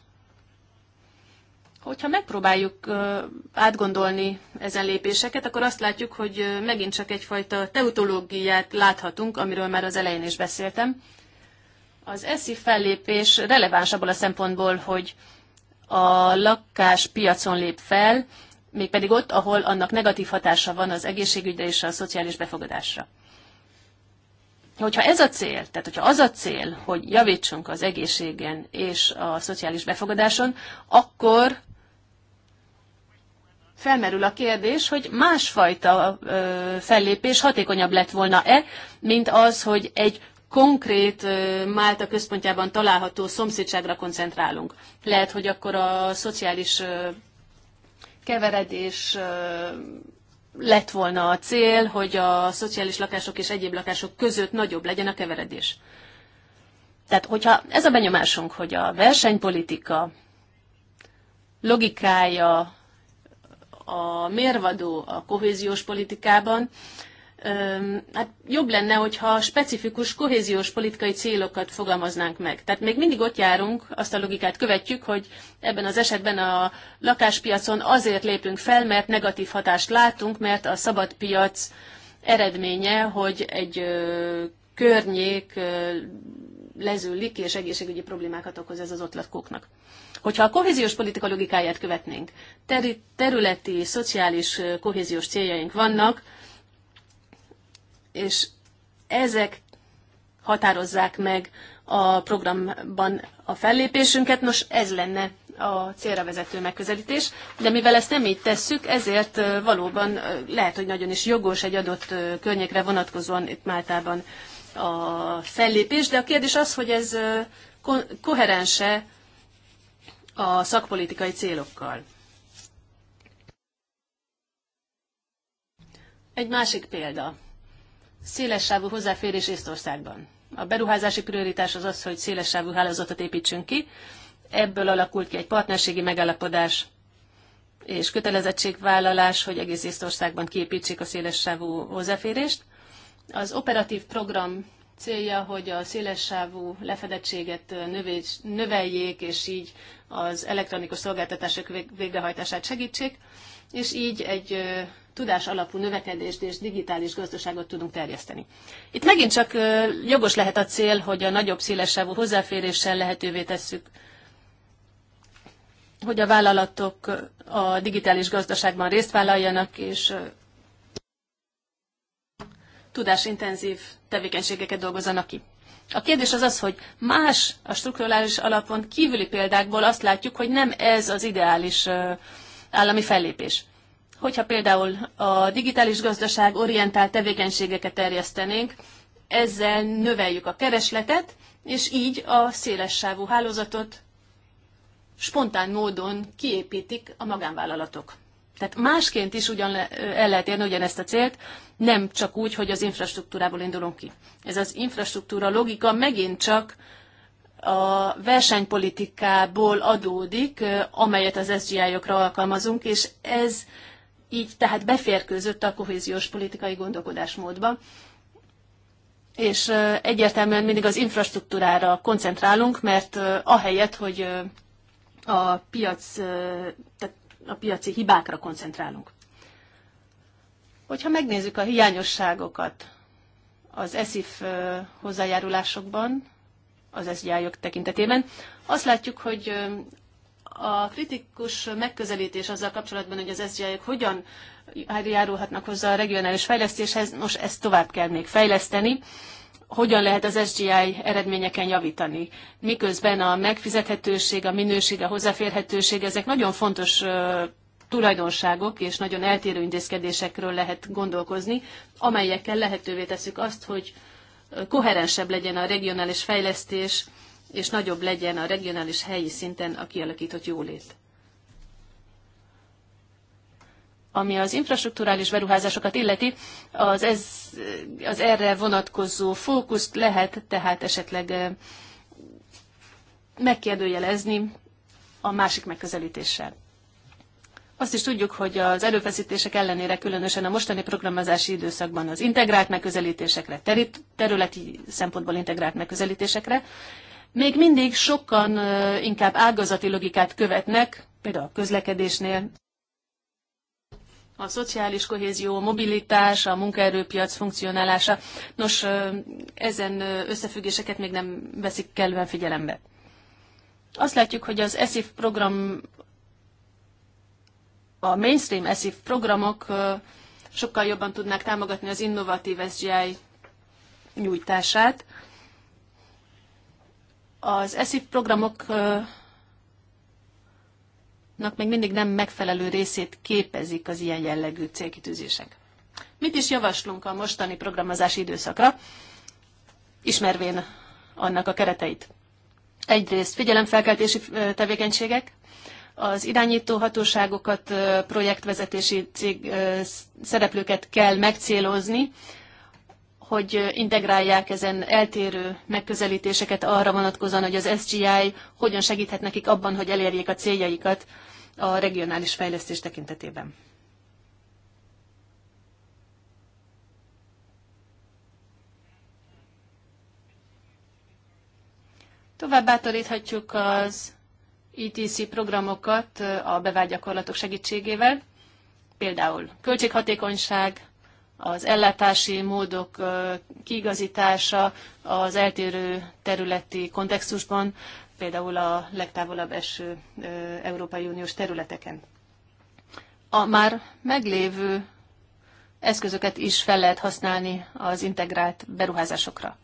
Hogyha megpróbáljuk átgondolni ezen lépéseket, akkor azt látjuk, hogy megint csak egyfajta teutológiát láthatunk, amiről már az elején is beszéltem. Az eszi fellépés releváns abból a szempontból, hogy a lakás piacon lép fel, mégpedig ott, ahol annak negatív hatása van az egészségügyre és a szociális befogadásra. Hogyha ez a cél, tehát hogyha az a cél, hogy javítsunk az egészségen és a szociális befogadáson, akkor felmerül a kérdés, hogy másfajta ö, fellépés hatékonyabb lett volna-e, mint az, hogy egy konkrét Málta központjában található szomszédságra koncentrálunk. Lehet, hogy akkor a szociális keveredés lett volna a cél, hogy a szociális lakások és egyéb lakások között nagyobb legyen a keveredés. Tehát, hogyha ez a benyomásunk, hogy a versenypolitika logikája a mérvadó a kohéziós politikában, hát jobb lenne, hogyha specifikus kohéziós politikai célokat fogalmaznánk meg. Tehát még mindig ott járunk, azt a logikát követjük, hogy ebben az esetben a lakáspiacon azért lépünk fel, mert negatív hatást látunk, mert a szabad piac eredménye, hogy egy környék lezüllik, és egészségügyi problémákat okoz ez az ott lakóknak. Hogyha a kohéziós politika logikáját követnénk, teri- területi, szociális kohéziós céljaink vannak, és ezek határozzák meg a programban a fellépésünket, nos ez lenne a célra vezető megközelítés, de mivel ezt nem így tesszük, ezért valóban lehet, hogy nagyon is jogos egy adott környékre vonatkozóan itt Máltában a fellépés, de a kérdés az, hogy ez koherense a szakpolitikai célokkal. Egy másik példa. Szélessávú hozzáférés Észtországban. A beruházási prioritás az az, hogy szélessávú hálózatot építsünk ki. Ebből alakult ki egy partnerségi megállapodás és kötelezettségvállalás, hogy egész Észtországban kiépítsék a szélessávú hozzáférést. Az operatív program célja, hogy a szélessávú lefedettséget növeljék, és így az elektronikus szolgáltatások végrehajtását segítsék, és így egy tudás alapú növekedést és digitális gazdaságot tudunk terjeszteni. Itt megint csak jogos lehet a cél, hogy a nagyobb szélessávú hozzáféréssel lehetővé tesszük, hogy a vállalatok a digitális gazdaságban részt vállaljanak, és tudásintenzív tevékenységeket dolgozzanak ki. A kérdés az az, hogy más a strukturális alapon kívüli példákból azt látjuk, hogy nem ez az ideális állami fellépés. Hogyha például a digitális gazdaság orientált tevékenységeket terjesztenénk, ezzel növeljük a keresletet, és így a széles sávú hálózatot spontán módon kiépítik a magánvállalatok. Tehát másként is ugyan el lehet érni ugyanezt a célt, nem csak úgy, hogy az infrastruktúrából indulunk ki. Ez az infrastruktúra logika megint csak a versenypolitikából adódik, amelyet az SGI-okra alkalmazunk, és ez így tehát beférkőzött a kohéziós politikai gondolkodásmódba. És egyértelműen mindig az infrastruktúrára koncentrálunk, mert ahelyett, hogy a piac, tehát a piaci hibákra koncentrálunk. Hogyha megnézzük a hiányosságokat az ESIF hozzájárulásokban, az sgi tekintetében, azt látjuk, hogy a kritikus megközelítés azzal kapcsolatban, hogy az sgi hogyan járulhatnak hozzá a regionális fejlesztéshez, nos, ezt tovább kell még fejleszteni, hogyan lehet az SGI eredményeken javítani. Miközben a megfizethetőség, a minőség, a hozzáférhetőség, ezek nagyon fontos tulajdonságok és nagyon eltérő intézkedésekről lehet gondolkozni, amelyekkel lehetővé teszük azt, hogy koherensebb legyen a regionális fejlesztés, és nagyobb legyen a regionális helyi szinten a kialakított jólét. Ami az infrastruktúrális beruházásokat illeti, az, ez, az erre vonatkozó fókuszt lehet tehát esetleg megkérdőjelezni a másik megközelítéssel. Azt is tudjuk, hogy az előfeszítések ellenére különösen a mostani programozási időszakban az integrált megközelítésekre, területi szempontból integrált megközelítésekre, még mindig sokan inkább ágazati logikát követnek, például a közlekedésnél, a szociális kohézió, a mobilitás, a munkaerőpiac funkcionálása. Nos, ezen összefüggéseket még nem veszik kellően figyelembe. Azt látjuk, hogy az ESIF program, a mainstream ESIF programok sokkal jobban tudnák támogatni az innovatív SGI nyújtását. Az ESIF programok nak még mindig nem megfelelő részét képezik az ilyen jellegű célkitűzések. Mit is javaslunk a mostani programozási időszakra, ismervén annak a kereteit? Egyrészt figyelemfelkeltési tevékenységek, az irányító hatóságokat, projektvezetési cég, szereplőket kell megcélozni, hogy integrálják ezen eltérő megközelítéseket arra vonatkozóan, hogy az SGI hogyan segíthet nekik abban, hogy elérjék a céljaikat a regionális fejlesztés tekintetében. Tovább bátoríthatjuk az ETC programokat a bevált gyakorlatok segítségével, például költséghatékonyság, az ellátási módok kiigazítása az eltérő területi kontextusban, például a legtávolabb eső Európai Uniós területeken. A már meglévő eszközöket is fel lehet használni az integrált beruházásokra.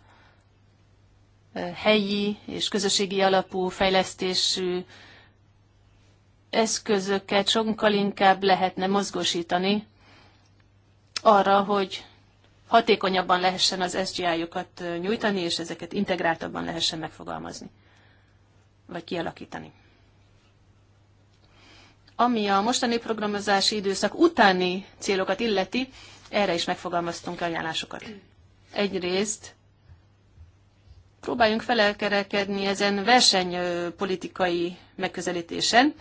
Helyi és közösségi alapú fejlesztésű eszközöket sokkal inkább lehetne mozgósítani arra, hogy hatékonyabban lehessen az SGI-okat nyújtani, és ezeket integráltabban lehessen megfogalmazni vagy kialakítani. Ami a mostani programozási időszak utáni célokat illeti, erre is megfogalmaztunk ajánlásokat. Egyrészt próbáljunk felelkerekedni ezen versenypolitikai megközelítésen.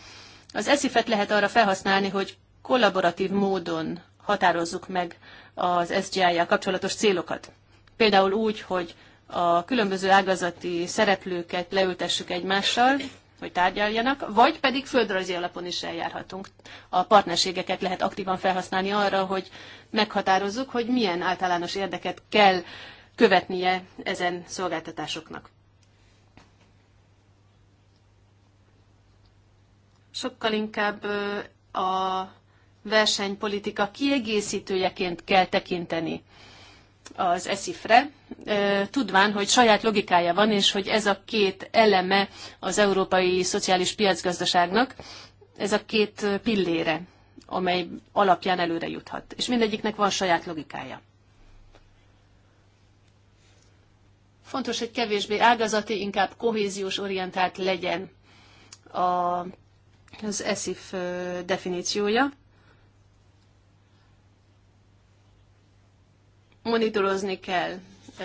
Az eszifet lehet arra felhasználni, hogy kollaboratív módon határozzuk meg az SGI-jel kapcsolatos célokat. Például úgy, hogy a különböző ágazati szereplőket leültessük egymással, hogy tárgyaljanak, vagy pedig földrajzi alapon is eljárhatunk. A partnerségeket lehet aktívan felhasználni arra, hogy meghatározzuk, hogy milyen általános érdeket kell követnie ezen szolgáltatásoknak. Sokkal inkább a versenypolitika kiegészítőjeként kell tekinteni az ESIF-re, tudván, hogy saját logikája van, és hogy ez a két eleme az európai szociális piacgazdaságnak, ez a két pillére, amely alapján előre juthat. És mindegyiknek van saját logikája. Fontos, hogy kevésbé ágazati, inkább kohéziós orientált legyen a, az ESIF definíciója monitorozni kell ö,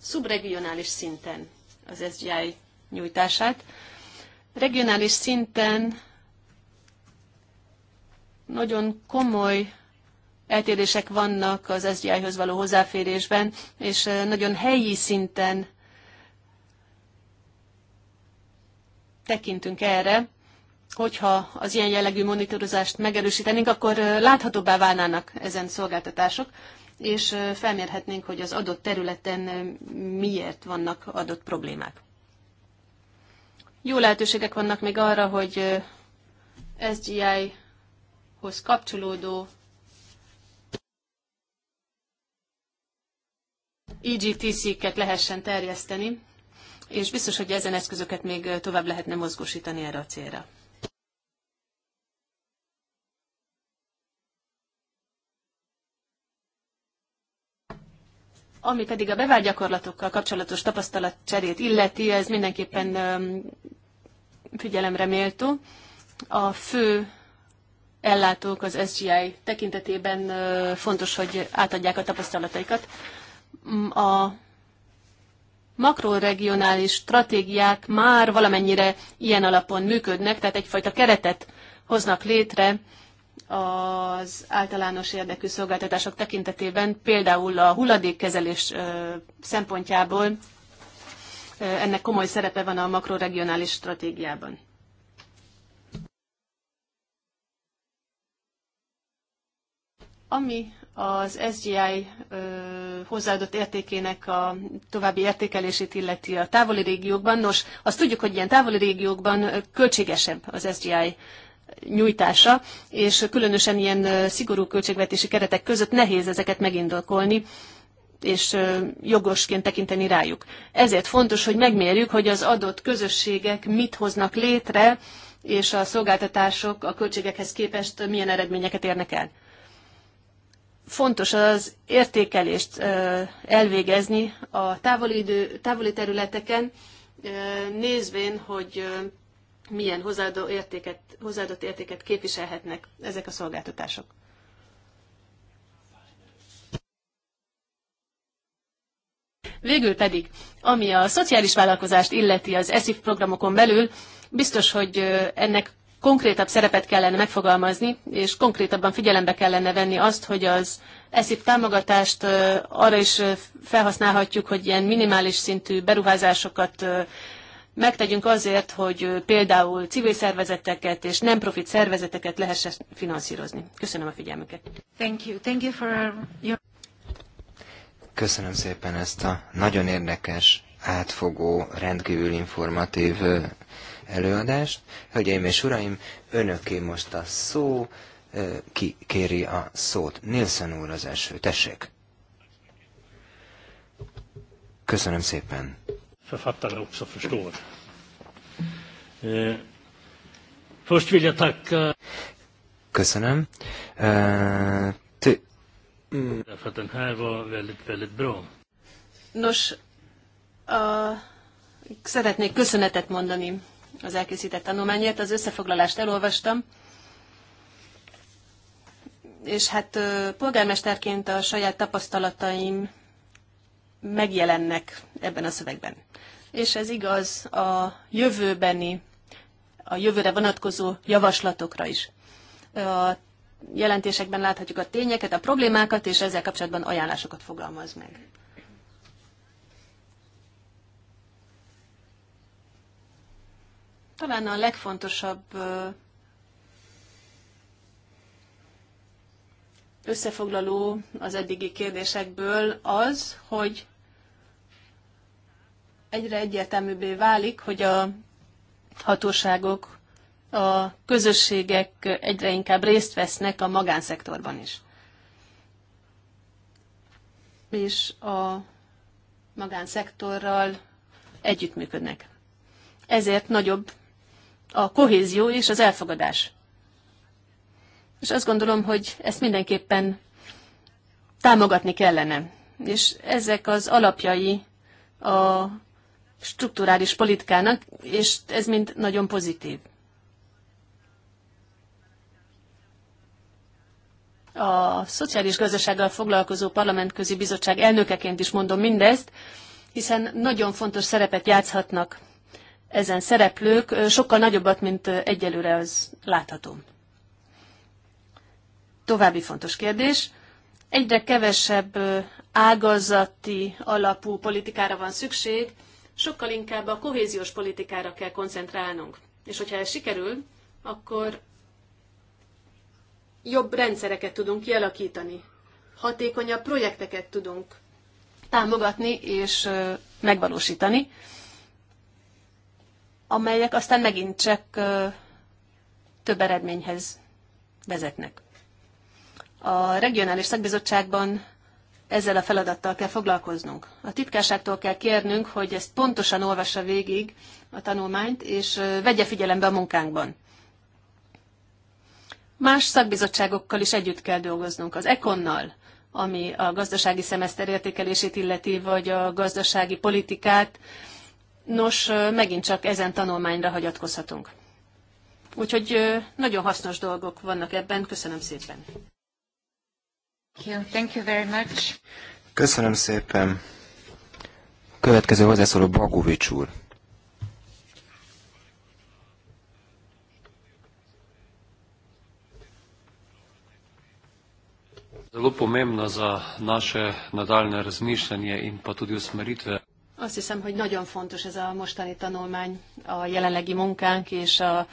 szubregionális szinten az SGI nyújtását. Regionális szinten nagyon komoly eltérések vannak az SGI-hoz való hozzáférésben, és nagyon helyi szinten tekintünk erre, hogyha az ilyen jellegű monitorozást megerősítenénk, akkor láthatóbbá válnának ezen szolgáltatások és felmérhetnénk, hogy az adott területen miért vannak adott problémák. Jó lehetőségek vannak még arra, hogy SGI-hoz kapcsolódó EGTC-ket lehessen terjeszteni, és biztos, hogy ezen eszközöket még tovább lehetne mozgósítani erre a célra. Ami pedig a bevált gyakorlatokkal kapcsolatos tapasztalatcserét illeti, ez mindenképpen figyelemre méltó. A fő ellátók az SGI tekintetében fontos, hogy átadják a tapasztalataikat. A makroregionális stratégiák már valamennyire ilyen alapon működnek, tehát egyfajta keretet hoznak létre az általános érdekű szolgáltatások tekintetében, például a hulladékkezelés szempontjából ennek komoly szerepe van a makroregionális stratégiában. Ami az SGI hozzáadott értékének a további értékelését illeti a távoli régiókban, nos, azt tudjuk, hogy ilyen távoli régiókban költségesebb az SGI nyújtása, és különösen ilyen szigorú költségvetési keretek között nehéz ezeket megindokolni és jogosként tekinteni rájuk. Ezért fontos, hogy megmérjük, hogy az adott közösségek mit hoznak létre, és a szolgáltatások a költségekhez képest milyen eredményeket érnek el. Fontos az értékelést elvégezni a távoli, idő, távoli területeken, nézvén, hogy milyen értéket, hozzáadott értéket képviselhetnek ezek a szolgáltatások. Végül pedig, ami a szociális vállalkozást illeti az ESIF programokon belül, biztos, hogy ennek konkrétabb szerepet kellene megfogalmazni, és konkrétabban figyelembe kellene venni azt, hogy az ESIP támogatást arra is felhasználhatjuk, hogy ilyen minimális szintű beruházásokat megtegyünk azért, hogy például civil szervezeteket és nem profit szervezeteket lehessen finanszírozni. Köszönöm a figyelmüket. Thank you. Thank you for your... Köszönöm szépen ezt a nagyon érdekes, átfogó, rendkívül informatív előadást. Hölgyeim és uraim, önöké most a szó, ki kéri a szót. Nilsen úr az első, tessék. Köszönöm szépen författare också förstår. Eh, först vill jag tacka... Köszönöm. Uh, att den här var väldigt, väldigt bra. Nos, a... szeretnék köszönetet mondani az elkészített tanulmányért. Az összefoglalást elolvastam és hát polgármesterként a saját tapasztalataim megjelennek ebben a szövegben és ez igaz a jövőbeni, a jövőre vonatkozó javaslatokra is. A jelentésekben láthatjuk a tényeket, a problémákat, és ezzel kapcsolatban ajánlásokat fogalmaz meg. Talán a legfontosabb összefoglaló az eddigi kérdésekből az, hogy egyre egyértelműbbé válik, hogy a hatóságok, a közösségek egyre inkább részt vesznek a magánszektorban is. És a magánszektorral együttműködnek. Ezért nagyobb a kohézió és az elfogadás. És azt gondolom, hogy ezt mindenképpen támogatni kellene. És ezek az alapjai a strukturális politikának, és ez mind nagyon pozitív. A Szociális Gazdasággal foglalkozó parlamentközi bizottság elnökeként is mondom mindezt, hiszen nagyon fontos szerepet játszhatnak ezen szereplők, sokkal nagyobbat, mint egyelőre az látható. További fontos kérdés. Egyre kevesebb ágazati alapú politikára van szükség, sokkal inkább a kohéziós politikára kell koncentrálnunk. És hogyha ez sikerül, akkor jobb rendszereket tudunk kialakítani, hatékonyabb projekteket tudunk támogatni és megvalósítani, amelyek aztán megint csak több eredményhez vezetnek. A regionális szakbizottságban ezzel a feladattal kell foglalkoznunk. A titkárságtól kell kérnünk, hogy ezt pontosan olvassa végig a tanulmányt, és vegye figyelembe a munkánkban. Más szakbizottságokkal is együtt kell dolgoznunk. Az ekonnal, ami a gazdasági szemeszter értékelését illeti, vagy a gazdasági politikát, nos, megint csak ezen tanulmányra hagyatkozhatunk. Úgyhogy nagyon hasznos dolgok vannak ebben. Köszönöm szépen. Thank you very much. Köszönöm szépen. Következő hozzászóló Bagovics úr. Zelo pomembna za naše nadaljne razmišljanje in pa tudi usmeritve. Azt hiszem, hogy nagyon fontos ez a mostani tanulmány, a jelenlegi munkánk és a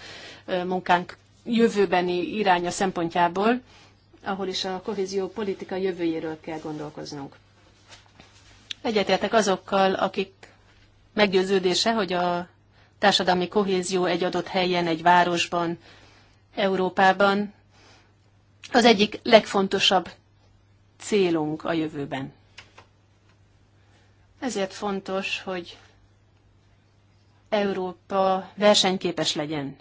munkánk jövőbeni iránya szempontjából ahol is a kohézió politika jövőjéről kell gondolkoznunk. Egyetértek azokkal, akik meggyőződése, hogy a társadalmi kohézió egy adott helyen, egy városban, Európában az egyik legfontosabb célunk a jövőben. Ezért fontos, hogy Európa versenyképes legyen.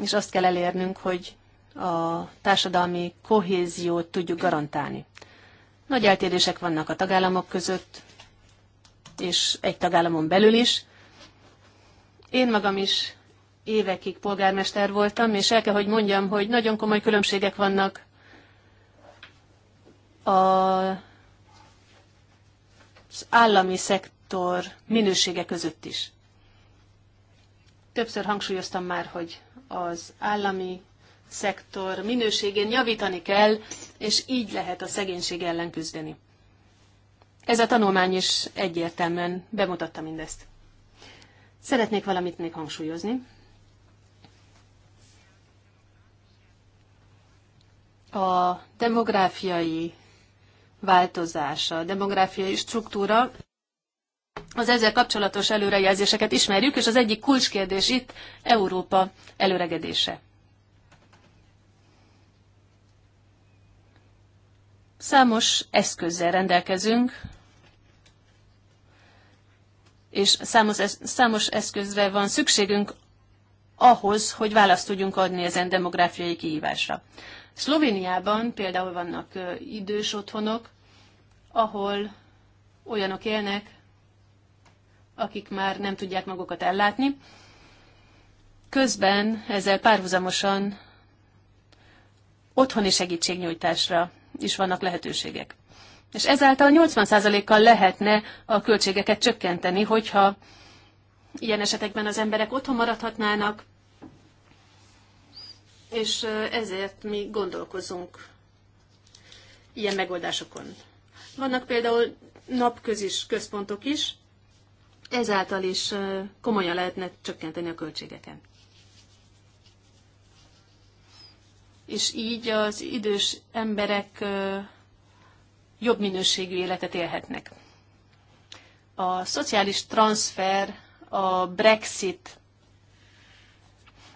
És azt kell elérnünk, hogy a társadalmi kohéziót tudjuk garantálni. Nagy eltérések vannak a tagállamok között, és egy tagállamon belül is. Én magam is évekig polgármester voltam, és el kell, hogy mondjam, hogy nagyon komoly különbségek vannak az állami szektor minősége között is. Többször hangsúlyoztam már, hogy az állami szektor minőségén javítani kell, és így lehet a szegénység ellen küzdeni. Ez a tanulmány is egyértelműen bemutatta mindezt. Szeretnék valamit még hangsúlyozni. A demográfiai változása, a demográfiai struktúra az ezzel kapcsolatos előrejelzéseket ismerjük, és az egyik kulcskérdés itt Európa előregedése. Számos eszközzel rendelkezünk, és számos, számos eszközre van szükségünk ahhoz, hogy választ tudjunk adni ezen demográfiai kihívásra. Szlovéniában például vannak idős otthonok, ahol olyanok élnek, akik már nem tudják magukat ellátni. Közben ezzel párhuzamosan otthoni segítségnyújtásra is vannak lehetőségek. És ezáltal 80%-kal lehetne a költségeket csökkenteni, hogyha ilyen esetekben az emberek otthon maradhatnának, és ezért mi gondolkozunk ilyen megoldásokon. Vannak például napközis központok is, ezáltal is komolyan lehetne csökkenteni a költségeken. és így az idős emberek jobb minőségű életet élhetnek. A szociális transfer a Brexit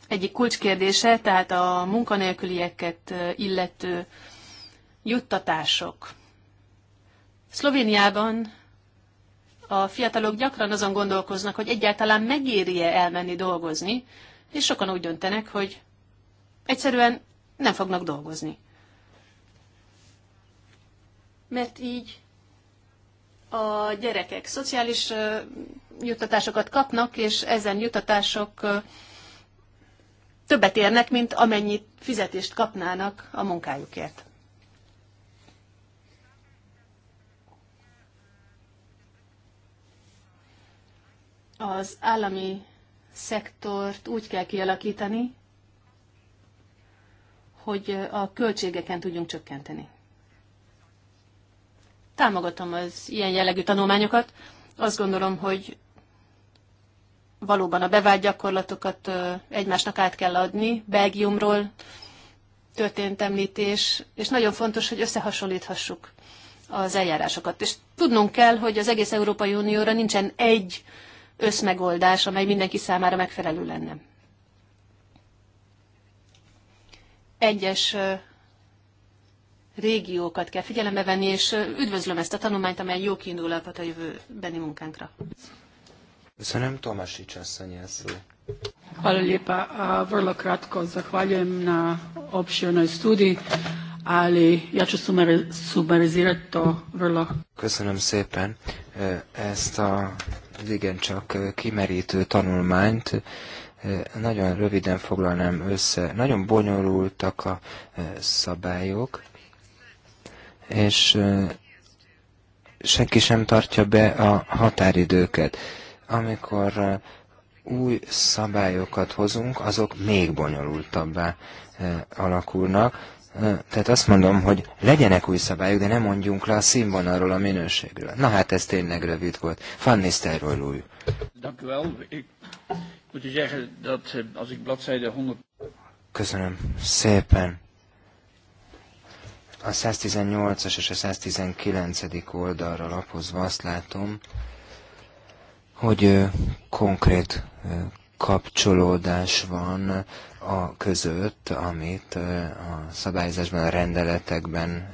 egyik kulcskérdése, tehát a munkanélkülieket illető juttatások. Szlovéniában a fiatalok gyakran azon gondolkoznak, hogy egyáltalán megéri-e elmenni dolgozni, és sokan úgy döntenek, hogy egyszerűen nem fognak dolgozni. Mert így a gyerekek szociális juttatásokat kapnak, és ezen juttatások többet érnek, mint amennyit fizetést kapnának a munkájukért. Az állami szektort úgy kell kialakítani, hogy a költségeken tudjunk csökkenteni. Támogatom az ilyen jellegű tanulmányokat. Azt gondolom, hogy valóban a bevált gyakorlatokat egymásnak át kell adni. Belgiumról történt említés, és nagyon fontos, hogy összehasonlíthassuk az eljárásokat. És tudnunk kell, hogy az egész Európai Unióra nincsen egy összmegoldás, amely mindenki számára megfelelő lenne. egyes régiókat kell figyelembe venni, és üdvözlöm ezt a tanulmányt, amely jó kiindul a jövőbeni munkánkra. Köszönöm, Tomasics asszony szó. Hvala lijepa. Vrlo kratko zahvaljujem na opširnoj studiji, ali ja ću sumarizirati to vrlo. Köszönöm szépen ezt a igencsak kimerítő tanulmányt nagyon röviden foglalnám össze. Nagyon bonyolultak a szabályok, és senki sem tartja be a határidőket. Amikor új szabályokat hozunk, azok még bonyolultabbá alakulnak. Tehát azt mondom, hogy legyenek új szabályok, de nem mondjunk le a színvonalról, a minőségről. Na hát ez tényleg rövid volt. Fanny Sterroy új moet u zeggen dat eh, als ik bladzijde 100... Köszönöm szépen. A 118-as és a 119. oldalra lapozva azt látom, hogy konkrét kapcsolódás van a között, amit a szabályozásban, a rendeletekben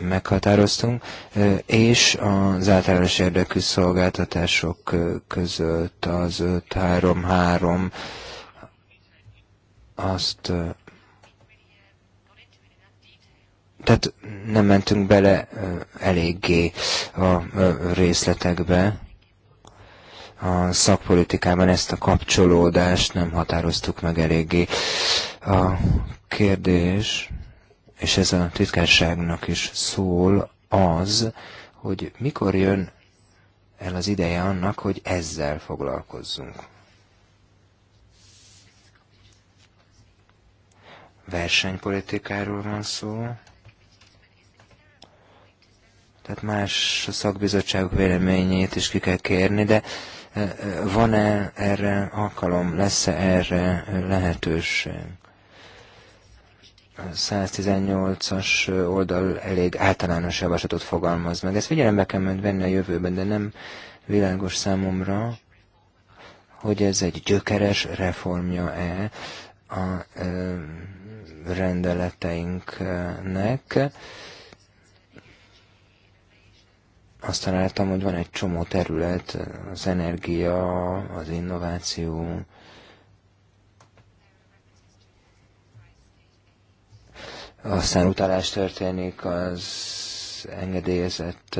meghatároztunk, és az általános érdekű szolgáltatások között az 5-3-3 azt tehát nem mentünk bele eléggé a részletekbe. A szakpolitikában ezt a kapcsolódást nem határoztuk meg eléggé. A kérdés és ez a titkárságnak is szól az, hogy mikor jön el az ideje annak, hogy ezzel foglalkozzunk. Versenypolitikáról van szó, tehát más a szakbizottságok véleményét is ki kell kérni, de eh, eh, van-e erre alkalom, lesz-e erre lehetőség? 118-as oldal elég általános javaslatot fogalmaz meg. Ezt figyelembe kell majd venni a jövőben, de nem világos számomra, hogy ez egy gyökeres reformja-e a ö, rendeleteinknek. Azt találtam, hogy van egy csomó terület, az energia, az innováció, aztán utalás történik az engedélyezett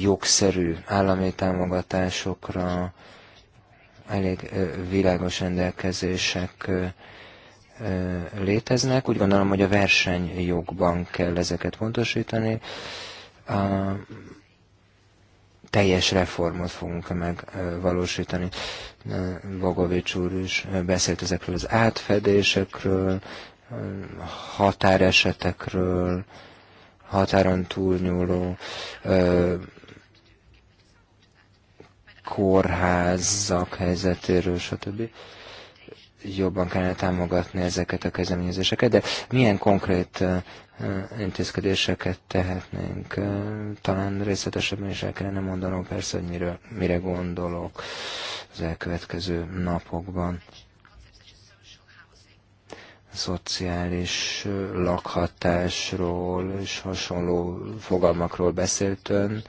jogszerű állami támogatásokra, elég világos rendelkezések léteznek. Úgy gondolom, hogy a versenyjogban kell ezeket pontosítani. A teljes reformot fogunk megvalósítani. Bogovics úr is beszélt ezekről az átfedésekről, határesetekről, határon túlnyúló ö, kórházak helyzetéről, stb. Jobban kellene támogatni ezeket a kezdeményezéseket, de milyen konkrét intézkedéseket tehetnénk. Talán részletesebben is el kellene mondanom persze, hogy mire, mire gondolok az elkövetkező napokban szociális lakhatásról és hasonló fogalmakról beszélt ön.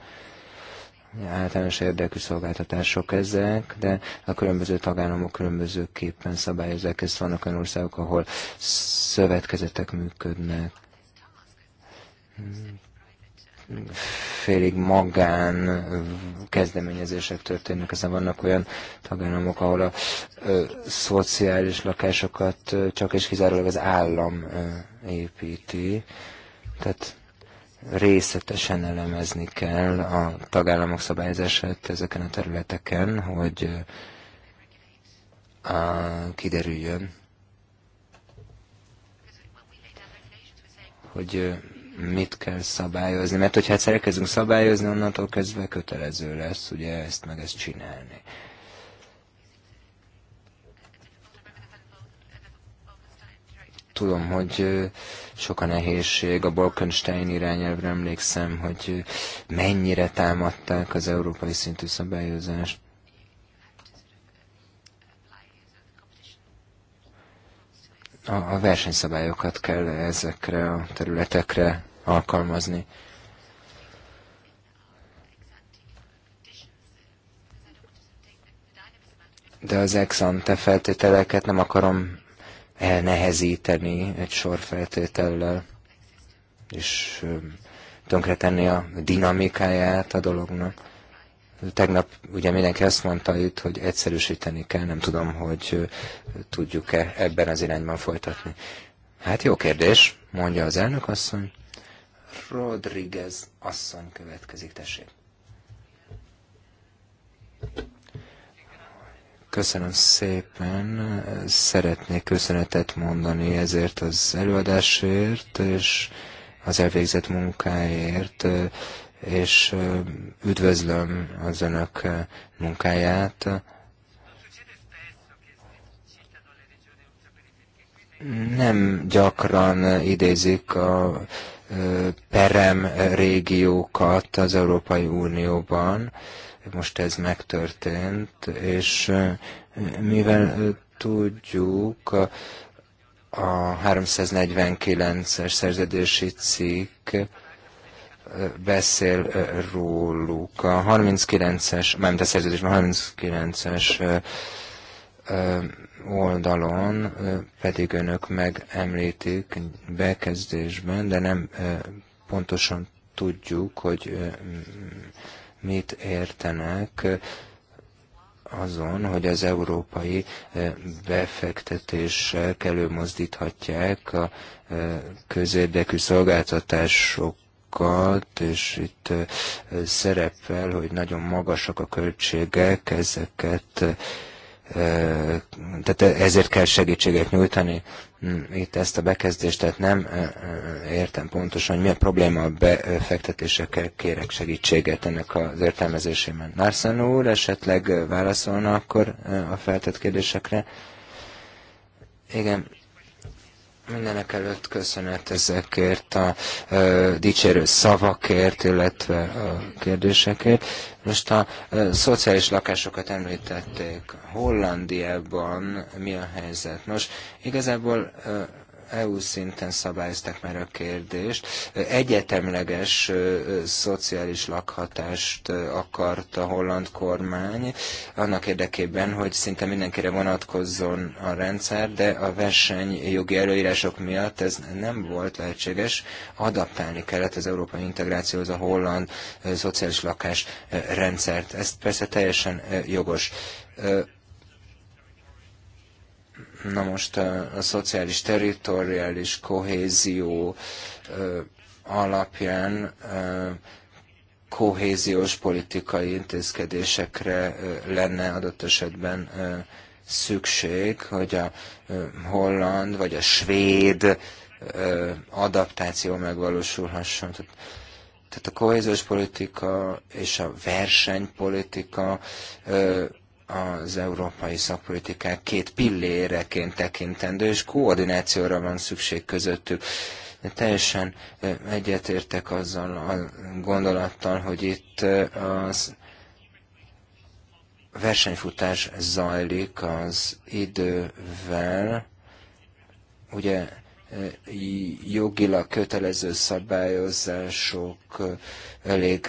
Általános érdekű szolgáltatások ezek, de a különböző tagállamok különbözőképpen szabályozzák ezt. Vannak olyan országok, ahol szövetkezetek működnek félig magán kezdeményezések történnek, ezen vannak olyan tagállamok, ahol a ö, szociális lakásokat ö, csak és kizárólag az állam ö, építi. Tehát részletesen elemezni kell a tagállamok szabályozását ezeken a területeken, hogy a, kiderüljön, hogy mit kell szabályozni. Mert hogyha egyszer elkezdünk szabályozni, onnantól kezdve kötelező lesz ugye ezt meg ezt csinálni. tudom, hogy sok a nehézség, a Bolkenstein irányelvre emlékszem, hogy mennyire támadták az európai szintű szabályozást. a versenyszabályokat kell ezekre a területekre alkalmazni. De az ex-ante feltételeket nem akarom elnehezíteni egy sor feltétellel, és tönkretenni a dinamikáját a dolognak. Tegnap ugye mindenki azt mondta itt, hogy egyszerűsíteni kell, nem tudom, hogy tudjuk-e ebben az irányban folytatni. Hát jó kérdés, mondja az elnök asszony. Rodriguez asszony következik, tessék. Köszönöm szépen. Szeretnék köszönetet mondani ezért az előadásért, és az elvégzett munkáért és üdvözlöm az önök munkáját. Nem gyakran idézik a perem régiókat az Európai Unióban. Most ez megtörtént, és mivel tudjuk, a 349-es szerződési cikk beszél róluk. A 39-es, nem a szerződésben, 39-es oldalon pedig önök megemlítik bekezdésben, de nem pontosan tudjuk, hogy mit értenek azon, hogy az európai befektetések előmozdíthatják a közérdekű szolgáltatások adatokat, és itt szerepel, hogy nagyon magasak a költségek, ezeket tehát ezért kell segítséget nyújtani. Hm, itt ezt a bekezdést, tehát nem értem pontosan, hogy mi a probléma a befektetésekkel, kérek segítséget ennek az értelmezésében. Larsen úr esetleg válaszolna akkor a feltett kérdésekre? Igen, Mindenek előtt köszönet ezekért a ö, dicsérő szavakért, illetve a kérdésekért. Most a ö, szociális lakásokat említették. Hollandiában mi a helyzet? Nos, igazából ö, EU szinten szabályozták már a kérdést. Egyetemleges szociális lakhatást akart a holland kormány, annak érdekében, hogy szinte mindenkire vonatkozzon a rendszer, de a versenyjogi előírások miatt ez nem volt lehetséges. Adaptálni kellett az európai integrációhoz a holland szociális lakás rendszert. Ez persze teljesen jogos Na most a, a szociális territoriális kohézió ö, alapján ö, kohéziós politikai intézkedésekre ö, lenne adott esetben ö, szükség, hogy a ö, holland vagy a svéd ö, adaptáció megvalósulhasson. Tehát, tehát a kohéziós politika és a versenypolitika ö, az európai szakpolitikák két pilléreként tekintendő, és koordinációra van szükség közöttük. De teljesen egyetértek azzal a gondolattal, hogy itt az versenyfutás zajlik az idővel. Ugye jogilag kötelező szabályozások elég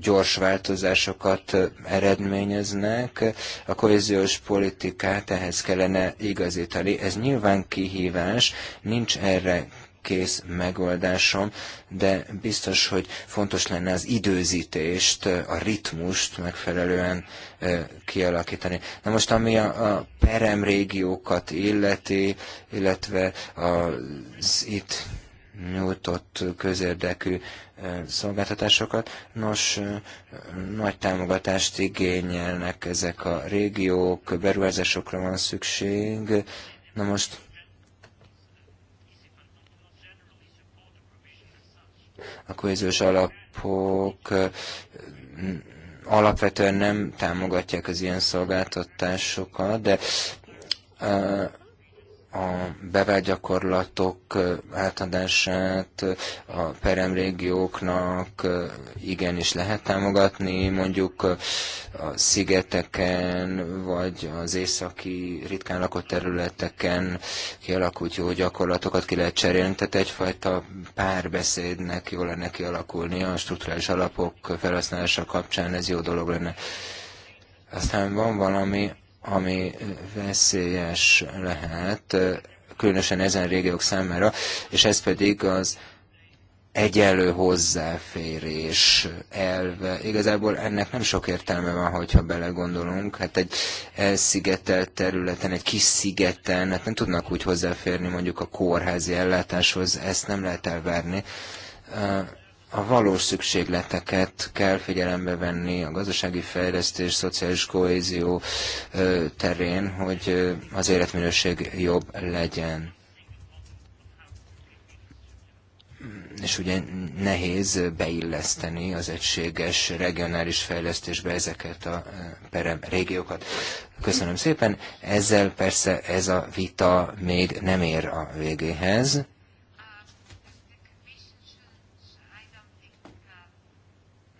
gyors változásokat eredményeznek. A kohéziós politikát ehhez kellene igazítani. Ez nyilván kihívás, nincs erre kész megoldásom, de biztos, hogy fontos lenne az időzítést, a ritmust megfelelően kialakítani. Na most, ami a, a perem régiókat illeti, illetve az itt nyújtott közérdekű szolgáltatásokat. Nos, nagy támogatást igényelnek ezek a régiók, beruházásokra van szükség. Na most a kohéziós alapok alapvetően nem támogatják az ilyen szolgáltatásokat, de a bevált gyakorlatok átadását a peremrégióknak igenis lehet támogatni, mondjuk a szigeteken, vagy az északi ritkán lakott területeken kialakult jó gyakorlatokat ki lehet cserélni, tehát egyfajta párbeszédnek jól lenne kialakulni a strukturális alapok felhasználása kapcsán, ez jó dolog lenne. Aztán van valami, ami veszélyes lehet, különösen ezen régiók számára, és ez pedig az egyenlő hozzáférés elve. Igazából ennek nem sok értelme van, hogyha belegondolunk. Hát egy elszigetelt területen, egy kis szigeten, hát nem tudnak úgy hozzáférni mondjuk a kórházi ellátáshoz, ezt nem lehet elvárni a valós szükségleteket kell figyelembe venni a gazdasági fejlesztés, szociális kohézió terén, hogy az életminőség jobb legyen. És ugye nehéz beilleszteni az egységes regionális fejlesztésbe ezeket a perem régiókat. Köszönöm szépen. Ezzel persze ez a vita még nem ér a végéhez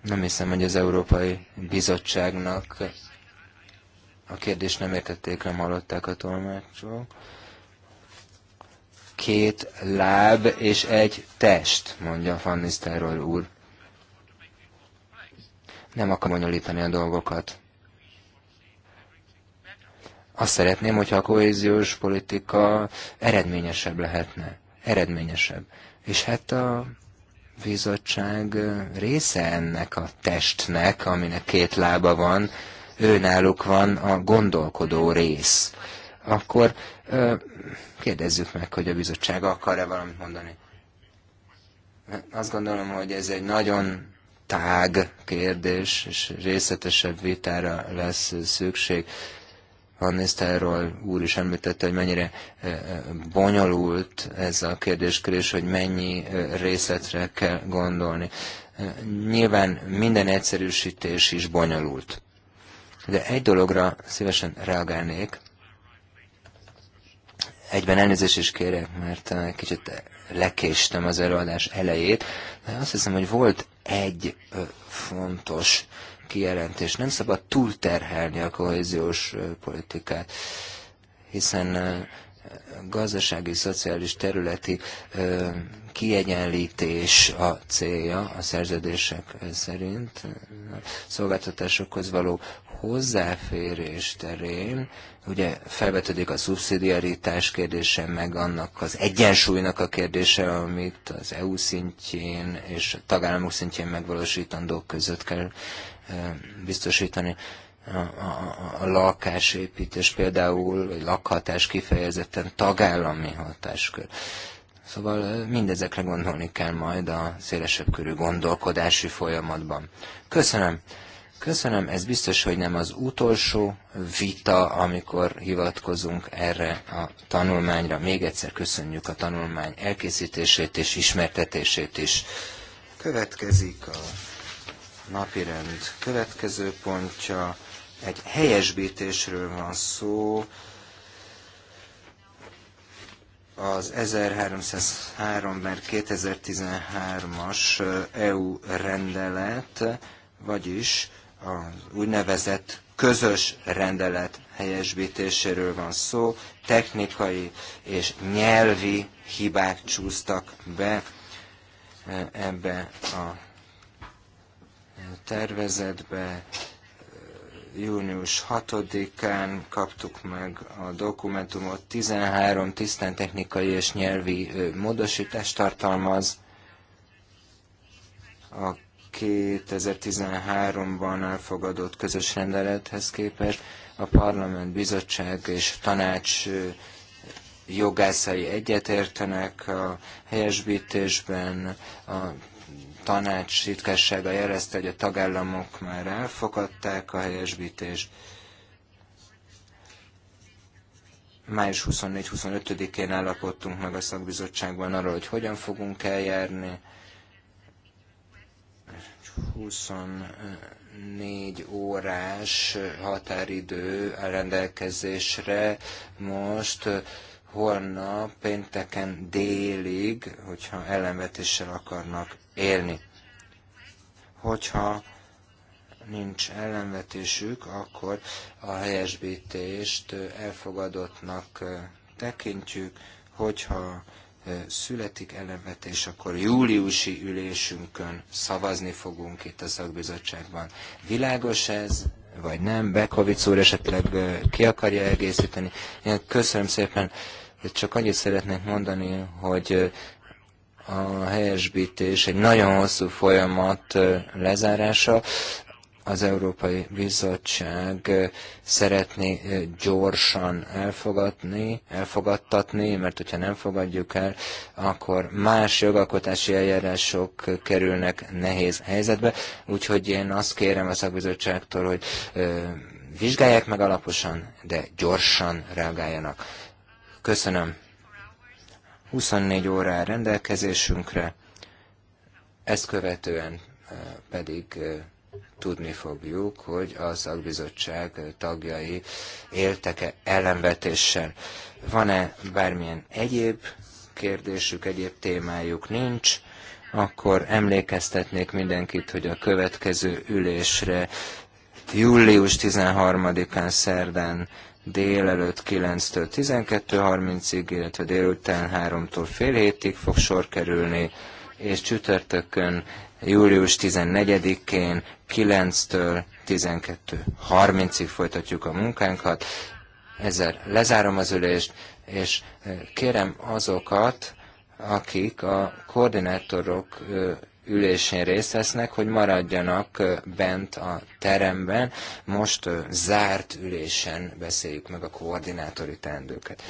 Nem hiszem, hogy az Európai Bizottságnak a kérdést nem értették, nem hallották a tolmácsok. Két láb és egy test, mondja Fanny Sterroy úr. Nem akar bonyolítani a dolgokat. Azt szeretném, hogyha a kohéziós politika eredményesebb lehetne. Eredményesebb. És hát a bizottság része ennek a testnek, aminek két lába van, ő náluk van a gondolkodó rész. Akkor kérdezzük meg, hogy a bizottság akar-e valamit mondani. Azt gondolom, hogy ez egy nagyon tág kérdés, és részletesebb vitára lesz szükség. Van Nisztáról úr is említette, hogy mennyire bonyolult ez a kérdéskörés, hogy mennyi részletre kell gondolni. Nyilván minden egyszerűsítés is bonyolult. De egy dologra szívesen reagálnék, egyben elnézést is kérek, mert kicsit lekéstem az előadás elejét, de azt hiszem, hogy volt egy fontos kijelentés. Nem szabad túlterhelni a kohéziós politikát, hiszen gazdasági, szociális, területi kiegyenlítés a célja a szerződések szerint, a szolgáltatásokhoz való hozzáférés terén, ugye felvetődik a szubszidiaritás kérdése, meg annak az egyensúlynak a kérdése, amit az EU szintjén és a tagállamok szintjén megvalósítandók között kell biztosítani. A, a, a lakásépítés például, vagy lakhatás kifejezetten tagállami hatáskör. Szóval mindezekre gondolni kell majd a szélesebb körű gondolkodási folyamatban. Köszönöm! Köszönöm, ez biztos, hogy nem az utolsó vita, amikor hivatkozunk erre a tanulmányra. Még egyszer köszönjük a tanulmány elkészítését és ismertetését is. Következik a napirend következő pontja. Egy helyesbítésről van szó. Az 1303 2013-as EU rendelet, vagyis az úgynevezett közös rendelet helyesbítéséről van szó, technikai és nyelvi hibák csúsztak be ebbe a tervezetbe. Június 6-án kaptuk meg a dokumentumot, 13 tisztán technikai és nyelvi módosítást tartalmaz. A 2013-ban elfogadott közös rendelethez képest a parlament, bizottság és tanács jogászai egyetértenek a helyesbítésben, a tanács titkássága jelezte, hogy a tagállamok már elfogadták a helyesbítést. Május 24-25-én állapodtunk meg a szakbizottságban arról, hogy hogyan fogunk eljárni. 24 órás határidő a rendelkezésre most holnap pénteken délig, hogyha ellenvetéssel akarnak élni. Hogyha nincs ellenvetésük, akkor a helyesbítést elfogadottnak tekintjük, hogyha születik ellenvetés, akkor júliusi ülésünkön szavazni fogunk itt a szakbizottságban. Világos ez, vagy nem? Bekovic úr esetleg ki akarja egészíteni? Én köszönöm szépen, csak annyit szeretnék mondani, hogy a helyesbítés egy nagyon hosszú folyamat lezárása. Az Európai Bizottság szeretné gyorsan elfogadni, elfogadtatni, mert hogyha nem fogadjuk el, akkor más jogalkotási eljárások kerülnek nehéz helyzetbe. Úgyhogy én azt kérem a szakbizottságtól, hogy vizsgálják meg alaposan, de gyorsan reagáljanak. Köszönöm. 24 órá rendelkezésünkre, ezt követően pedig tudni fogjuk, hogy a szakbizottság tagjai éltek-e ellenvetéssel. Van-e bármilyen egyéb kérdésük, egyéb témájuk nincs, akkor emlékeztetnék mindenkit, hogy a következő ülésre július 13-án szerdán délelőtt 9-től 12.30-ig, illetve délután 3-tól fél hétig fog sor kerülni, és csütörtökön július 14-én 9-től 12.30-ig folytatjuk a munkánkat. Ezzel lezárom az ülést, és eh, kérem azokat, akik a koordinátorok eh, ülésén részt vesznek, hogy maradjanak bent a teremben. Most zárt ülésen beszéljük meg a koordinátori teendőket.